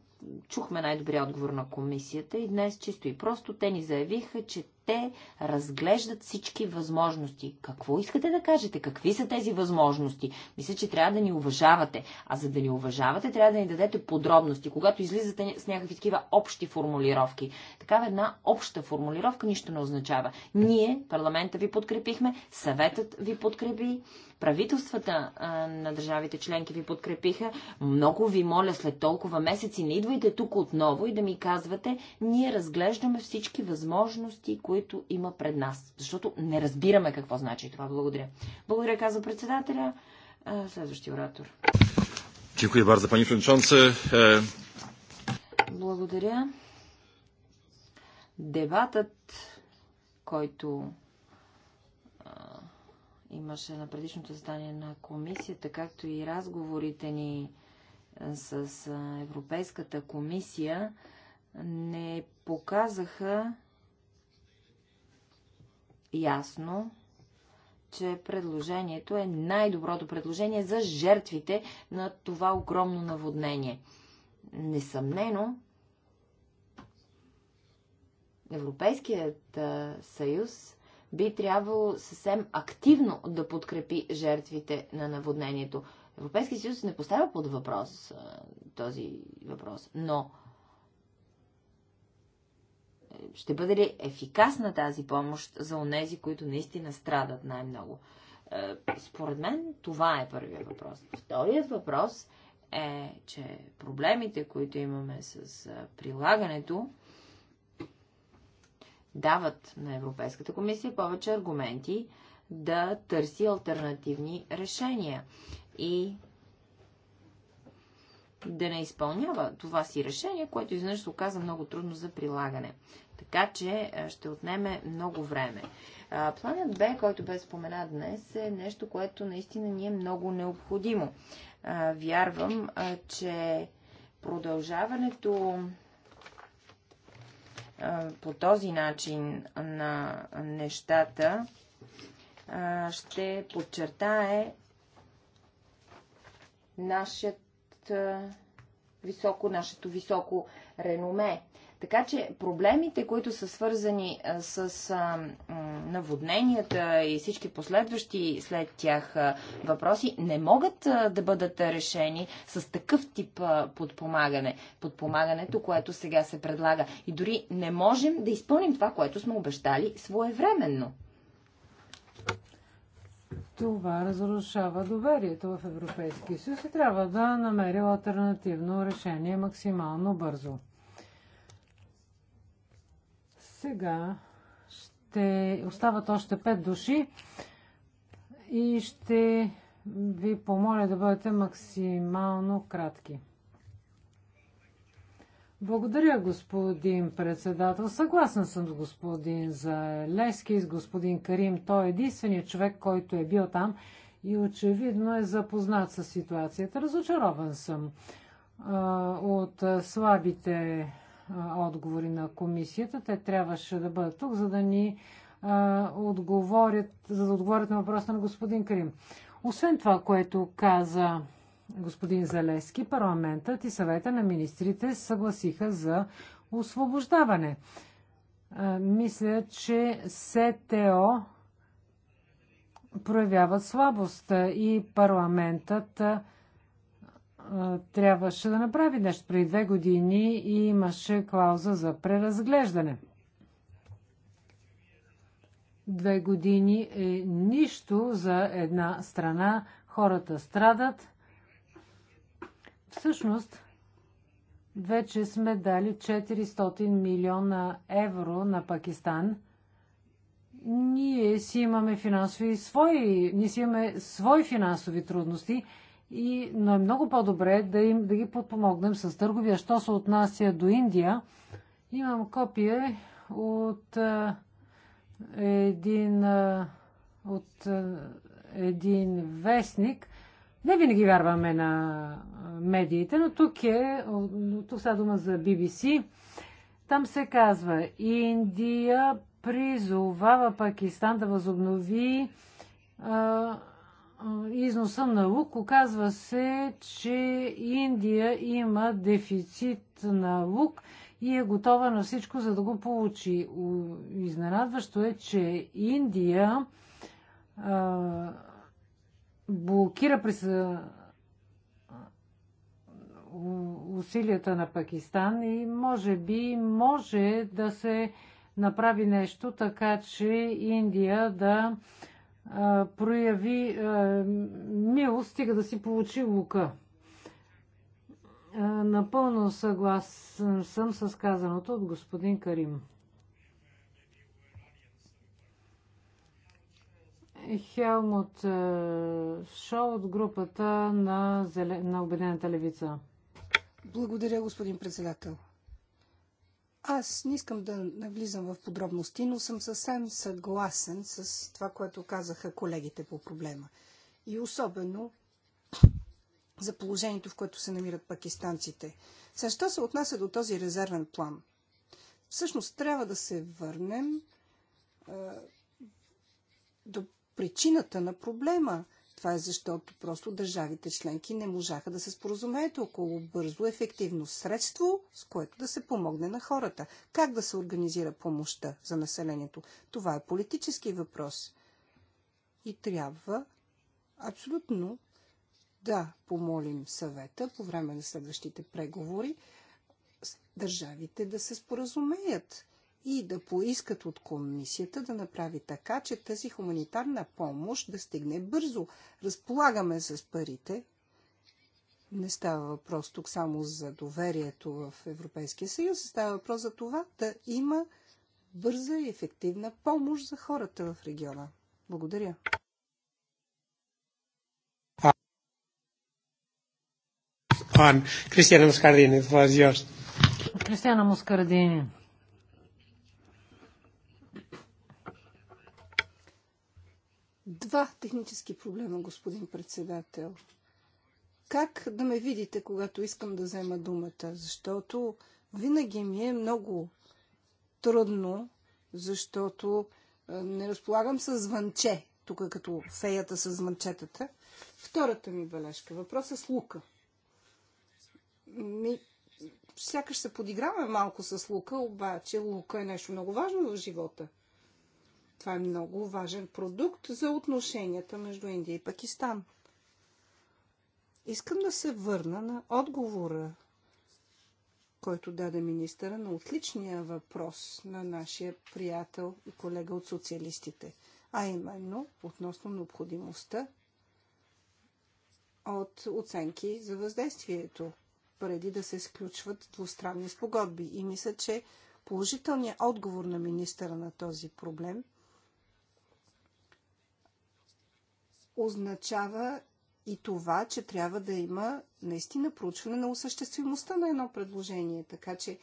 Speaker 2: чухме най-добрия отговор на комисията и днес чисто и просто те ни заявиха, че те разглеждат всички възможности. Какво искате да кажете? Какви са тези възможности? Мисля, че трябва да ни уважавате. А за да ни уважавате, трябва да ни дадете подробности, когато излизате с някакви такива общи формулировки. Такава една обща формулировка нищо не означава. Ние, парламента ви подкрепихме, съветът ви подкрепи, правителствата а, на държавите членки ви подкрепиха. Много ви моля, след толкова месеци не идва идвайте тук отново и да ми казвате, ние разглеждаме всички възможности, които има пред нас. Защото не разбираме какво значи това. Благодаря. Благодаря, казва председателя. Следващия оратор.
Speaker 3: Дякую bardzo, пани Франчонце.
Speaker 2: Благодаря. Дебатът, който имаше на предишното задание на комисията, както и разговорите ни с Европейската комисия не показаха ясно, че предложението е най-доброто предложение за жертвите на това огромно наводнение. Несъмнено, Европейският съюз би трябвало съвсем активно да подкрепи жертвите на наводнението. Европейския съюз не поставя под въпрос този въпрос, но е, ще бъде ли ефикасна тази помощ за онези, които наистина страдат най-много? Е, според мен това е първият въпрос. Вторият въпрос е, че проблемите, които имаме с прилагането, дават на Европейската комисия повече аргументи да търси альтернативни решения и да не изпълнява това си решение, което изведнъж се оказа много трудно за прилагане. Така че ще отнеме много време. Планът Б, който бе споменат днес, е нещо, което наистина ни е много необходимо. Вярвам, че продължаването по този начин на нещата ще подчертае нашият високо, нашето високо реноме. Така че проблемите, които са свързани с наводненията и всички последващи след тях въпроси, не могат да бъдат решени с такъв тип подпомагане. Подпомагането, което сега се предлага. И дори не можем да изпълним това, което сме обещали своевременно
Speaker 1: това разрушава доверието в Европейския съюз и трябва да намери альтернативно решение максимално бързо. Сега ще остават още 5 души и ще ви помоля да бъдете максимално кратки. Благодаря, господин председател. Съгласен съм с господин Залески, с господин Карим. Той е единственият човек, който е бил там и очевидно е запознат с ситуацията. Разочарован съм а, от слабите а, отговори на комисията. Те трябваше да бъдат тук, за да ни а, отговорят, за да отговорят на въпроса на господин Карим. Освен това, което каза господин Залески, парламентът и съвета на министрите съгласиха за освобождаване. Мисля, че СТО проявяват слабост и парламентът трябваше да направи нещо. Преди две години и имаше клауза за преразглеждане. Две години е нищо за една страна. Хората страдат Всъщност, вече сме дали 400 милиона евро на Пакистан. Ние си имаме финансови свои, ние си имаме свои финансови трудности, и, но е много по-добре да, им, да ги подпомогнем с търговия. Що се отнася до Индия, имам копие от а, един, а, от а, един вестник, не винаги вярваме на медиите, но тук е, тук са дума за BBC. Там се казва, Индия призовава Пакистан да възобнови а, износа на лук. Оказва се, че Индия има дефицит на лук и е готова на всичко, за да го получи. Изненадващо е, че Индия а, блокира през усилията на Пакистан и може би може да се направи нещо така, че Индия да а, прояви а, милост, стига да си получи лука. А, напълно съгласен съм с казаното от господин Карим. Хелмут е, Шоу от групата на, Зеле... на Обединената левица. Благодаря, господин председател. Аз не
Speaker 4: искам да навлизам в подробности, но съм съвсем съгласен с това, което казаха колегите по проблема. И особено за положението, в което се намират пакистанците. Защо се отнася до този резервен план? Всъщност трябва да се върнем е, до причината на проблема. Това е защото просто държавите членки не можаха да се споразумеят около бързо ефективно средство, с което да се помогне на хората. Как да се организира помощта за населението? Това е политически въпрос. И трябва абсолютно да помолим съвета по време на следващите преговори държавите да се споразумеят и да поискат от комисията да направи така, че тази хуманитарна помощ да стигне бързо. Разполагаме с парите. Не става въпрос тук само за доверието в Европейския съюз, става въпрос за това да има бърза и ефективна помощ за хората в региона. Благодаря.
Speaker 3: Кристиана Мускардини, това е
Speaker 1: Кристиана Мускардини.
Speaker 4: Два технически проблема, господин председател. Как да ме видите, когато искам да взема думата? Защото винаги ми е много трудно, защото не разполагам с звънче, тук като феята с звънчетата. Втората ми бележка. Въпрос е с лука. Ми, сякаш се подиграваме малко с лука, обаче лука е нещо много важно в живота – това е много важен продукт за отношенията между Индия и Пакистан. Искам да се върна на отговора, който даде министъра на отличния въпрос на нашия приятел и колега от социалистите, а именно относно необходимостта от оценки за въздействието, преди да се сключват двустранни спогодби. И мисля, че положителният отговор на министъра на този проблем означава и това, че трябва да има наистина проучване на осъществимостта на едно предложение. Така че,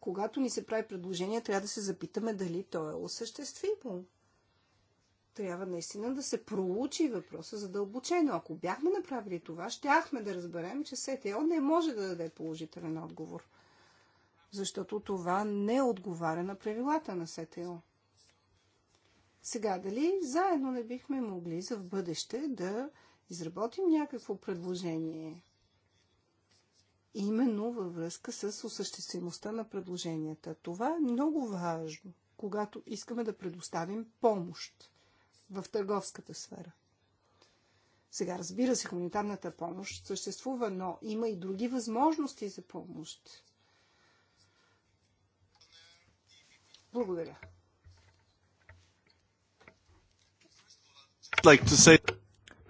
Speaker 4: когато ни се прави предложение, трябва да се запитаме дали то е осъществимо. Трябва наистина да се проучи въпроса задълбочено. Ако бяхме направили това, щяхме да разберем, че СТО не може да даде положителен отговор. Защото това не отговаря на правилата на СТО. Сега, дали заедно не бихме могли за в бъдеще да изработим някакво предложение, именно във връзка с осъществимостта на предложенията. Това е много важно, когато искаме да предоставим помощ в търговската сфера. Сега, разбира се, хуманитарната помощ съществува, но има и други възможности за помощ. Благодаря.
Speaker 1: like to say...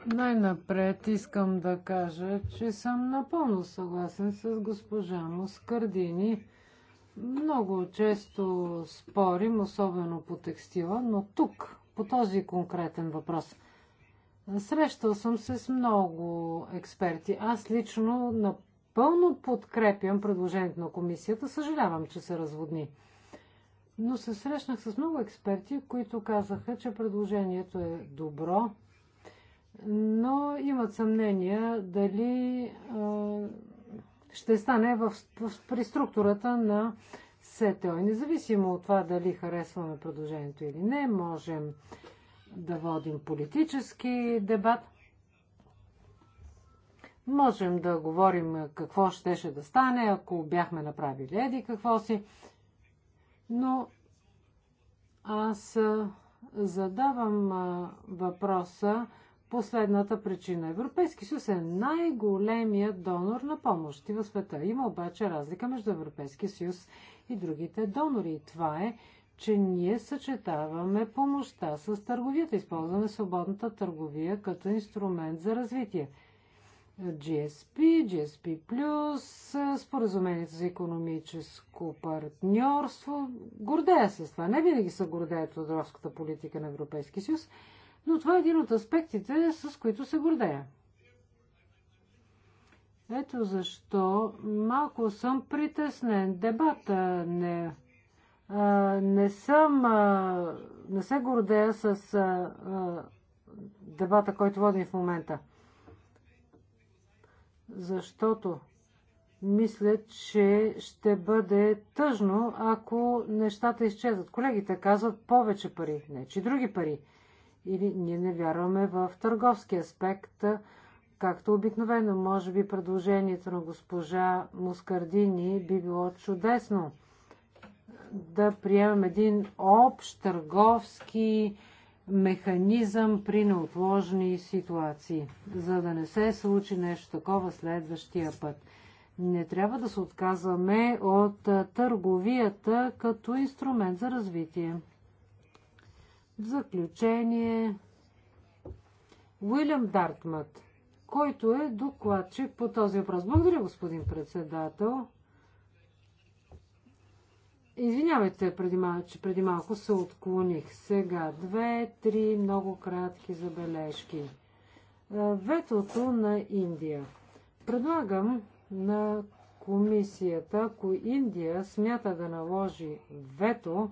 Speaker 1: Най-напред искам да кажа, че съм напълно съгласен с госпожа Москардини. Много често спорим, особено по текстила, но тук, по този конкретен въпрос. Срещал съм се с много експерти. Аз лично напълно подкрепям предложението на комисията. Съжалявам, че се разводни. Но се срещнах с много експерти, които казаха, че предложението е добро, но имат съмнения дали ще стане в, в, при структурата на СТО. И независимо от това дали харесваме предложението или не, можем да водим политически дебат. Можем да говорим какво щеше да стане, ако бяхме направили еди какво си. Но аз задавам въпроса последната причина. Европейски съюз е най-големият донор на помощи в света. Има обаче разлика между Европейски съюз и другите донори. И това е, че ние съчетаваме помощта с търговията. Използваме свободната търговия като инструмент за развитие. GSP, GSP+, споразумението за економическо партньорство. Гордея се с това. Не винаги се гордеят от ромската политика на Европейския съюз, но това е един от аспектите, с които се гордея. Ето защо малко съм притеснен. Дебата не, а, не съм, а, не се гордея с а, а, дебата, който водим в момента защото мисля, че ще бъде тъжно, ако нещата изчезват. Колегите казват повече пари, не че други пари. Или ние не вярваме в търговски аспект, както обикновено. Може би предложението на госпожа Мускардини би било чудесно да приемем един общ търговски механизъм при неотложни ситуации, за да не се случи нещо такова следващия път. Не трябва да се отказваме от търговията като инструмент за развитие. В заключение, Уилям Дартмът, който е докладчик по този въпрос. Благодаря, господин председател. Извинявайте, преди малко, че преди малко се отклоних. Сега две, три много кратки забележки. Ветото на Индия. Предлагам на комисията, ако Индия смята да наложи вето,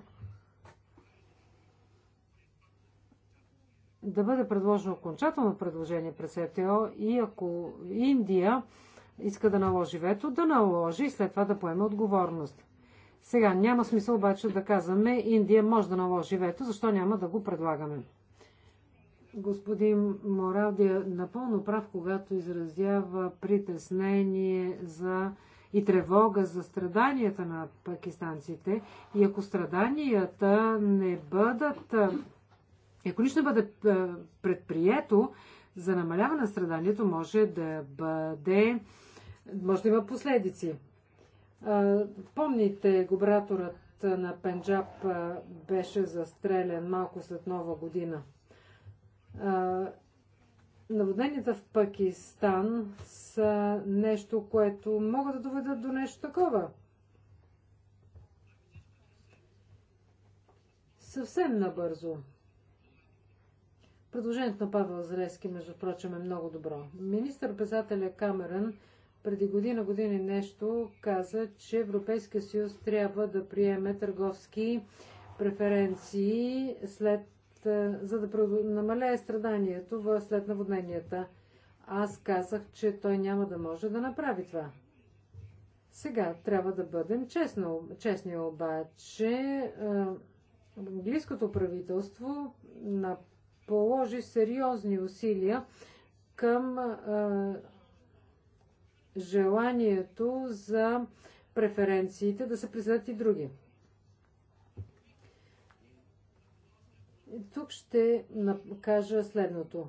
Speaker 1: да бъде предложено окончателно предложение през СТО и ако Индия иска да наложи вето, да наложи и след това да поеме отговорност. Сега няма смисъл обаче да казваме Индия може да наложи вето, защо няма да го предлагаме. Господин Моради е напълно прав, когато изразява притеснение за и тревога за страданията на пакистанците. И ако страданията не бъдат, ако нищо не бъде е, предприето за намаляване на страданието, може да бъде, може да има последици. Помните, губраторът на Пенджаб беше застрелян малко след нова година. Наводненията в Пакистан са нещо, което могат да доведат до нещо такова. Съвсем набързо. Предложението на Павел Зрески, между прочим, е много добро. Министър-председателя Камерън преди година, години нещо каза, че Европейския съюз трябва да приеме търговски преференции след, за да намалее страданието след наводненията. Аз казах, че той няма да може да направи това. Сега трябва да бъдем честно, честни обаче. Английското правителство положи сериозни усилия към желанието за преференциите да се признат и други. Тук ще кажа следното.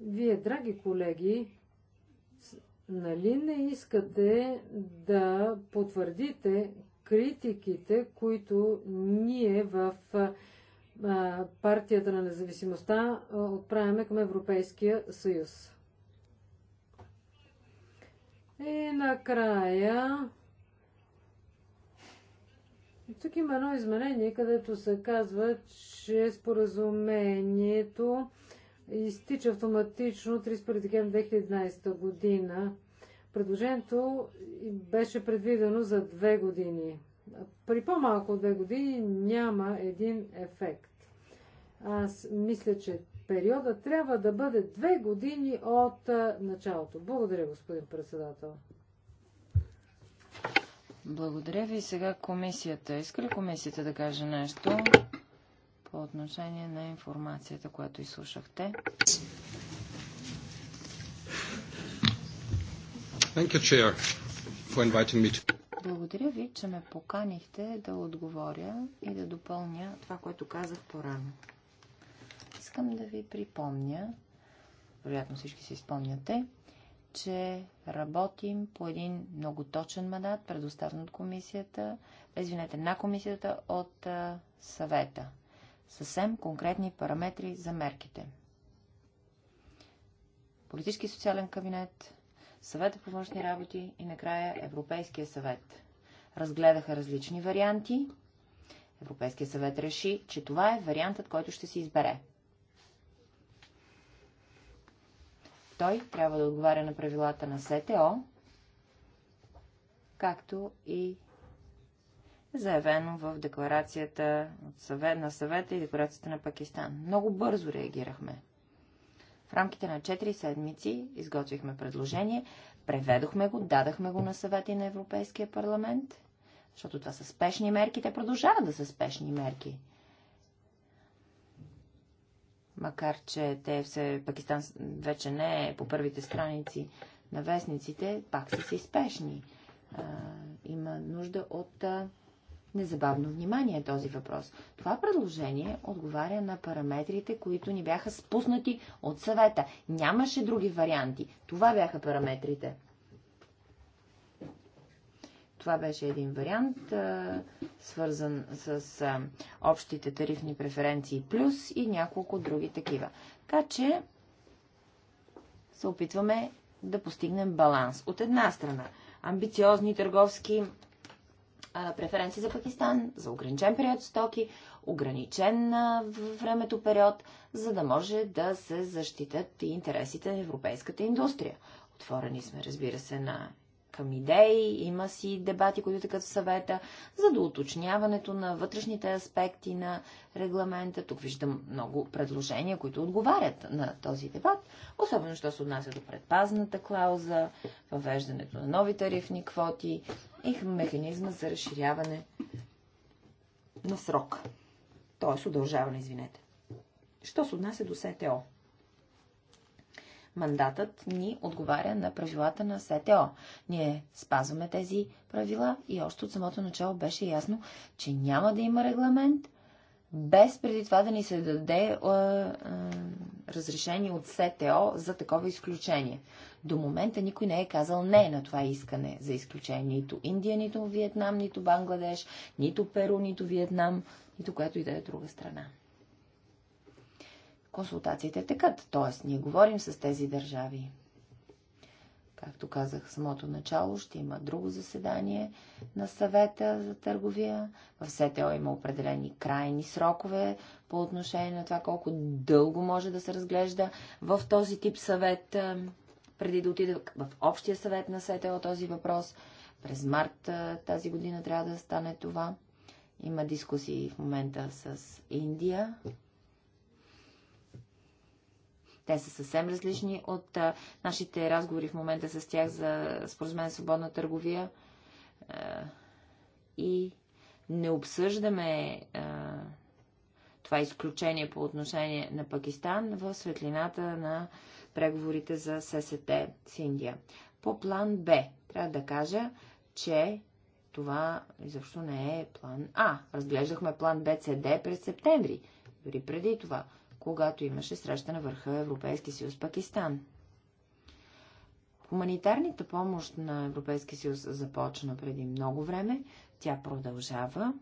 Speaker 1: Вие, драги колеги, нали не искате да потвърдите критиките, които ние в партията на независимостта отправяме към Европейския съюз? И накрая тук има едно изменение, където се казва, че споразумението изтича автоматично 31 декември 2011 година. Предложението беше предвидено за две години. При по-малко от две години няма един ефект. Аз мисля, че периода трябва да бъде две години от началото. Благодаря, господин председател.
Speaker 2: Благодаря ви. Сега комисията. Иска ли комисията да каже нещо по отношение на информацията, която изслушахте? Благодаря ви, че ме поканихте да отговоря и да допълня това, което казах по-рано. Искам да ви припомня, вероятно всички си спомняте, че работим по един много точен мандат, предоставен от комисията, извинете, на комисията от а, съвета. Съвсем конкретни параметри за мерките. Политически и социален кабинет, съвета по външни работи и накрая Европейския съвет. Разгледаха различни варианти. Европейския съвет реши, че това е вариантът, който ще се избере. той трябва да отговаря на правилата на СТО, както и заявено в декларацията на съвета и декларацията на Пакистан. Много бързо реагирахме. В рамките на 4 седмици изготвихме предложение, преведохме го, дадахме го на съвета и на Европейския парламент, защото това са спешни мерки, те продължават да са спешни мерки макар че те все, Пакистан вече не е по първите страници на вестниците, пак са си спешни. А, има нужда от а, незабавно внимание е този въпрос. Това предложение отговаря на параметрите, които ни бяха спуснати от съвета. Нямаше други варианти. Това бяха параметрите. Това беше един вариант, свързан с общите тарифни преференции плюс и няколко други такива. Така че се опитваме да постигнем баланс. От една страна, амбициозни търговски преференции за Пакистан, за ограничен период стоки, ограничен във времето период, за да може да се защитат и интересите на европейската индустрия. Отворени сме, разбира се, на към идеи, има си дебати, които така в съвета, за доуточняването уточняването на вътрешните аспекти на регламента. Тук виждам много предложения, които отговарят на този дебат, особено, що се отнася до предпазната клауза, въвеждането на нови тарифни квоти и механизма за разширяване на срок. Тоест, удължаване, извинете. Що се отнася до СТО? Мандатът ни отговаря на правилата на СТО. Ние спазваме тези правила и още от самото начало беше ясно, че няма да има регламент, без преди това да ни се даде е, е, разрешение от СТО за такова изключение. До момента никой не е казал не на това искане за изключение. Нито Индия, нито Виетнам, нито Бангладеш, нито Перу, нито Виетнам, нито което и да е друга страна консултациите текат, т.е. ние говорим с тези държави. Както казах в самото начало, ще има друго заседание на съвета за търговия. В СТО има определени крайни срокове по отношение на това колко дълго може да се разглежда в този тип съвет, е, преди да отиде в общия съвет на СТО този въпрос. През март е, тази година трябва да стане това. Има дискусии в момента с Индия те са съвсем различни от а, нашите разговори в момента с тях за споразумение свободна търговия. А, и не обсъждаме а, това изключение по отношение на Пакистан в светлината на преговорите за ССТ с Индия. По план Б трябва да кажа, че това изобщо не е план А. Разглеждахме план БЦД през септември, дори преди това когато имаше среща на върха Европейски съюз Пакистан. Хуманитарната помощ на Европейския съюз започна преди много време, тя продължава.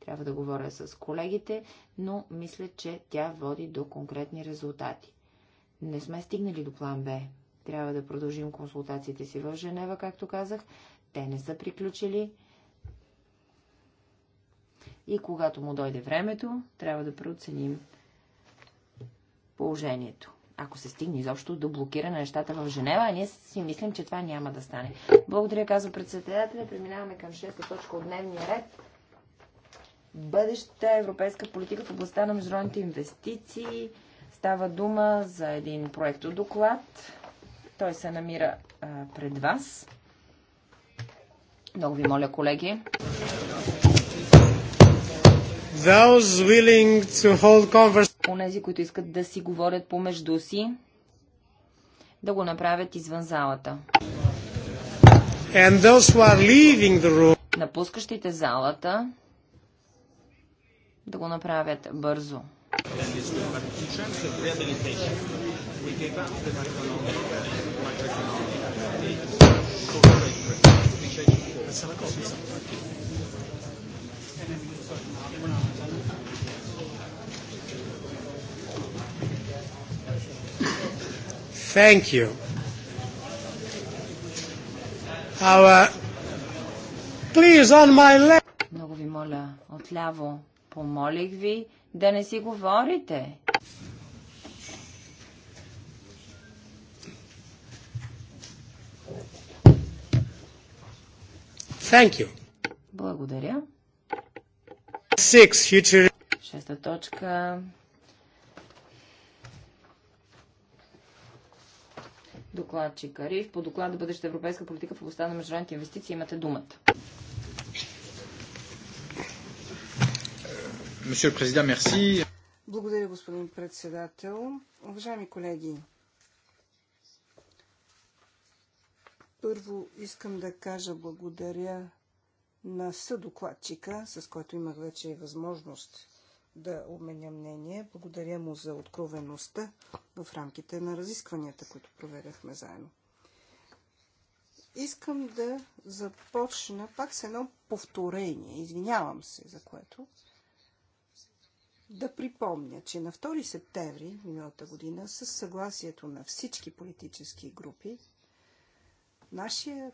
Speaker 2: Трябва да говоря с колегите, но мисля, че тя води до конкретни резултати. Не сме стигнали до план Б. Трябва да продължим консултациите си в Женева, както казах. Те не са приключили и когато му дойде времето, трябва да преоценим положението. Ако се стигне изобщо до блокиране на нещата в Женева, а ние си мислим, че това няма да стане. Благодаря, казва председателя. Преминаваме към 6 точка от дневния ред. Бъдеща европейска политика в областта на международните инвестиции. Става дума за един проект от доклад. Той се намира а, пред вас. Много ви моля, колеги. Онези, които искат да си говорят помежду си, да го направят извън залата. Напускащите залата, да го направят бързо.
Speaker 3: Thank you. Thank you. Our... Please, on
Speaker 2: my left. Много ви моля, отляво, помолих ви да не си говорите. Thank you. Благодаря. Six future... Шеста точка докладчик Ариф по доклада Бъдеща европейска политика в областта на международните инвестиции. Имате думата. Благодаря,
Speaker 4: господин председател. Уважаеми колеги, първо искам да кажа благодаря на съдокладчика, с който имах вече възможност да обменя мнение. Благодаря му за откровеността в рамките на разискванията, които проведахме заедно. Искам да започна пак с едно повторение, извинявам се за което, да припомня, че на 2 септември миналата година, с съгласието на всички политически групи, нашия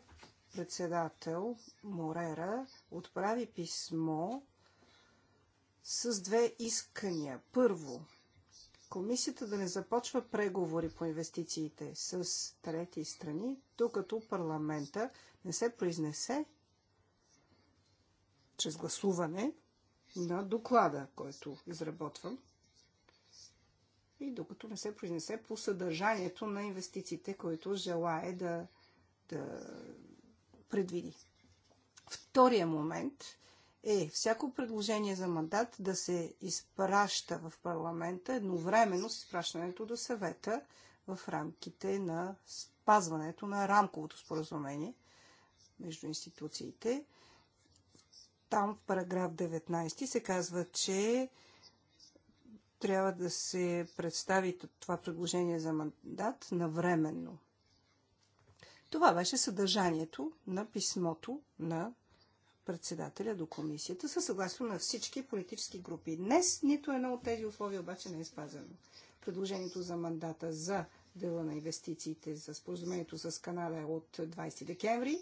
Speaker 4: председател Морера отправи писмо с две искания. Първо, комисията да не започва преговори по инвестициите с трети страни, докато парламента не се произнесе чрез гласуване на доклада, който изработвам и докато не се произнесе по съдържанието на инвестициите, които желае да, да предвиди. Втория момент е всяко предложение за мандат да се изпраща в парламента едновременно с изпращането до съвета в рамките на спазването на рамковото споразумение между институциите. Там в параграф 19 се казва, че трябва да се представи това предложение за мандат навременно. Това беше съдържанието на писмото на председателя до комисията със съгласно на всички политически групи. Днес нито едно от тези условия обаче не е спазено. Предложението за мандата за дела на инвестициите за споразумението с Канада е от 20 декември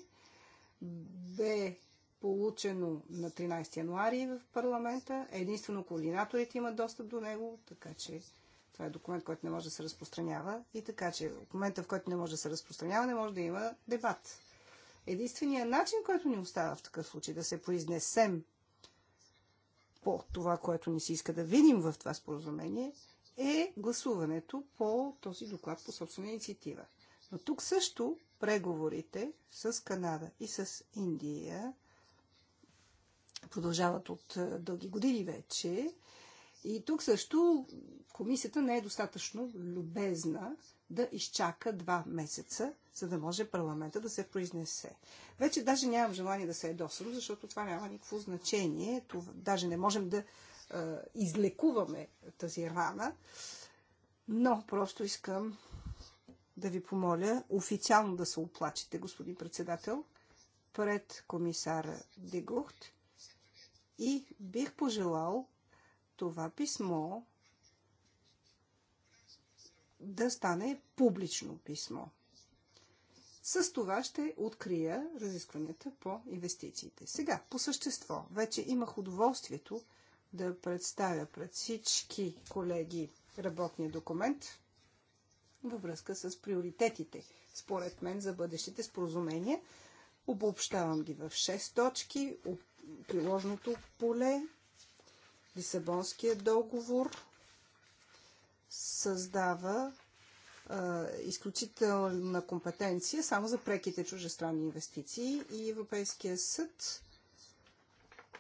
Speaker 4: бе получено на 13 януари в парламента. Единствено координаторите имат достъп до него, така че това е документ, който не може да се разпространява. И така че в момента, в който не може да се разпространява, не може да има дебат. Единственият начин, който ни остава в такъв случай, да се произнесем по това, което ни се иска да видим в това споразумение, е гласуването по този доклад по собствена инициатива. Но тук също преговорите с Канада и с Индия продължават от е, дълги години вече. И тук също комисията не е достатъчно любезна да изчака два месеца, за да може парламента да се произнесе. Вече даже нямам желание да се е досъм, защото това няма никакво значение. Това, даже не можем да е, излекуваме тази рана. Но просто искам да ви помоля официално да се оплачите, господин председател, пред комисара Дегухт. И бих пожелал това писмо да стане публично писмо. С това ще открия разискванията по инвестициите. Сега, по същество, вече имах удоволствието да представя пред всички колеги работния документ във връзка с приоритетите, според мен, за бъдещите споразумения. Обобщавам ги в 6 точки. Приложното поле, Лисабонския договор, създава а, изключителна компетенция само за преките чужестранни инвестиции и Европейския съд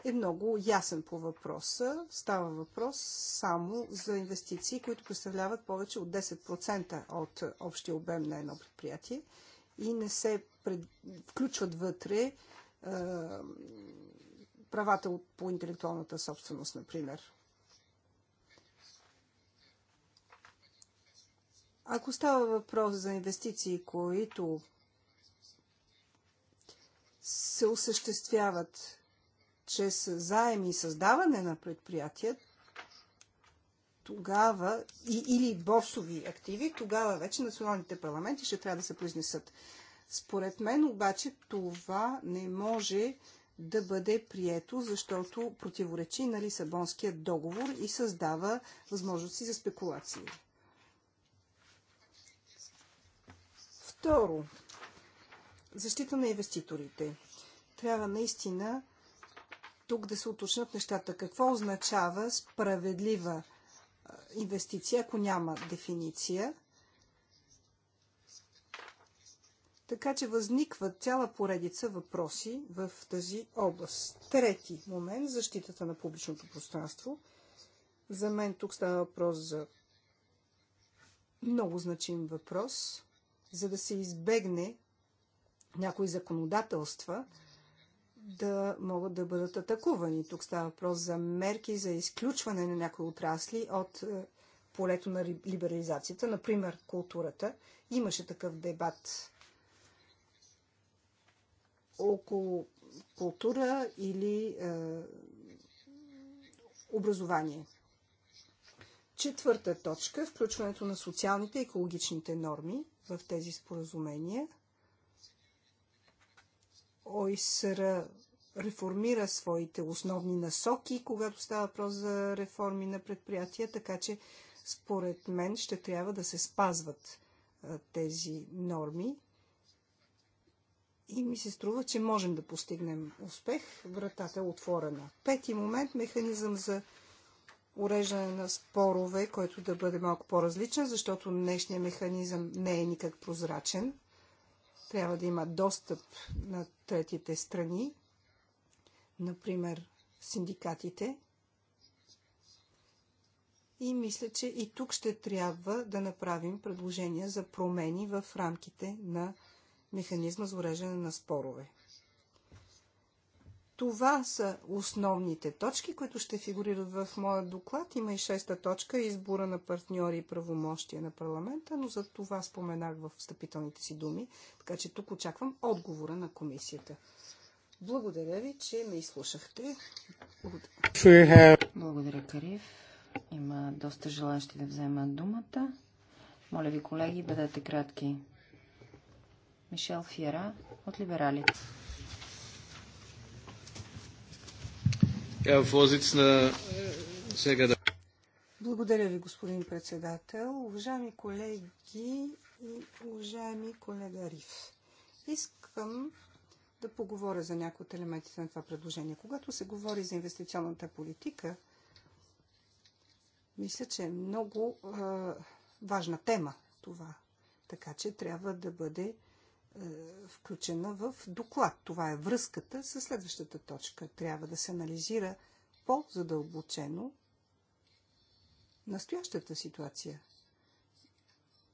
Speaker 4: е много ясен по въпроса. Става въпрос само за инвестиции, които представляват повече от 10% от общия обем на едно предприятие и не се пред... включват вътре а, правата по интелектуалната собственост, например. Ако става въпрос за инвестиции, които се осъществяват чрез заеми и създаване на предприятия, тогава и, или борсови активи, тогава вече националните парламенти ще трябва да се произнесат. Според мен обаче това не може да бъде прието, защото противоречи на Лисабонския договор и създава възможности за спекулации. Второ, защита на инвеститорите. Трябва наистина тук да се уточнят нещата. Какво означава справедлива инвестиция, ако няма дефиниция? Така че възниква цяла поредица въпроси в тази област. Трети момент защитата на публичното пространство. За мен тук става въпрос за много значим въпрос за да се избегне някои законодателства да могат да бъдат атакувани. Тук става въпрос за мерки за изключване на някои отрасли от е, полето на либерализацията, например културата. Имаше такъв дебат около култура или е, образование. Четвърта точка включването на социалните и екологичните норми в тези споразумения. ОИСР реформира своите основни насоки, когато става въпрос за реформи на предприятия, така че според мен ще трябва да се спазват тези норми. И ми се струва, че можем да постигнем успех. Вратата е отворена. Пети момент механизъм за уреждане на спорове, който да бъде малко по-различен, защото днешният механизъм не е никак прозрачен. Трябва да има достъп на третите страни, например синдикатите. И мисля, че и тук ще трябва да направим предложения за промени в рамките на механизма за уреждане на спорове. Това са основните точки, които ще фигурират в моя доклад. Има и шеста точка избора на партньори и правомощия на парламента, но за това споменах в встъпителните си думи, така че тук очаквам отговора на комисията. Благодаря ви, че ме изслушахте.
Speaker 3: Благодаря.
Speaker 2: Благодаря, Кариф. Има доста желащи да вземат думата. Моля ви, колеги, бъдете кратки. Мишел Фиера от Либералите. Благодаря ви,
Speaker 4: господин председател. Уважаеми колеги и уважаеми колега Риф, искам да поговоря за някои от елементите на това предложение. Когато се говори за инвестиционната политика, мисля, че е много е, важна тема това. Така че трябва да бъде е, включена в доклад. Това е връзката с следващата точка. Трябва да се анализира по-задълбочено настоящата ситуация.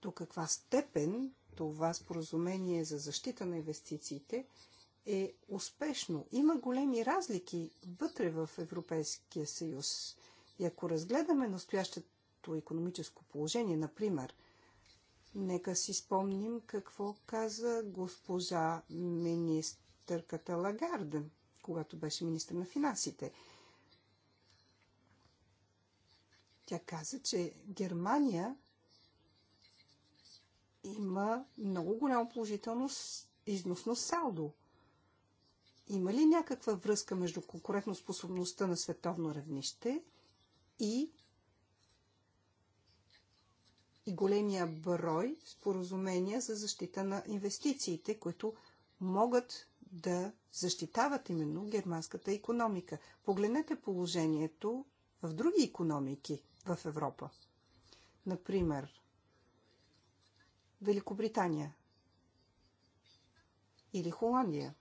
Speaker 4: До каква степен това споразумение за защита на инвестициите е успешно. Има големи разлики вътре в Европейския съюз. И ако разгледаме настоящето економическо положение, например – Нека си спомним какво каза госпожа министърката Лагарден, когато беше министър на финансите. Тя каза, че Германия има много голямо положително износно салдо. Има ли някаква връзка между конкурентоспособността на световно равнище и и големия брой споразумения за защита на инвестициите, които могат да защитават именно германската економика. Погледнете положението в други економики в Европа. Например, Великобритания или Холандия.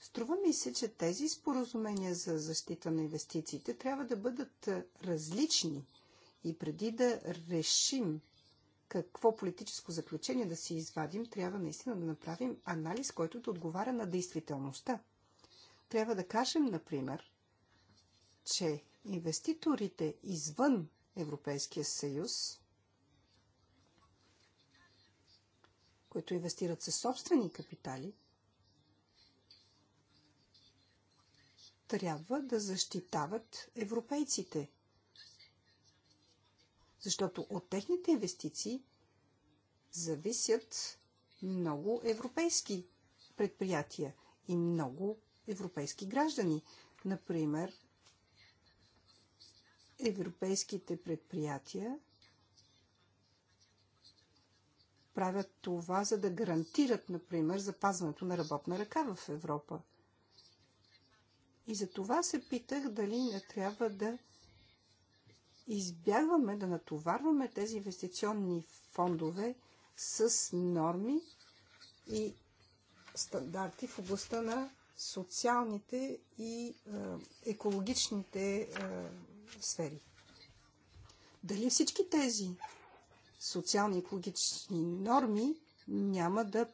Speaker 4: Струва ми се, че тези споразумения за защита на инвестициите трябва да бъдат различни и преди да решим какво политическо заключение да си извадим, трябва наистина да направим анализ, който да отговаря на действителността. Трябва да кажем, например, че инвеститорите извън Европейския съюз, които инвестират със собствени капитали, трябва да защитават европейците, защото от техните инвестиции зависят много европейски предприятия и много европейски граждани. Например, европейските предприятия правят това, за да гарантират, например, запазването на работна ръка в Европа. И за това се питах дали не трябва да избягваме да натоварваме тези инвестиционни фондове с норми и стандарти в областта на социалните и е, екологичните е, сфери. Дали всички тези социални и екологични норми няма да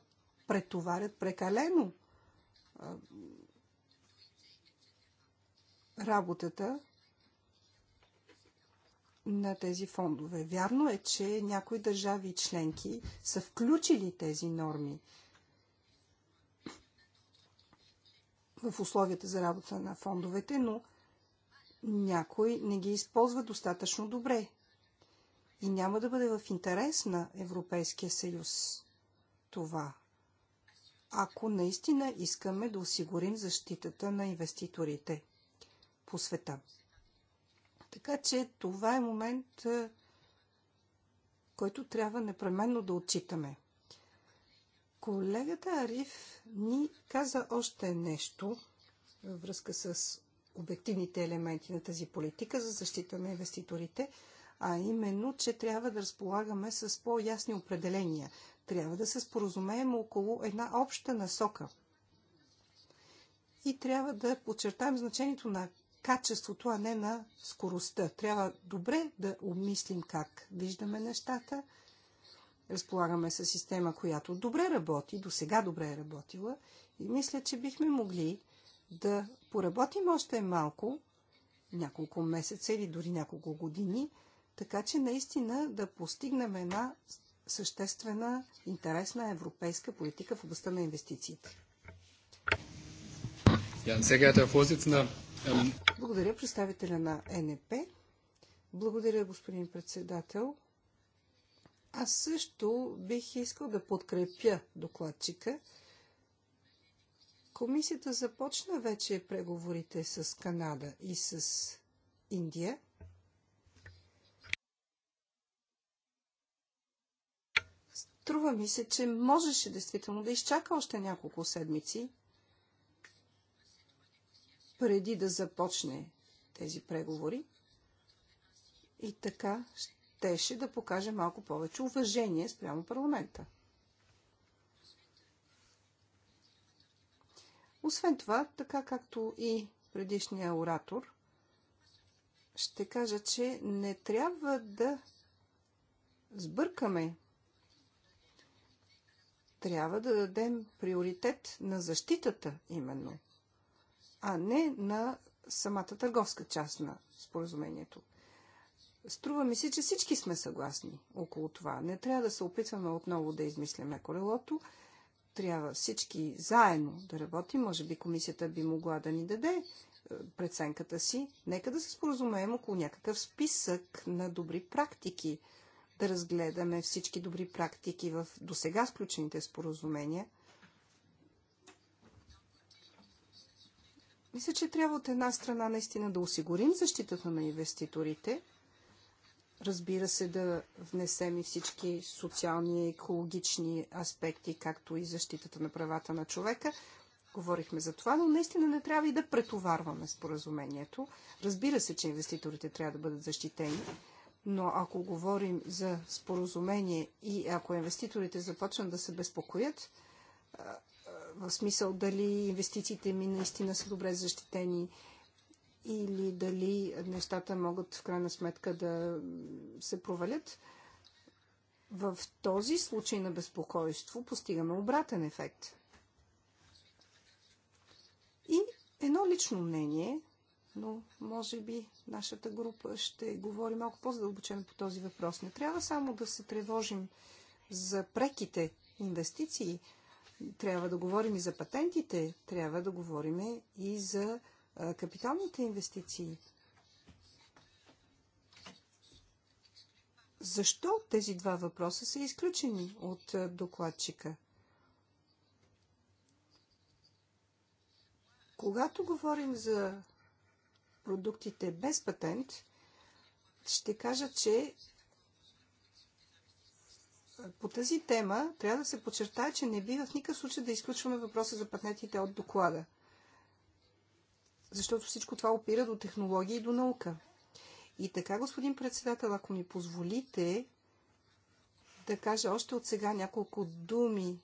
Speaker 4: претоварят прекалено е, работата на тези фондове. Вярно е, че някои държави и членки са включили тези норми в условията за работа на фондовете, но някой не ги използва достатъчно добре. И няма да бъде в интерес на Европейския съюз това, ако наистина искаме да осигурим защитата на инвеститорите по света. Така че това е момент, е, който трябва непременно да отчитаме. Колегата Ариф ни каза още нещо във връзка с обективните елементи на тази политика за защита на инвеститорите, а именно, че трябва да разполагаме с по-ясни определения. Трябва да се споразумеем около една обща насока. И трябва да подчертаем значението на качеството, а не на скоростта. Трябва добре да обмислим как виждаме нещата. Разполагаме с система, която добре работи, до сега добре е работила и мисля, че бихме могли да поработим още малко, няколко месеца или дори няколко години, така че наистина да постигнем една съществена, интересна европейска политика в областта на инвестициите.
Speaker 3: Ja, sehr geehrter Herr Vorsitzender,
Speaker 4: благодаря представителя на НП. Благодаря, господин председател. Аз също бих искал да подкрепя докладчика. Комисията започна вече преговорите с Канада и с Индия. Струва ми се, че можеше действително да изчака още няколко седмици преди да започне тези преговори. И така щеше да покаже малко повече уважение спрямо парламента. Освен това, така както и предишния оратор, ще кажа, че не трябва да сбъркаме. Трябва да дадем приоритет на защитата именно а не на самата търговска част на споразумението. Струва ми се, че всички сме съгласни около това. Не трябва да се опитваме отново да измисляме колелото. Трябва всички заедно да работим. Може би комисията би могла да ни даде е, преценката си. Нека да се споразумеем около някакъв списък на добри практики. Да разгледаме всички добри практики в досега сключените споразумения – Мисля, че трябва от една страна наистина да осигурим защитата на инвеститорите, разбира се да внесем и всички социални и екологични аспекти, както и защитата на правата на човека. Говорихме за това, но наистина не трябва и да претоварваме споразумението. Разбира се, че инвеститорите трябва да бъдат защитени, но ако говорим за споразумение и ако инвеститорите започнат да се безпокоят, в смисъл дали инвестициите ми наистина са добре защитени или дали нещата могат в крайна сметка да се провалят. В този случай на безпокойство постигаме обратен ефект. И едно лично мнение, но може би нашата група ще говори малко по-задълбочено по този въпрос. Не трябва само да се тревожим за преките инвестиции, трябва да говорим и за патентите, трябва да говорим и за капиталните инвестиции. Защо тези два въпроса са изключени от докладчика? Когато говорим за продуктите без патент, ще кажа, че по тази тема трябва да се подчертае, че не бива в никакъв случай да изключваме въпроса за патентите от доклада. Защото всичко това опира до технология и до наука. И така, господин председател, ако ми позволите да кажа още от сега няколко думи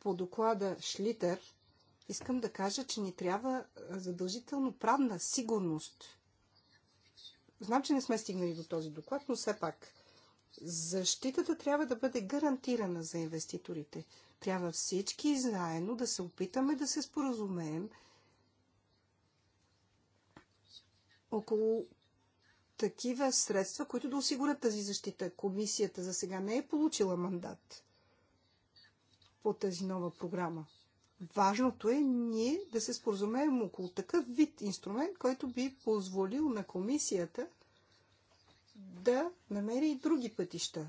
Speaker 4: по доклада Шлитер, искам да кажа, че ни трябва задължително правна сигурност – Знам, че не сме стигнали до този доклад, но все пак защитата трябва да бъде гарантирана за инвеститорите. Трябва всички заедно да се опитаме да се споразумеем около такива средства, които да осигурят тази защита. Комисията за сега не е получила мандат по тази нова програма. Важното е ние да се споразумеем около такъв вид инструмент, който би позволил на комисията да намери и други пътища.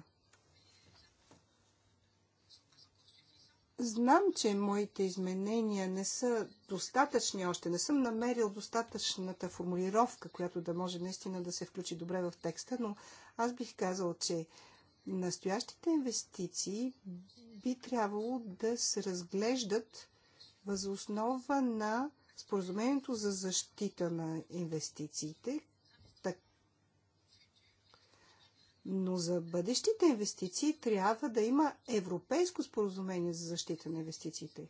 Speaker 4: Знам, че моите изменения не са достатъчни още. Не съм намерил достатъчната формулировка, която да може наистина да се включи добре в текста, но аз бих казал, че настоящите инвестиции би трябвало да се разглеждат възоснова на споразумението за защита на инвестициите, но за бъдещите инвестиции трябва да има европейско споразумение за защита на инвестициите.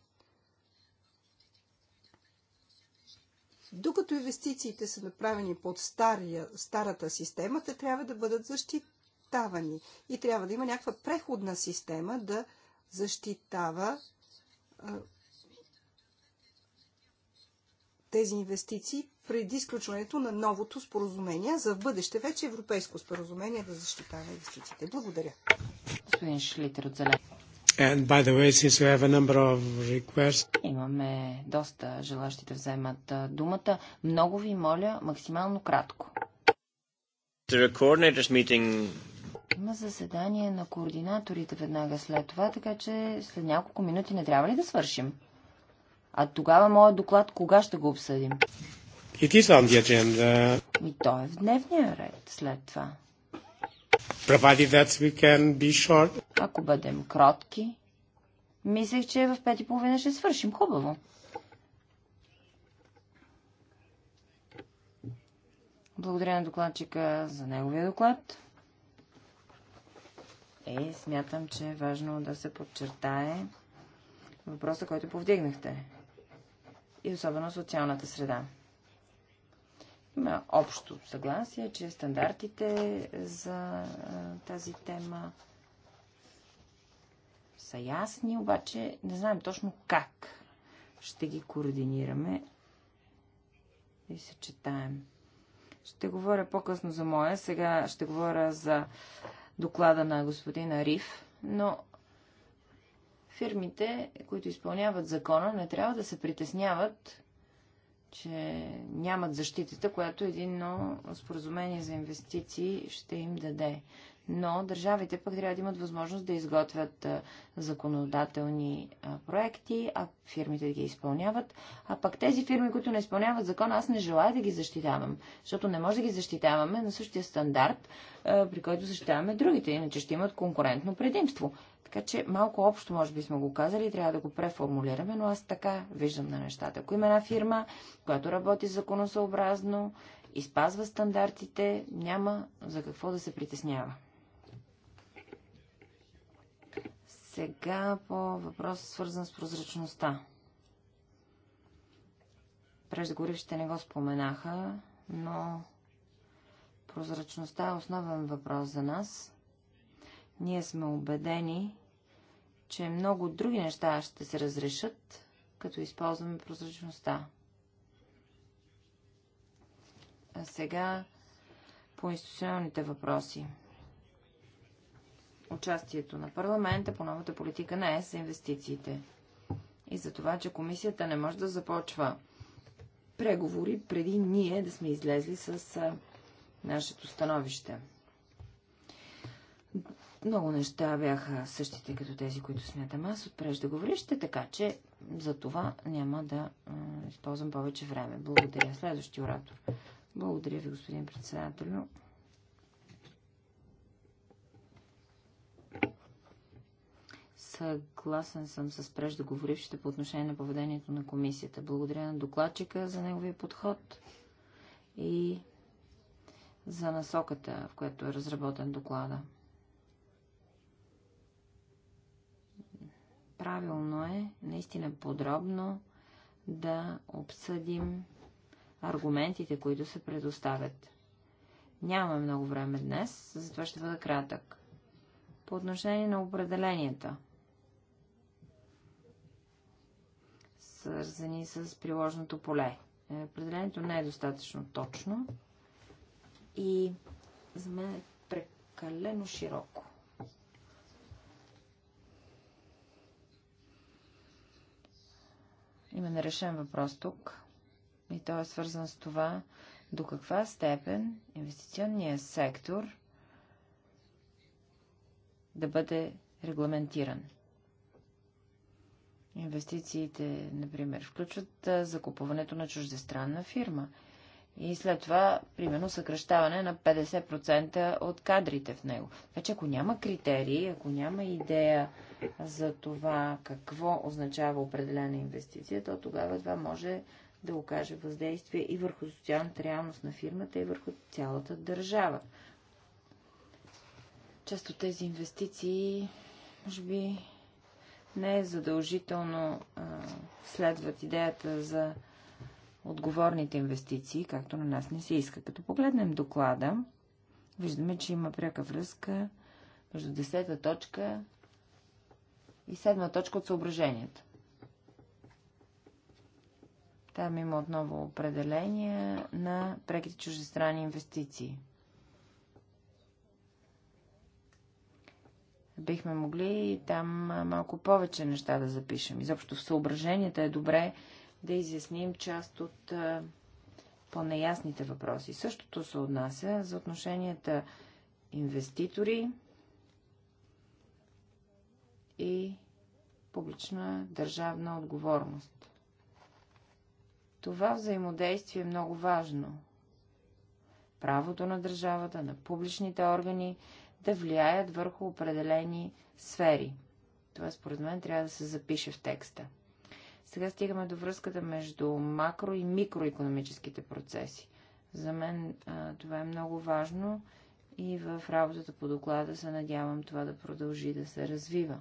Speaker 4: Докато инвестициите са направени под стария, старата система, те трябва да бъдат защитавани. И трябва да има някаква преходна система да защитава а, тези инвестиции преди сключването на новото споразумение за в бъдеще вече европейско споразумение да защитава
Speaker 2: инвестициите. Благодаря. Господин Шлитер от Зелен.
Speaker 1: And by the way, since we have a number of
Speaker 2: requests... Имаме доста желащи да вземат думата. Много ви моля, максимално кратко. Meeting... Има заседание на координаторите веднага след това, така че след няколко минути не трябва ли да свършим? А тогава моят доклад кога ще го обсъдим?
Speaker 3: It is on the agenda.
Speaker 2: И то е в дневния ред след това. Provided that we can be short. Ако бъдем кротки, мислех, че в пет и половина ще свършим. Хубаво. Благодаря на докладчика за неговия доклад. И е, смятам, че е важно да се подчертае въпроса, който повдигнахте и особено социалната среда. Има общо съгласие, че стандартите за тази тема са ясни, обаче не знаем точно как ще ги координираме и съчетаем. Ще говоря по-късно за моя. Сега ще говоря за доклада на господина Риф, но Фирмите, които изпълняват закона, не трябва да се притесняват, че нямат защитата, която единно споразумение за инвестиции ще им даде. Но държавите пък трябва да имат възможност да изготвят законодателни проекти, а фирмите да ги изпълняват. А пък тези фирми, които не изпълняват закона, аз не желая да ги защитавам, защото не може да ги защитаваме на същия стандарт, при който защитаваме другите, иначе ще имат конкурентно предимство. Така че малко общо, може би сме го казали, трябва да го преформулираме, но аз така виждам на нещата. Ако има една фирма, която работи законосъобразно изпазва стандартите, няма за какво да се притеснява. Сега по въпрос свързан с прозрачността. Преждегорившите не го споменаха, но прозрачността е основен въпрос за нас – ние сме убедени, че много други неща ще се разрешат, като използваме прозрачността. А сега по институционалните въпроси. Участието на парламента по новата политика на ЕС за инвестициите. И за това, че комисията не може да започва преговори преди ние да сме излезли с нашето становище. Много неща бяха същите като тези, които смятам аз от преждеговорище, така че за това няма да използвам повече време. Благодаря. Следващия оратор. Благодаря ви, господин председател. Съгласен съм с преждоговорившите по отношение на поведението на комисията. Благодаря на докладчика за неговия подход и за насоката, в която е разработен доклада. правилно е наистина подробно да обсъдим аргументите, които се предоставят. Нямаме много време днес, затова ще бъда кратък. По отношение на определенията, свързани с приложното поле. Е, определението не е достатъчно точно и за мен е прекалено широко. Има нерешен въпрос тук и той е свързан с това, до каква степен инвестиционният сектор да бъде регламентиран. Инвестициите, например, включват закупуването на чуждестранна фирма – и след това, примерно, съкръщаване на 50% от кадрите в него. Вече ако няма критерии, ако няма идея за това какво означава определена инвестиция, то тогава това може да окаже въздействие и върху социалната реалност на фирмата и върху цялата държава. Част от тези инвестиции, може би, не е задължително а, следват идеята за отговорните инвестиции, както на нас не се иска. Като погледнем доклада, виждаме, че има пряка връзка между 10-та точка и 7-та точка от съображенията. Там има отново определение на преките чуждестранни инвестиции. Бихме могли там малко повече неща да запишем. Изобщо в съображенията е добре да изясним част от по-неясните въпроси. Същото се отнася за отношенията инвеститори и публична държавна отговорност. Това взаимодействие е много важно. Правото на държавата, на публичните органи да влияят върху определени сфери. Това според мен трябва да се запише в текста. Сега стигаме до връзката между макро и микроекономическите процеси. За мен а, това е много важно и в работата по доклада се надявам това да продължи да се развива.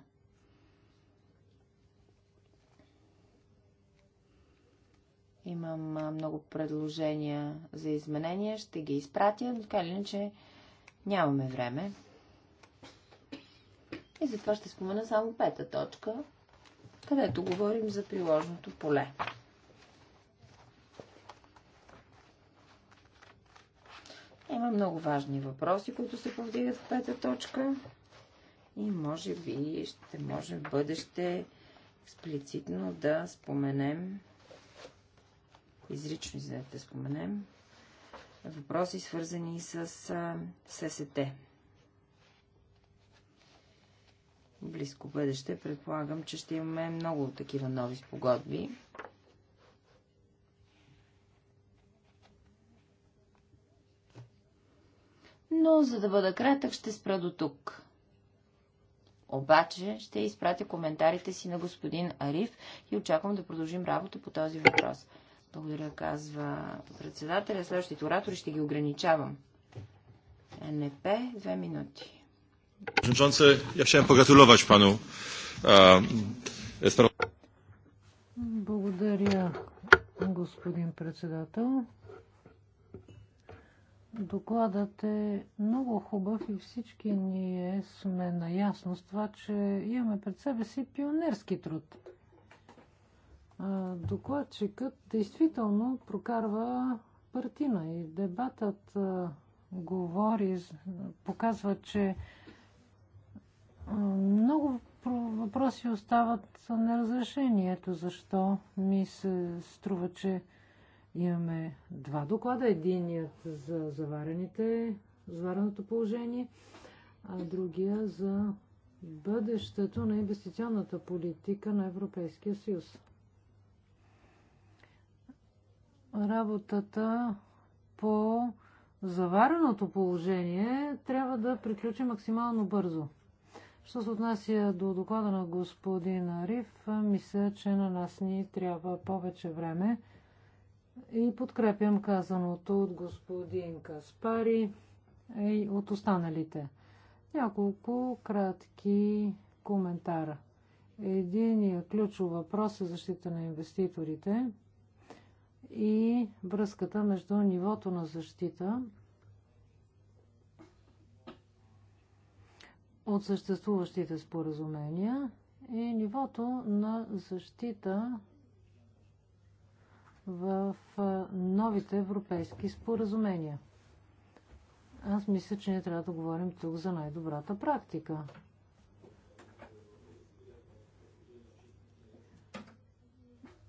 Speaker 2: Имам а, много предложения за изменения, ще ги изпратя, но така ли, че нямаме време. И затова ще спомена само пета точка, където говорим за приложното поле. Има много важни въпроси, които се повдигат в пета точка и може би ще може в бъдеще експлицитно да споменем, изрично извинете, да споменем, въпроси свързани с ССТ. близко бъдеще предполагам, че ще имаме много такива нови спогодби. Но за да бъда кратък, ще спра до тук. Обаче ще изпратя коментарите си на господин Ариф и очаквам да продължим работа по този въпрос. Благодаря, казва председателя. Следващите оратори ще ги ограничавам. Е, НП, две минути.
Speaker 3: Przewodniczący, ja chciałem pogratulować panu. E,
Speaker 1: Благодаря, господин председател. Докладът е много хубав и всички ние сме наясно с това, че имаме пред себе си пионерски труд. Докладчикът действително прокарва партина и дебатът говори, показва, че много въпроси остават неразрешени. Ето защо ми се струва, че имаме два доклада. Единият за заварените, завареното положение, а другия за бъдещето на инвестиционната политика на Европейския съюз. Работата по завареното положение трябва да приключи максимално бързо – Що се отнася до доклада на господин Ариф, мисля, че на нас ни трябва повече време и подкрепям казаното от господин Каспари и от останалите. Няколко кратки коментара. Единия ключов въпрос е защита на инвеститорите и връзката между нивото на защита от съществуващите споразумения и е нивото на защита в новите европейски споразумения. Аз мисля, че ние трябва да говорим тук за най-добрата практика.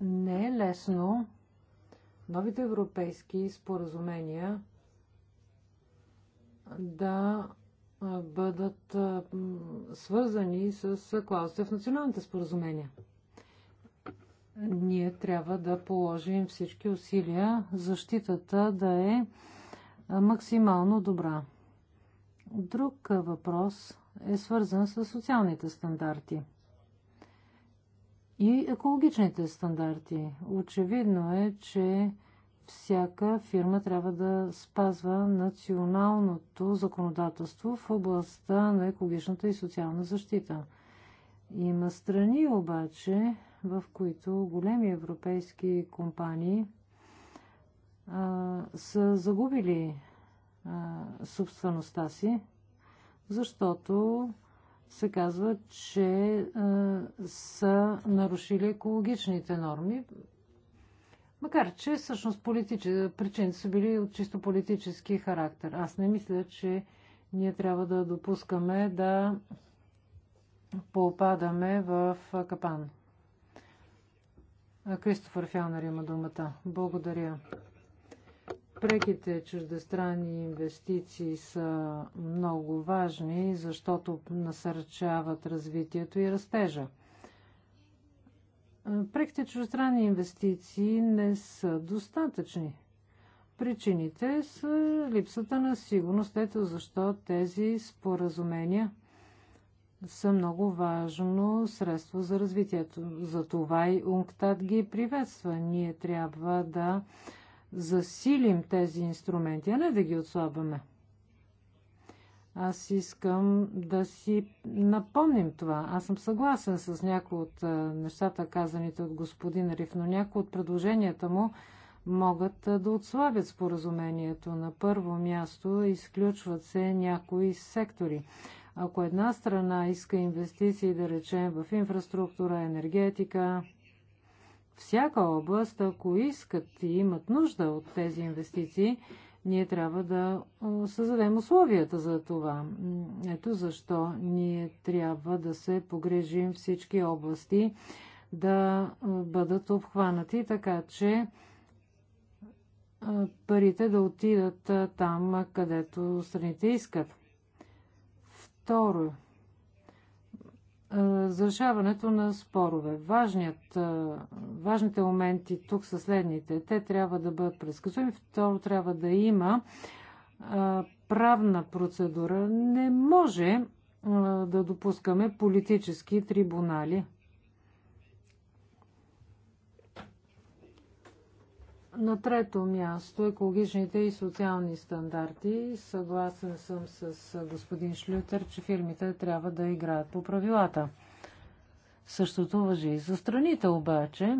Speaker 1: Не е лесно новите европейски споразумения да бъдат свързани с клаузите в националните споразумения. Ние трябва да положим всички усилия защитата да е максимално добра. Друг въпрос е свързан с социалните стандарти и екологичните стандарти. Очевидно е, че всяка фирма трябва да спазва националното законодателство в областта на екологичната и социална защита. Има страни обаче, в които големи европейски компании а, са загубили а, собствеността си, защото се казва, че а, са нарушили екологичните норми. Макар, че всъщност политич... причините са били от чисто политически характер. Аз не мисля, че ние трябва да допускаме да попадаме в капан. Кристофър Фялнер има думата. Благодаря. Преките чуждестранни инвестиции са много важни, защото насърчават развитието и растежа. Преките чуждестранни инвестиции не са достатъчни. Причините са липсата на сигурност. Ето защо тези споразумения са много важно средство за развитието. За това и Унктат ги приветства. Ние трябва да засилим тези инструменти, а не да ги отслабваме. Аз искам да си напомним това. Аз съм съгласен с някои от нещата, казаните от господин Риф, но някои от предложенията му могат да отслабят споразумението. На първо място изключват се някои сектори. Ако една страна иска инвестиции, да речем, в инфраструктура, енергетика, всяка област, ако искат и имат нужда от тези инвестиции, ние трябва да създадем условията за това. Ето защо ние трябва да се погрежим всички области да бъдат обхванати, така че парите да отидат там, където страните искат. Второ, разрешаването на спорове. Важният, важните моменти тук са следните. Те трябва да бъдат предсказуеми. Второ, трябва да има правна процедура. Не може да допускаме политически трибунали. На трето място екологичните и социални стандарти. Съгласен съм с господин Шлютер, че фирмите трябва да играят по правилата. Същото въжи и за страните обаче,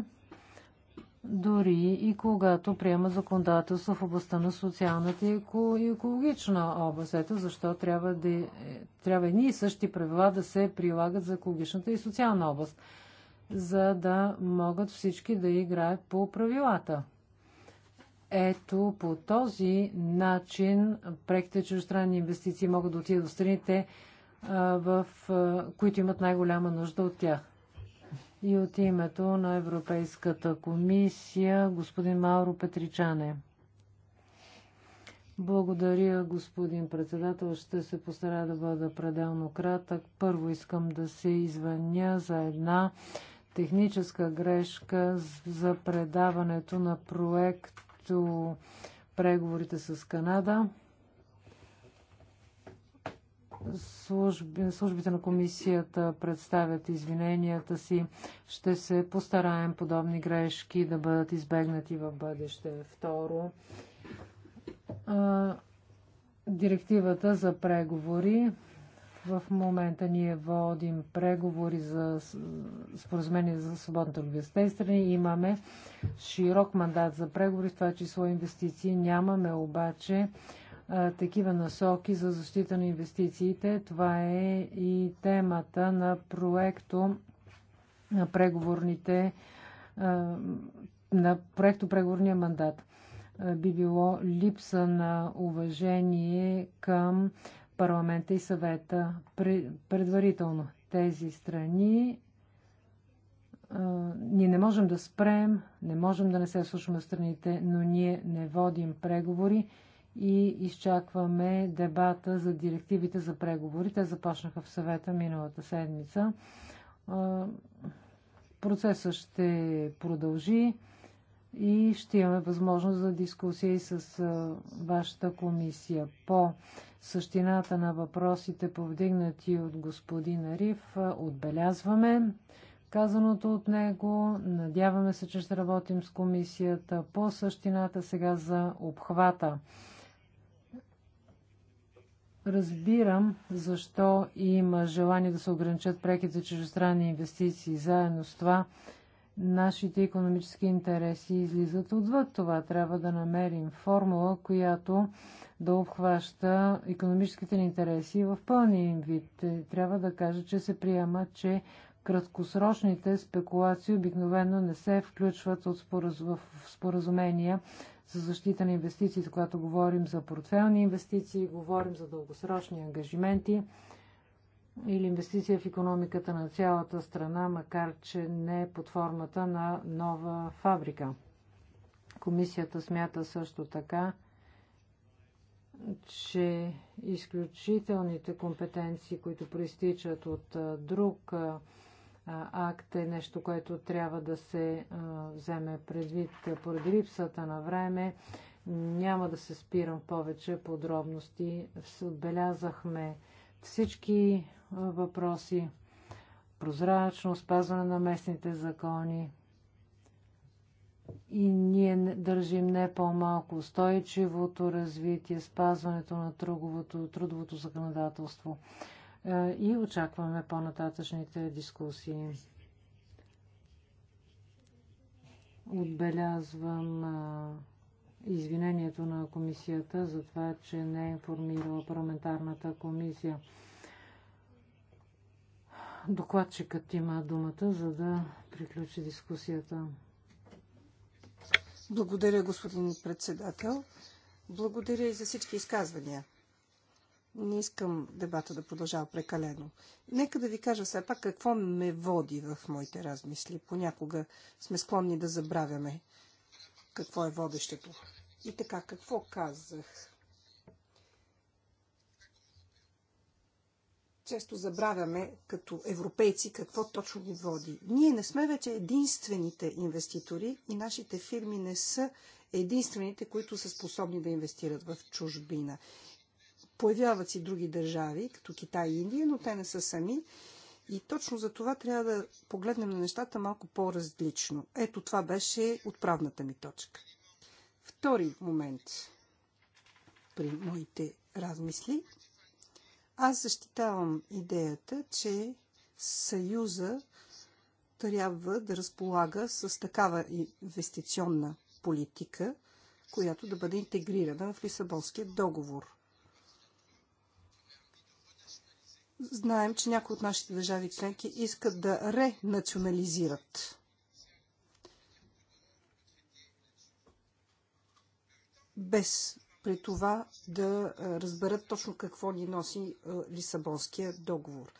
Speaker 1: дори и когато приема законодателство в областта на социалната и екологична област. Ето защо трябва, да, е- трябва едни и същи правила да се прилагат за екологичната и социална област, за да могат всички да играят по правилата. Ето по този начин преките чуждестранни инвестиции могат да отидат до страните, в които имат най-голяма нужда от тях. И от името на Европейската комисия господин Мауро Петричане. Благодаря, господин председател. Ще се постарая да бъда пределно кратък. Първо искам да се извъня за една техническа грешка за предаването на проект както преговорите с Канада. Служби, службите на комисията представят извиненията си. Ще се постараем подобни грешки да бъдат избегнати в бъдеще. Второ, а, директивата за преговори в момента ние водим преговори за споразумение за свободна търговия с тези страни. Имаме широк мандат за преговори, в това число инвестиции. Нямаме обаче а, такива насоки за защита на инвестициите. Това е и темата на проекто на преговорните а, на проекто преговорния мандат би било липса на уважение към парламента и съвета предварително. Тези страни ние не можем да спрем, не можем да не се слушаме страните, но ние не водим преговори и изчакваме дебата за директивите за преговори. Те започнаха в съвета миналата седмица. Процесът ще продължи и ще имаме възможност за дискусия и с вашата комисия. По същината на въпросите, повдигнати от господин Риф, отбелязваме казаното от него. Надяваме се, че ще работим с комисията по същината сега за обхвата. Разбирам защо има желание да се ограничат преките чужестранни инвестиции. Заедно с това нашите економически интереси излизат отвъд това. Трябва да намерим формула, която да обхваща економическите ни интереси в пълния им вид. Е, трябва да кажа, че се приема, че краткосрочните спекулации обикновено не се включват от споразу... в споразумения за защита на инвестициите, когато говорим за портфелни инвестиции, говорим за дългосрочни ангажименти или инвестиция в економиката на цялата страна, макар че не е под формата на нова фабрика. Комисията смята също така, че изключителните компетенции, които проистичат от друг акт е нещо, което трябва да се вземе предвид поради липсата на време. Няма да се спирам повече подробности. Отбелязахме всички въпроси, прозрачно, спазване на местните закони. И ние държим не по-малко устойчивото развитие, спазването на труговото, трудовото законодателство. Е, и очакваме по-нататъчните дискусии. Отбелязвам извинението на комисията за това, че не е информирала парламентарната комисия. Докладчикът има думата, за да приключи дискусията. Благодаря, господин председател.
Speaker 4: Благодаря и за всички изказвания. Не искам дебата да продължава прекалено. Нека да ви кажа все пак какво ме води в моите размисли. Понякога сме склонни да забравяме какво е водещето. И така, какво казах често забравяме като европейци какво точно ни води. Ние не сме вече единствените инвеститори и нашите фирми не са единствените, които са способни да инвестират в чужбина. Появяват си други държави, като Китай и Индия, но те не са сами. И точно за това трябва да погледнем на нещата малко по-различно. Ето това беше отправната ми точка. Втори момент при моите размисли – аз защитавам идеята, че Съюза трябва да разполага с такава инвестиционна политика, която да бъде интегрирана в Лисабонския договор. Знаем, че някои от нашите държави членки искат да ренационализират без при това да разберат точно какво ни носи Лисабонския договор.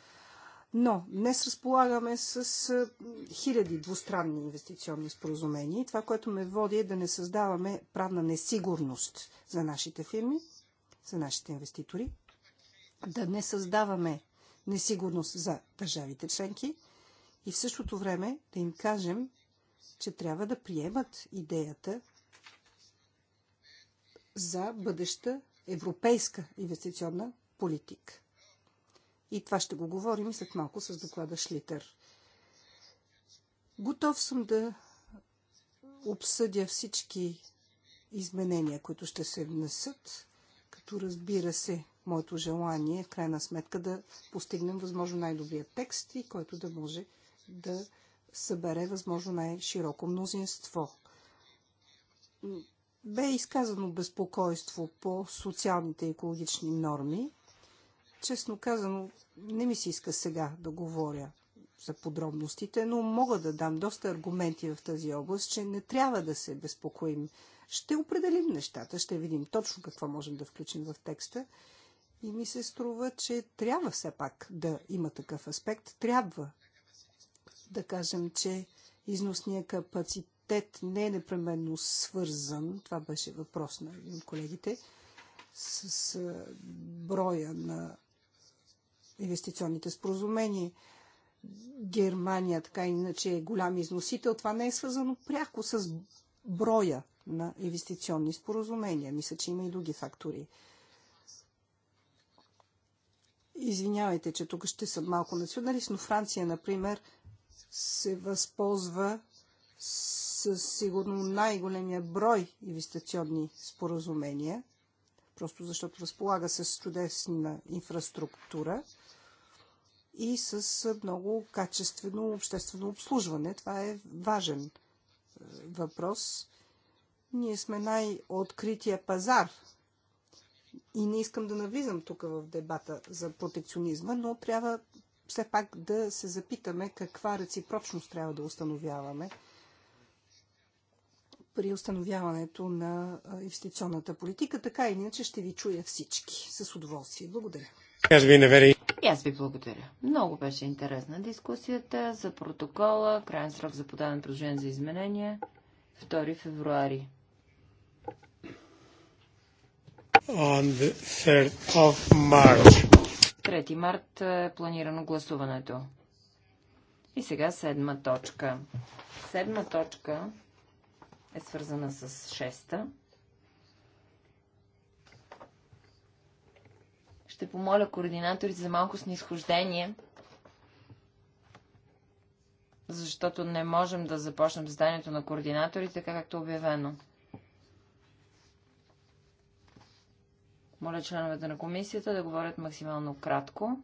Speaker 4: Но днес разполагаме с хиляди двустранни инвестиционни споразумения и това, което ме води е да не създаваме правна несигурност за нашите фирми, за нашите инвеститори, да не създаваме несигурност за държавите членки и в същото време да им кажем, че трябва да приемат идеята за бъдеща европейска инвестиционна политика. И това ще го говорим след малко с доклада Шлитър. Готов съм да обсъдя всички изменения, които ще се внесат, като разбира се, моето желание е в крайна сметка да постигнем възможно най-добрия текст и който да може да събере възможно най-широко мнозинство. Бе изказано безпокойство по социалните и екологични норми. Честно казано, не ми се иска сега да говоря за подробностите, но мога да дам доста аргументи в тази област, че не трябва да се безпокоим. Ще определим нещата, ще видим точно какво можем да включим в текста. И ми се струва, че трябва все пак да има такъв аспект. Трябва да кажем, че износния капацитет приоритет не е непременно свързан, това беше въпрос на един от колегите, с броя на инвестиционните споразумения. Германия така иначе е голям износител. Това не е свързано пряко с броя на инвестиционни споразумения. Мисля, че има и други фактори. Извинявайте, че тук ще съм малко националист, но Франция, например, се възползва със сигурно най-големия брой инвестиционни споразумения, просто защото разполага с чудесна инфраструктура и с много качествено обществено обслужване. Това е важен е, въпрос. Ние сме най-открития пазар. И не искам да навлизам тук в дебата за протекционизма, но трябва все пак да се запитаме каква реципрочност трябва да установяваме при установяването на инвестиционната политика. Така
Speaker 2: и иначе ще ви чуя всички с удоволствие. Благодаря. И аз ви благодаря. Много беше интересна дискусията за протокола, крайен срок за подаден предложение за изменения 2 февруари.
Speaker 3: On the 3rd of March.
Speaker 2: 3 март е планирано гласуването. И сега седма точка. Седма точка е свързана с шеста. Ще помоля координаторите за малко снисхождение, защото не можем да започнем заданието на координаторите, така както е обявено. Моля членовете на комисията да говорят максимално кратко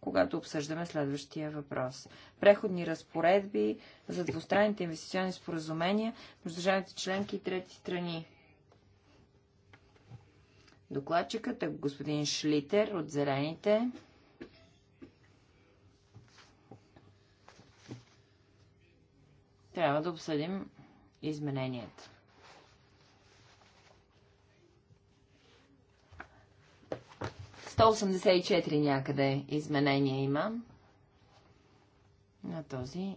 Speaker 2: когато обсъждаме следващия въпрос. Преходни разпоредби за двустранните инвестиционни споразумения между държавите членки и трети страни. Докладчикът е господин Шлитер от Зелените. Трябва да обсъдим измененията. 184 някъде изменения има на този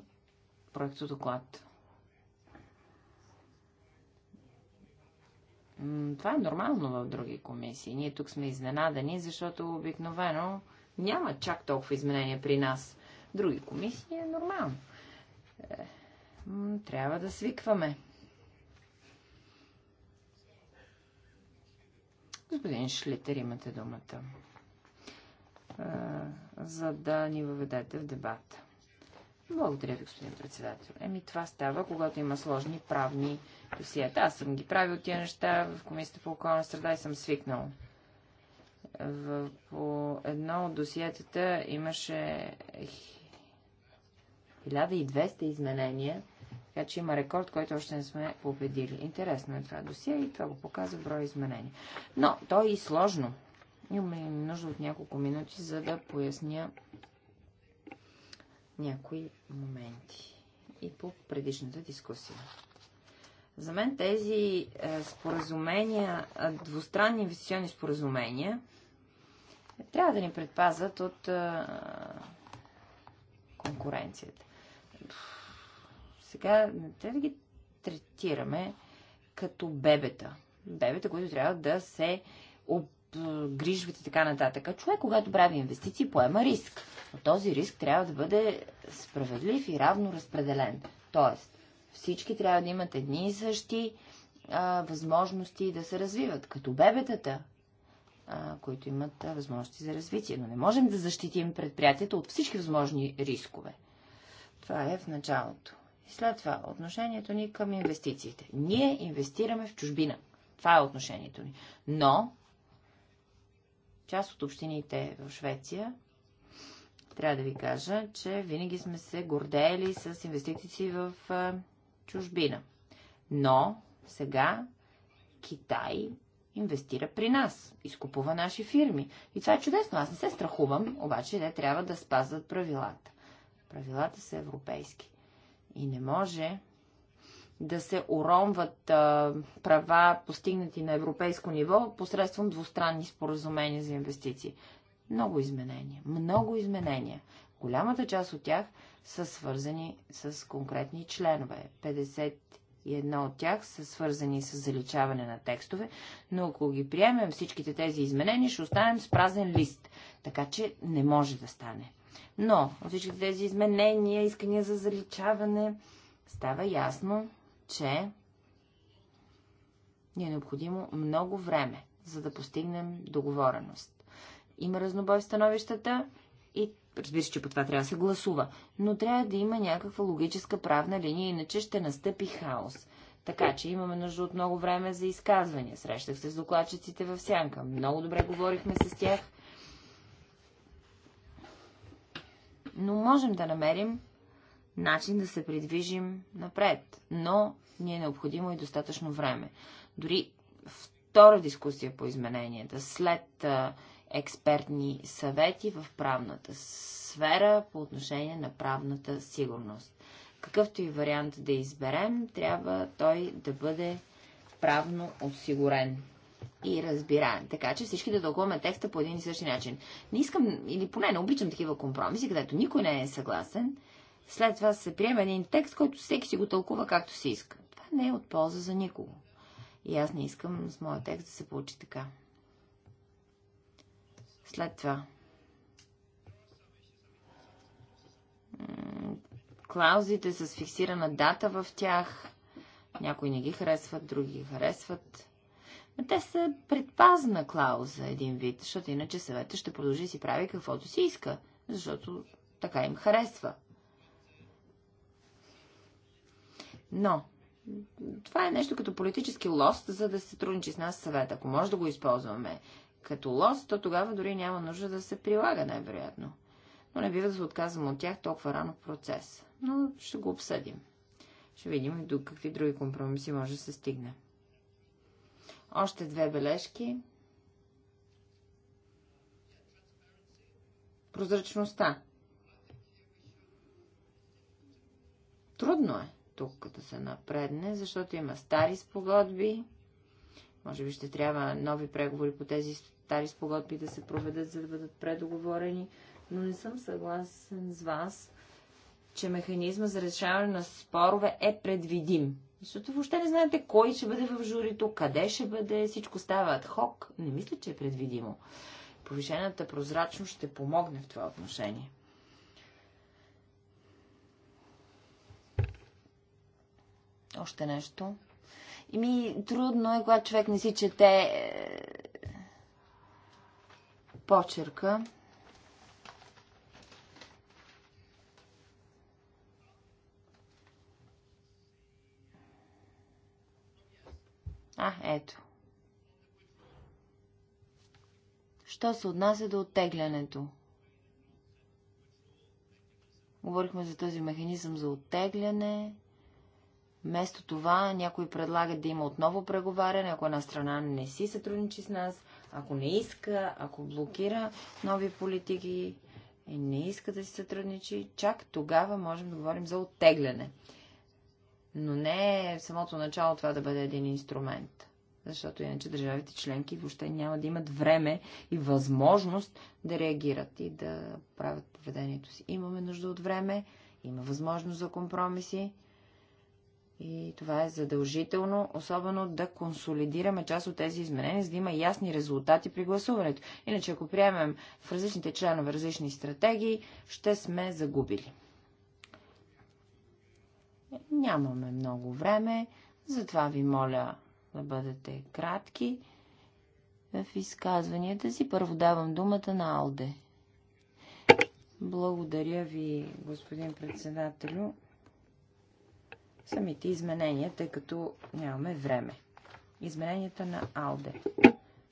Speaker 2: проект доклад. Това е нормално в други комисии. Ние тук сме изненадани, защото обикновено няма чак толкова изменения при нас. други комисии е нормално. Е, трябва да свикваме. Господин Шлитер, имате думата за да ни въведете в дебата. Благодаря ви, господин председател. Еми, това става, когато има сложни правни досиета. Аз съм ги правил тия неща в Комисията по околна среда и съм свикнал. В, по едно от досиетата имаше 1200 изменения, така че има рекорд, който още не сме победили. Интересно е това досие и това го показва броя изменения. Но то е и сложно. Имаме нужда от няколко минути, за да поясня някои моменти и по предишната дискусия. За мен тези е, споразумения, е, двустранни инвестиционни споразумения, трябва да ни предпазят от е, конкуренцията. Сега трябва да ги третираме като бебета. Бебета, които трябва да се грижбите и така нататък. Човек, когато прави инвестиции, поема риск. Но този риск трябва да бъде справедлив и равно разпределен. Тоест, всички трябва да имат едни и същи а, възможности да се развиват, като бебетата, а, които имат а, възможности за развитие. Но не можем да защитим предприятията от всички възможни рискове. Това е в началото. И след това отношението ни към инвестициите. Ние инвестираме в чужбина. Това е отношението ни. Но част от общините в Швеция, трябва да ви кажа, че винаги сме се гордели с инвестиции в чужбина. Но сега Китай инвестира при нас, изкупува наши фирми. И това е чудесно. Аз не се страхувам, обаче те трябва да спазват правилата. Правилата са европейски. И не може да се уронват а, права, постигнати на европейско ниво, посредством двустранни споразумения за инвестиции. Много изменения. Много изменения. Голямата част от тях са свързани с конкретни членове. 51 от тях са свързани с заличаване на текстове, но ако ги приемем всичките тези изменения, ще останем с празен лист. Така че не може да стане. Но от всичките тези изменения, искания за заличаване, става ясно, че ни е необходимо много време, за да постигнем договореност. Има разнобой в становищата и разбира се, че по това трябва да се гласува, но трябва да има някаква логическа правна линия, иначе ще настъпи хаос. Така че имаме нужда от много време за изказвания. Срещах се с докладчиците в сянка. Много добре говорихме с тях. Но можем да намерим начин да се придвижим напред. Но ни е необходимо и достатъчно време. Дори втора дискусия по измененията, след експертни съвети в правната сфера по отношение на правната сигурност. Какъвто и вариант да изберем, трябва той да бъде правно осигурен и разбираем. Така че всички да тълкуваме текста по един и същи начин. Не искам, или поне не обичам такива компромиси, където никой не е съгласен след това се приема един текст, който всеки си го тълкува както си иска. Това не е от полза за никого. И аз не искам с моя текст да се получи така. След това. Клаузите с фиксирана дата в тях. Някои не ги харесват, други ги харесват. Но те са предпазна клауза един вид, защото иначе съвета ще продължи си прави каквото си иска, защото така им харесва. Но това е нещо като политически лост, за да се трудничи с нас съвет. Ако може да го използваме като лост, то тогава дори няма нужда да се прилага, най-вероятно. Но не бива да се отказвам от тях толкова рано в процес. Но ще го обсъдим. Ще видим и до какви други компромиси може да се стигне. Още две бележки. Прозрачността. Трудно е тук да се напредне, защото има стари спогодби. Може би ще трябва нови преговори по тези стари спогодби да се проведат, за да бъдат предоговорени. Но не съм съгласен с вас, че механизма за решаване на спорове е предвидим. Защото въобще не знаете кой ще бъде в журито, къде ще бъде, всичко става адхок. Не мисля, че е предвидимо. Повишената прозрачност ще помогне в това отношение. Още нещо. И ми трудно е, когато човек не си чете е, почерка. А, ето. Що се отнася до оттеглянето? Говорихме за този механизъм за оттегляне. Вместо това някои предлагат да има отново преговаряне, ако една страна не си сътрудничи с нас, ако не иска, ако блокира нови политики и не иска да си сътрудничи, чак тогава можем да говорим за оттегляне. Но не е в самото начало това да бъде един инструмент. Защото иначе държавите членки въобще няма да имат време и възможност да реагират и да правят поведението си. Имаме нужда от време, има възможност за компромиси и това е задължително, особено да консолидираме част от тези изменения, за да има ясни резултати при гласуването. Иначе, ако приемем в различните членове различни стратегии, ще сме загубили. Нямаме много време, затова ви моля да бъдете кратки в изказванията си. Първо давам думата на Алде. Благодаря ви, господин председателю самите изменения, тъй като нямаме време. Измененията на Алде.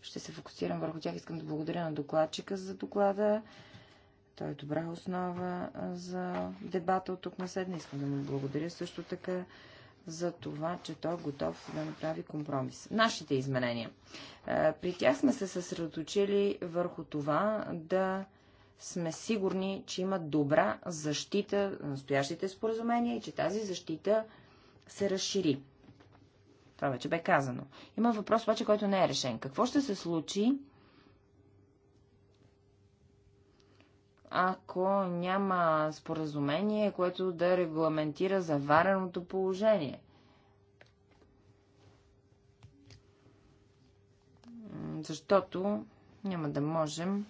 Speaker 2: Ще се фокусирам върху тях. Искам да благодаря на докладчика за доклада. Той е добра основа за дебата от тук на седна. Искам да му благодаря също така за това, че той е готов да направи компромис. Нашите изменения. При тях сме се съсредоточили върху това да сме сигурни, че има добра защита на настоящите споразумения и че тази защита се разшири. Това вече бе казано. Има въпрос обаче, който не е решен. Какво ще се случи, ако няма споразумение, което да регламентира завареното положение? Защото няма да можем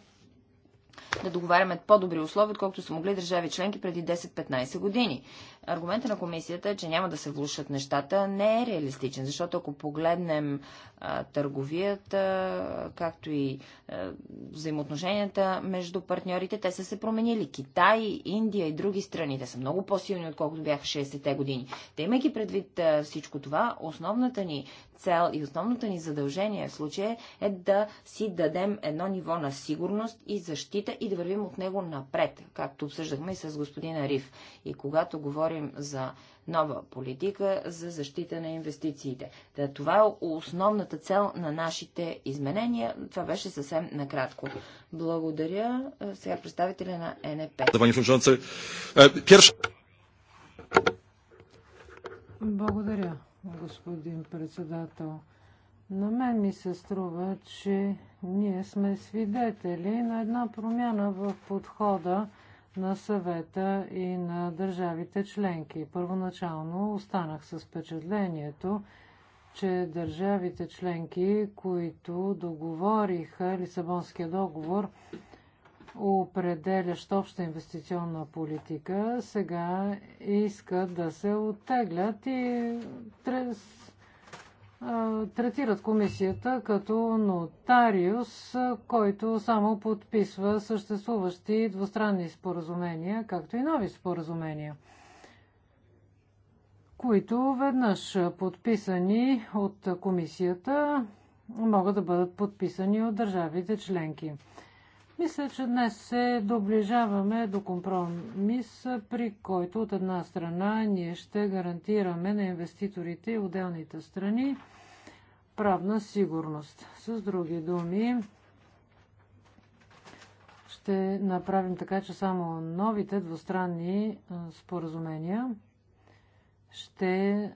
Speaker 2: да договаряме по-добри условия, отколкото са могли държави членки преди 10-15 години. Аргумента на комисията, че няма да се влушат нещата, не е реалистичен, защото ако погледнем а, търговията, както и а, взаимоотношенията между партньорите, те са се променили. Китай, Индия и други страни, те са много по-силни, отколкото бяха 60-те години. Те, имайки предвид а, всичко това, основната ни цел и основното ни задължение в случая е да си дадем едно ниво на сигурност и защита и да вървим от него напред, както обсъждахме и с господин Риф. И когато говорим за нова политика за защита на инвестициите. Да, това е основната цел на нашите изменения. Това беше съвсем накратко. Благодаря. Е, сега представителя на НП. Е, Благодаря
Speaker 1: господин председател. На мен ми се струва, че ние сме свидетели на една промяна в подхода на съвета и на държавите членки. Първоначално останах с впечатлението, че държавите членки, които договориха Лисабонския договор, определящ обща инвестиционна политика, сега искат да се оттеглят и трес, а, третират комисията като нотариус, който само подписва съществуващи двустранни споразумения, както и нови споразумения които веднъж подписани от комисията могат да бъдат подписани от държавите членки. Мисля, че днес се доближаваме до компромис, при който от една страна ние ще гарантираме на инвеститорите и отделните страни правна сигурност. С други думи, ще направим така, че само новите двустранни споразумения ще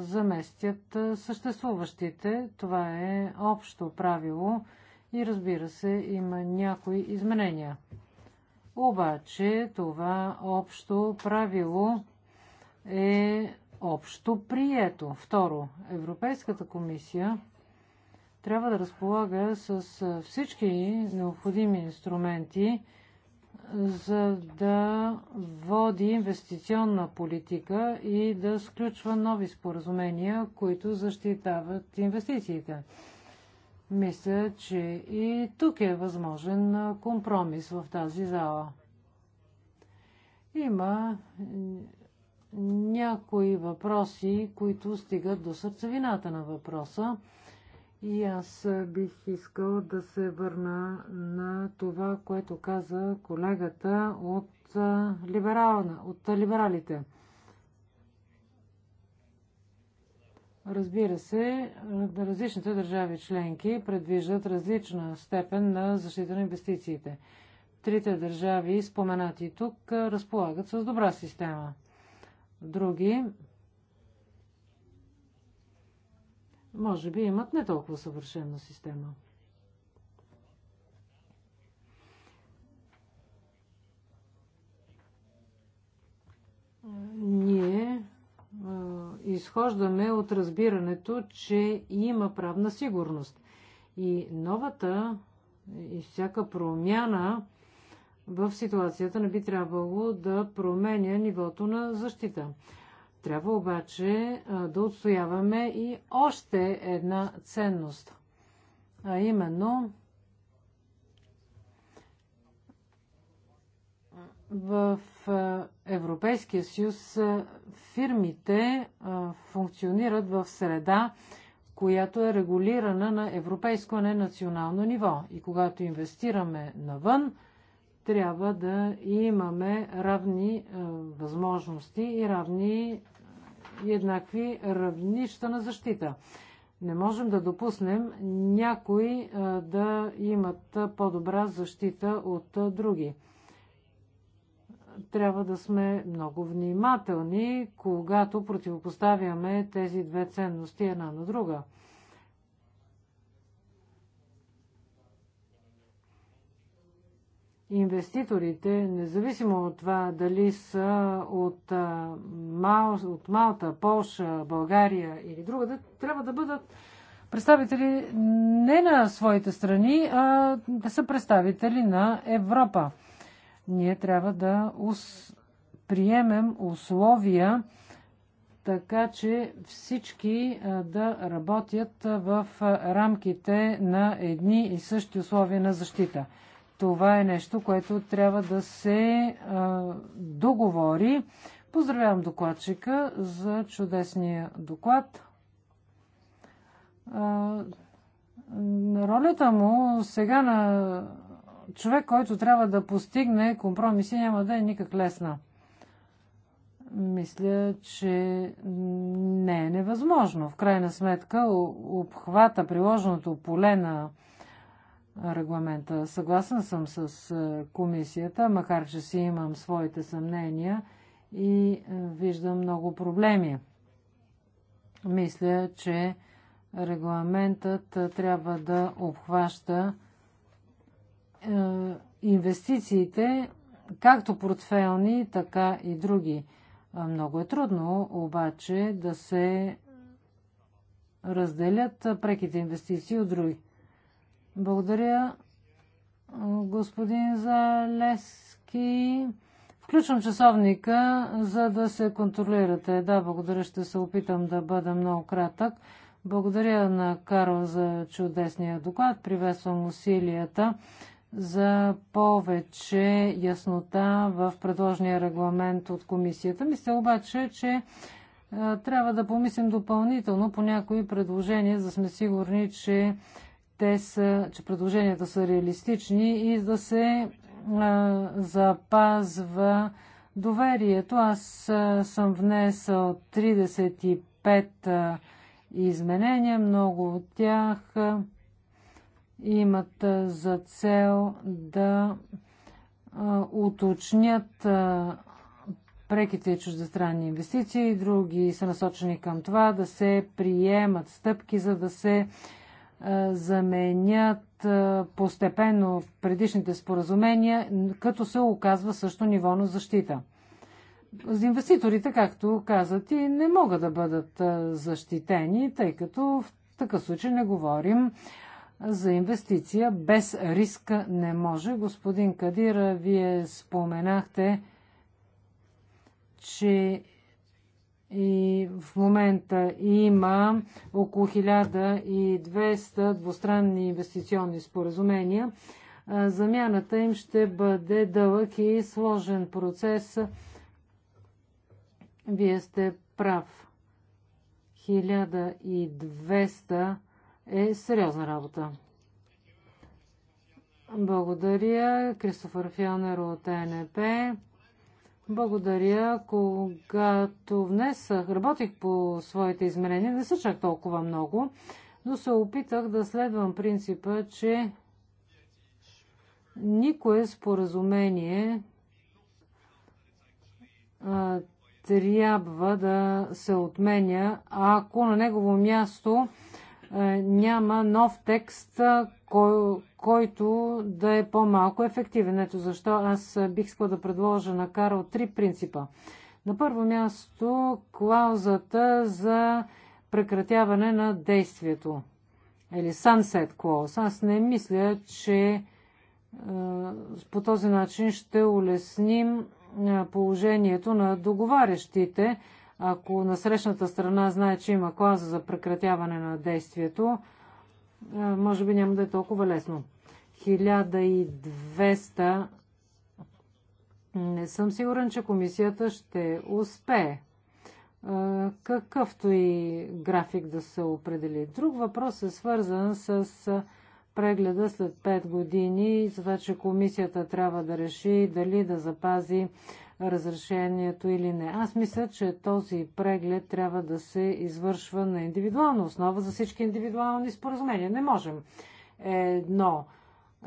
Speaker 1: заместят съществуващите. Това е общо правило – и разбира се, има някои изменения. Обаче това общо правило е общо прието. Второ, Европейската комисия трябва да разполага с всички необходими инструменти, за да води инвестиционна политика и да сключва нови споразумения, които защитават инвестициите. Мисля, че и тук е възможен компромис в тази зала. Има някои въпроси, които стигат до сърцевината на въпроса. И аз бих искал да се върна на това, което каза колегата от, либерална, от либералите – Разбира се, е, различните държави членки предвиждат различна степен на защита на инвестициите. Трите държави, споменати тук, е, разполагат с добра система. Други, може би, имат не толкова съвършена система. Е, ние изхождаме от разбирането, че има правна сигурност. И новата и всяка промяна в ситуацията не би трябвало да променя нивото на защита. Трябва обаче да отстояваме и още една ценност, а именно в Европейския съюз фирмите функционират в среда, която е регулирана на европейско, а не национално ниво. И когато инвестираме навън, трябва да имаме равни възможности и равни и еднакви равнища на защита. Не можем да допуснем някои да имат по-добра защита от други трябва да сме много внимателни, когато противопоставяме тези две ценности една на друга. Инвеститорите, независимо от това дали са от, Мал, от Малта, Полша, България или друга, трябва да бъдат представители не на своите страни, а да са представители на Европа. Ние трябва да ус... приемем условия, така че всички да работят в рамките на едни и същи условия на защита. Това е нещо, което трябва да се договори. Поздравявам докладчика за чудесния доклад. Ролята му сега на човек, който трябва да постигне компромиси, няма да е никак лесна. Мисля, че не е невъзможно. В крайна сметка, обхвата приложеното поле на регламента. Съгласен съм с е, комисията, макар че си имам своите съмнения и е, виждам много проблеми. Мисля, че регламентът е, трябва да обхваща е, инвестициите, както портфелни, така и други. Много е трудно обаче да се разделят преките инвестиции от други. Благодаря, господин Залески. Включвам часовника, за да се контролирате. Да, благодаря, ще се опитам да бъда много кратък. Благодаря на Карл за чудесния доклад. Приветствам усилията за повече яснота в предложния регламент от комисията. Мисля обаче, че е, трябва да помислим допълнително по някои предложения, за да сме сигурни, че, те са, че предложенията са реалистични и да се а, е, запазва доверието. Аз а, е, съм внесъл 35 а, изменения, много от тях а, имат за цел да уточнят преките чуждестранни инвестиции и други са насочени към това да се приемат стъпки, за да се заменят постепенно предишните споразумения, като се оказва също ниво на защита. Инвеститорите, както казат, и не могат да бъдат защитени, тъй като в такъв случай не говорим за инвестиция без риска не може. Господин Кадира, вие споменахте, че и в момента има около 1200 двустранни инвестиционни споразумения. Замяната им ще бъде дълъг и сложен процес. Вие сте прав. 1200 е сериозна работа. Благодаря, Кристофър Фионер от ЕНП. Благодаря, когато внесах, работих по своите измерения, не са чак толкова много, но се опитах да следвам принципа, че никое споразумение а, трябва да се отменя, ако на негово място е, няма нов текст, е, кой, който да е по-малко ефективен. Ето защо аз бих искал да предложа на Карл три принципа. На първо място клаузата за прекратяване на действието или sunset clause. Аз не мисля, че е, по този начин ще улесним положението на договарящите, ако насрещната страна знае, че има клауза за прекратяване на действието, е, може би няма да е толкова лесно. 1200 не съм сигурен, че комисията ще успее е, какъвто и график да се определи. Друг въпрос е свързан с е, прегледа след 5 години, за това, че комисията трябва да реши дали да запази разрешението или не. Аз мисля, че този преглед трябва да се извършва на индивидуална основа за всички индивидуални споразумения. Не можем едно,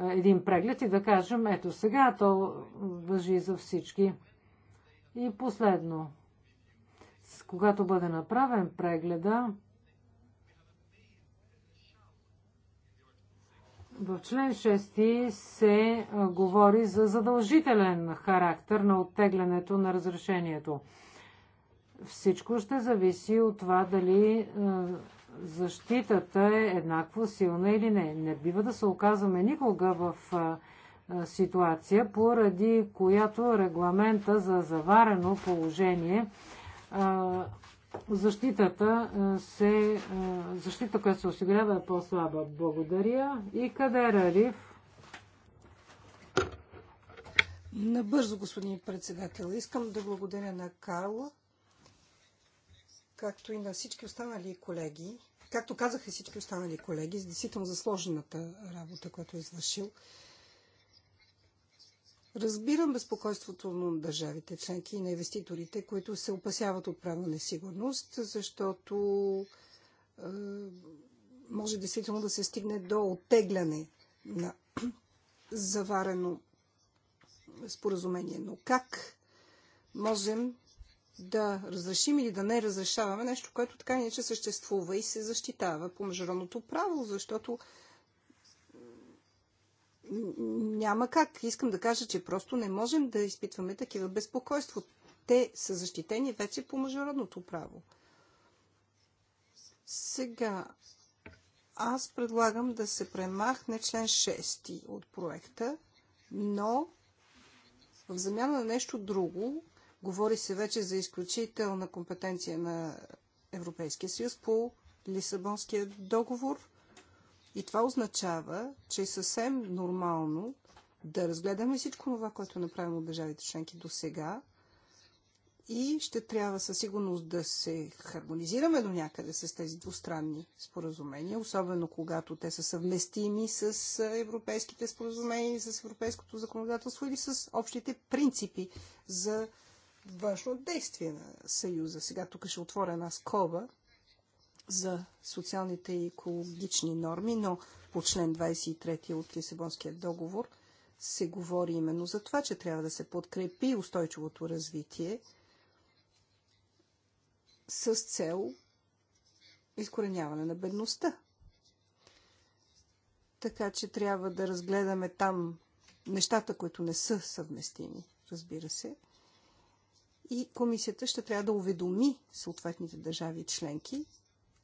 Speaker 1: един преглед и да кажем, ето сега то въжи за всички. И последно, когато бъде направен прегледа, В член 6 се говори за задължителен характер на оттеглянето на разрешението. Всичко ще зависи от това дали защитата е еднакво силна или не. Не бива да се оказваме никога в ситуация, поради която регламента за заварено положение защитата, е, се, е, защита, която се осигурява е по-слаба. Благодаря. И къде е Рариф? Набързо, господин председател,
Speaker 4: искам да благодаря на Карла, както и на всички останали колеги, както казаха всички останали колеги, действително за сложената работа, която е извършил. Разбирам безпокойството на държавите членки и на инвеститорите, които се опасяват от правна несигурност, защото е, може действително да се стигне до оттегляне на заварено споразумение. Но как можем да разрешим или да не разрешаваме нещо, което така иначе съществува и се защитава по международното право, защото няма как. Искам да кажа, че просто не можем да изпитваме такива безпокойство. Те са защитени вече по международното право. Сега, аз предлагам да се премахне член 6 от проекта, но в замяна на нещо друго, говори се вече за изключителна компетенция на Европейския съюз по Лисабонския договор – и това означава, че е съвсем нормално да разгледаме всичко това, което е направим от държавите членки до сега и ще трябва със сигурност да се хармонизираме до някъде с тези двустранни споразумения, особено когато те са съвместими с европейските споразумения, с европейското законодателство или с общите принципи за външно действие на Съюза. Сега тук ще отворя една скоба за социалните и екологични норми, но по член 23 от Лисабонския договор се говори именно за това, че трябва да се подкрепи устойчивото развитие с цел изкореняване на бедността. Така че трябва да разгледаме там нещата, които не са съвместими, разбира се. И комисията ще трябва да уведоми съответните държави членки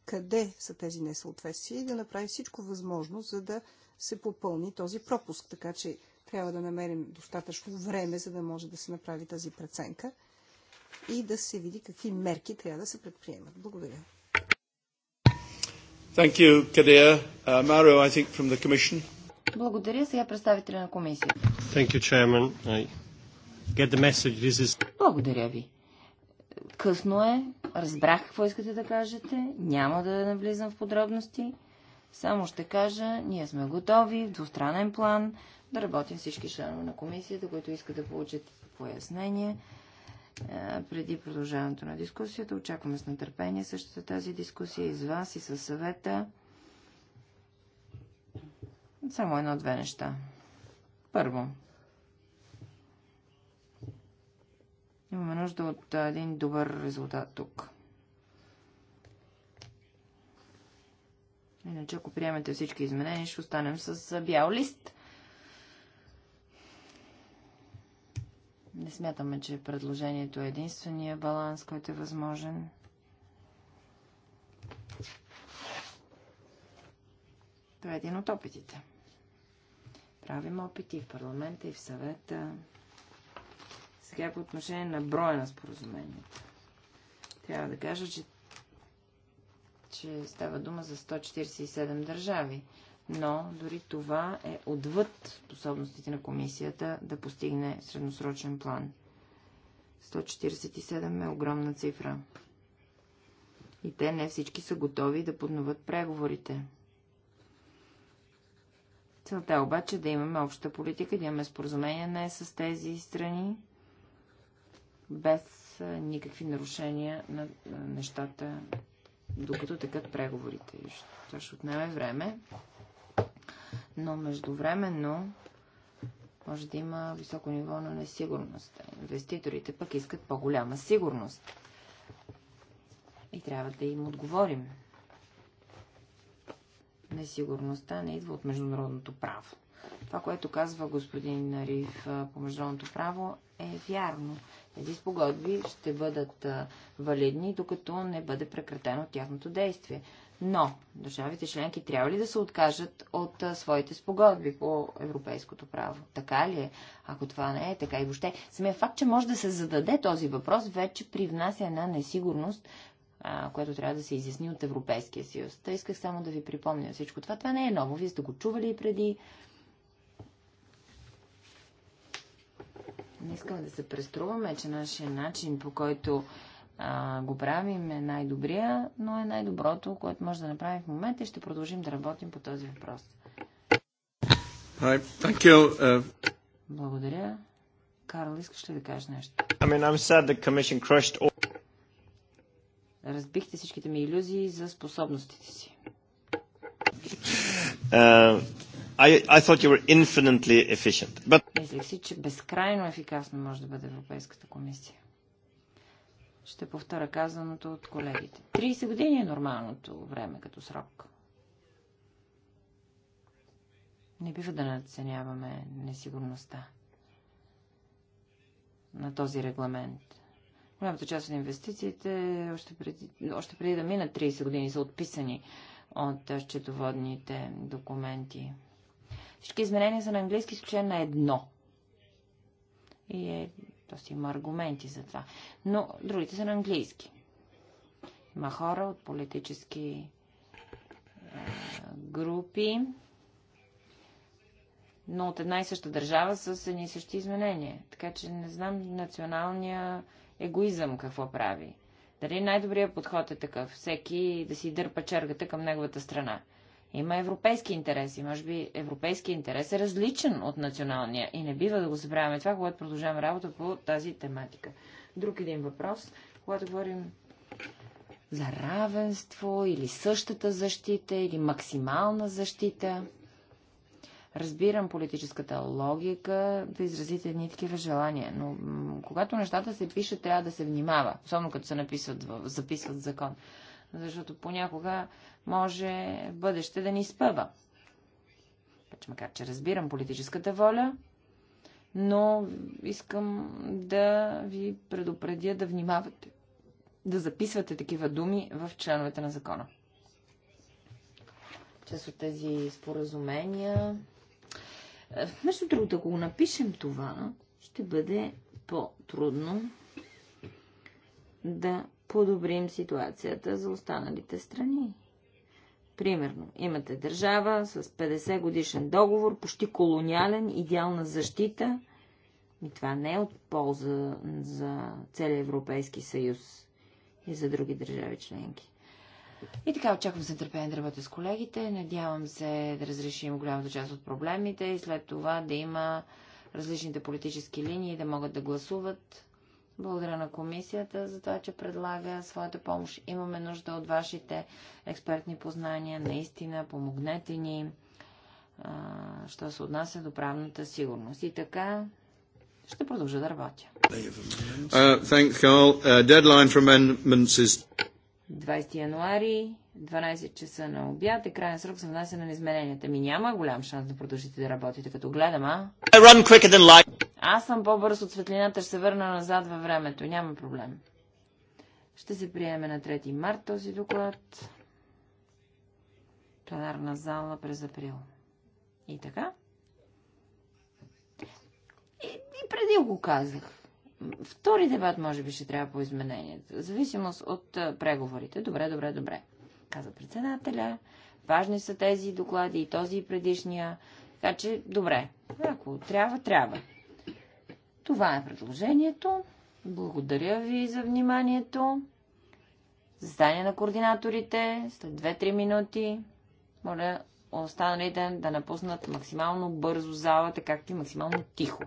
Speaker 4: къде са тези несъответствия и да направи всичко възможно, за да се попълни този пропуск. Така че трябва да намерим достатъчно време, за да може да се направи тази преценка и да се види какви мерки трябва да се предприемат. Благодаря.
Speaker 3: Thank you, Kadir. Uh, Mario, I think from the Commission.
Speaker 2: Благодаря. Сега представителя на комисията.
Speaker 3: Thank you, Chairman. I get the message. This is... Благодаря ви.
Speaker 2: Късно е, разбрах какво искате да кажете, няма да навлизам в подробности. Само ще кажа, ние сме готови в двустранен план да работим всички членове на комисията, които искат да получат пояснение е, преди продължаването на дискусията. Очакваме с нетърпение същата тази дискусия и с вас, и с съвета. Само едно-две неща. Първо, Имаме нужда от един добър резултат тук. Иначе, ако приемете всички изменения, ще останем с бял лист. Не смятаме, че предложението е единствения баланс, който е възможен. Това е един от опитите. Правим опити и в парламента, и в съвета. Сега по отношение на броя на споразумението. Трябва да кажа, че, че става дума за 147 държави. Но дори това е отвъд способностите на комисията да постигне средносрочен план. 147 е огромна цифра. И те не всички са готови да подноват преговорите. Целта е обаче да имаме обща политика, да имаме споразумение не с тези страни без никакви нарушения на нещата, докато текат преговорите. Това ще отнеме време, но междувременно може да има високо ниво на несигурност. Инвеститорите пък искат по-голяма сигурност. И трябва да им отговорим. Несигурността не идва от международното право. Това, което казва господин Нариф по международното право, е вярно. Тези спогодби ще бъдат валидни, докато не бъде прекратено тяхното действие. Но държавите членки трябва ли да се откажат от а, своите спогодби по европейското право? Така ли е? Ако това не е така и въобще. Самия факт, че може да се зададе този въпрос, вече привнася една несигурност, а, което трябва да се изясни от Европейския съюз. Та исках само да ви припомня всичко това. Това не е ново. Вие сте го чували и преди. Не искам да се преструваме, че нашия начин, по който а, го правим, е най-добрия, но е най-доброто, което може да направим в момента и ще продължим да работим по този въпрос. Uh... Благодаря. Карл, искаш ли да кажеш нещо? I mean, I'm sad the commission crushed all... Разбихте всичките ми иллюзии за способностите си. Uh, I, I thought you were infinitely efficient. But... си, че безкрайно ефикасно може да бъде Европейската комисия. Ще повторя казаното от колегите. 30 години е нормалното време като срок. Не бива да надценяваме несигурността на този регламент. Голямата част от инвестициите още преди, още преди да минат 30 години са отписани от счетоводните документи. Всички изменения са на английски, изключение на едно. И е, си има аргументи за това. Но другите са на английски. Има хора от политически е, групи, но от една и съща държава с едни и същи изменения. Така че не знам националния егоизъм какво прави. Дали най-добрият подход е такъв? Всеки да си дърпа чергата към неговата страна. Има европейски интереси. Може би европейски интерес е различен от националния и не бива да го забравяме това, когато продължаваме работа по тази тематика. Друг един въпрос, когато говорим за равенство или същата защита или максимална защита. Разбирам политическата логика да изразите едни такива желания, но когато нещата се пишат, трябва да се внимава, особено като се написват, записват в закон защото понякога може бъдеще да ни спъва. Вече макар, че разбирам политическата воля, но искам да ви предупредя да внимавате, да записвате такива думи в членовете на закона. Част от тези споразумения. Между другото, ако го напишем това, ще бъде по-трудно да подобрим ситуацията за останалите страни. Примерно, имате държава с 50 годишен договор, почти колониален, идеална защита. И това не е от полза за целия Европейски съюз и за други държави членки. И така, очаквам се търпение да работя с колегите. Надявам се да разрешим голямата част от проблемите и след това да има различните политически линии да могат да гласуват благодаря на комисията за това, че предлага своята помощ. Имаме нужда от вашите експертни познания. Наистина, помогнете ни, а, що се отнася до правната сигурност. И така, ще продължа да работя.
Speaker 3: Uh, thanks, uh, is...
Speaker 2: 20 януари, 12 часа на обяд е крайен срок за внасяне на измененията. Ми няма голям шанс да продължите да работите, като гледам, а? Аз съм по-бърз от светлината, ще се върна назад във времето. Няма проблем. Ще се приеме на 3 март този доклад. Пленарна зала през април. И така. И, и преди го казах. Втори дебат, може би, ще трябва по изменението, В зависимост от преговорите. Добре, добре, добре. Каза председателя. Важни са тези доклади и този и предишния. Така че, добре. Ако трябва, трябва. Това е предложението. Благодаря ви за вниманието. Заседание на координаторите след 2-3 минути. Моля останалите да напуснат максимално бързо залата, както и максимално тихо.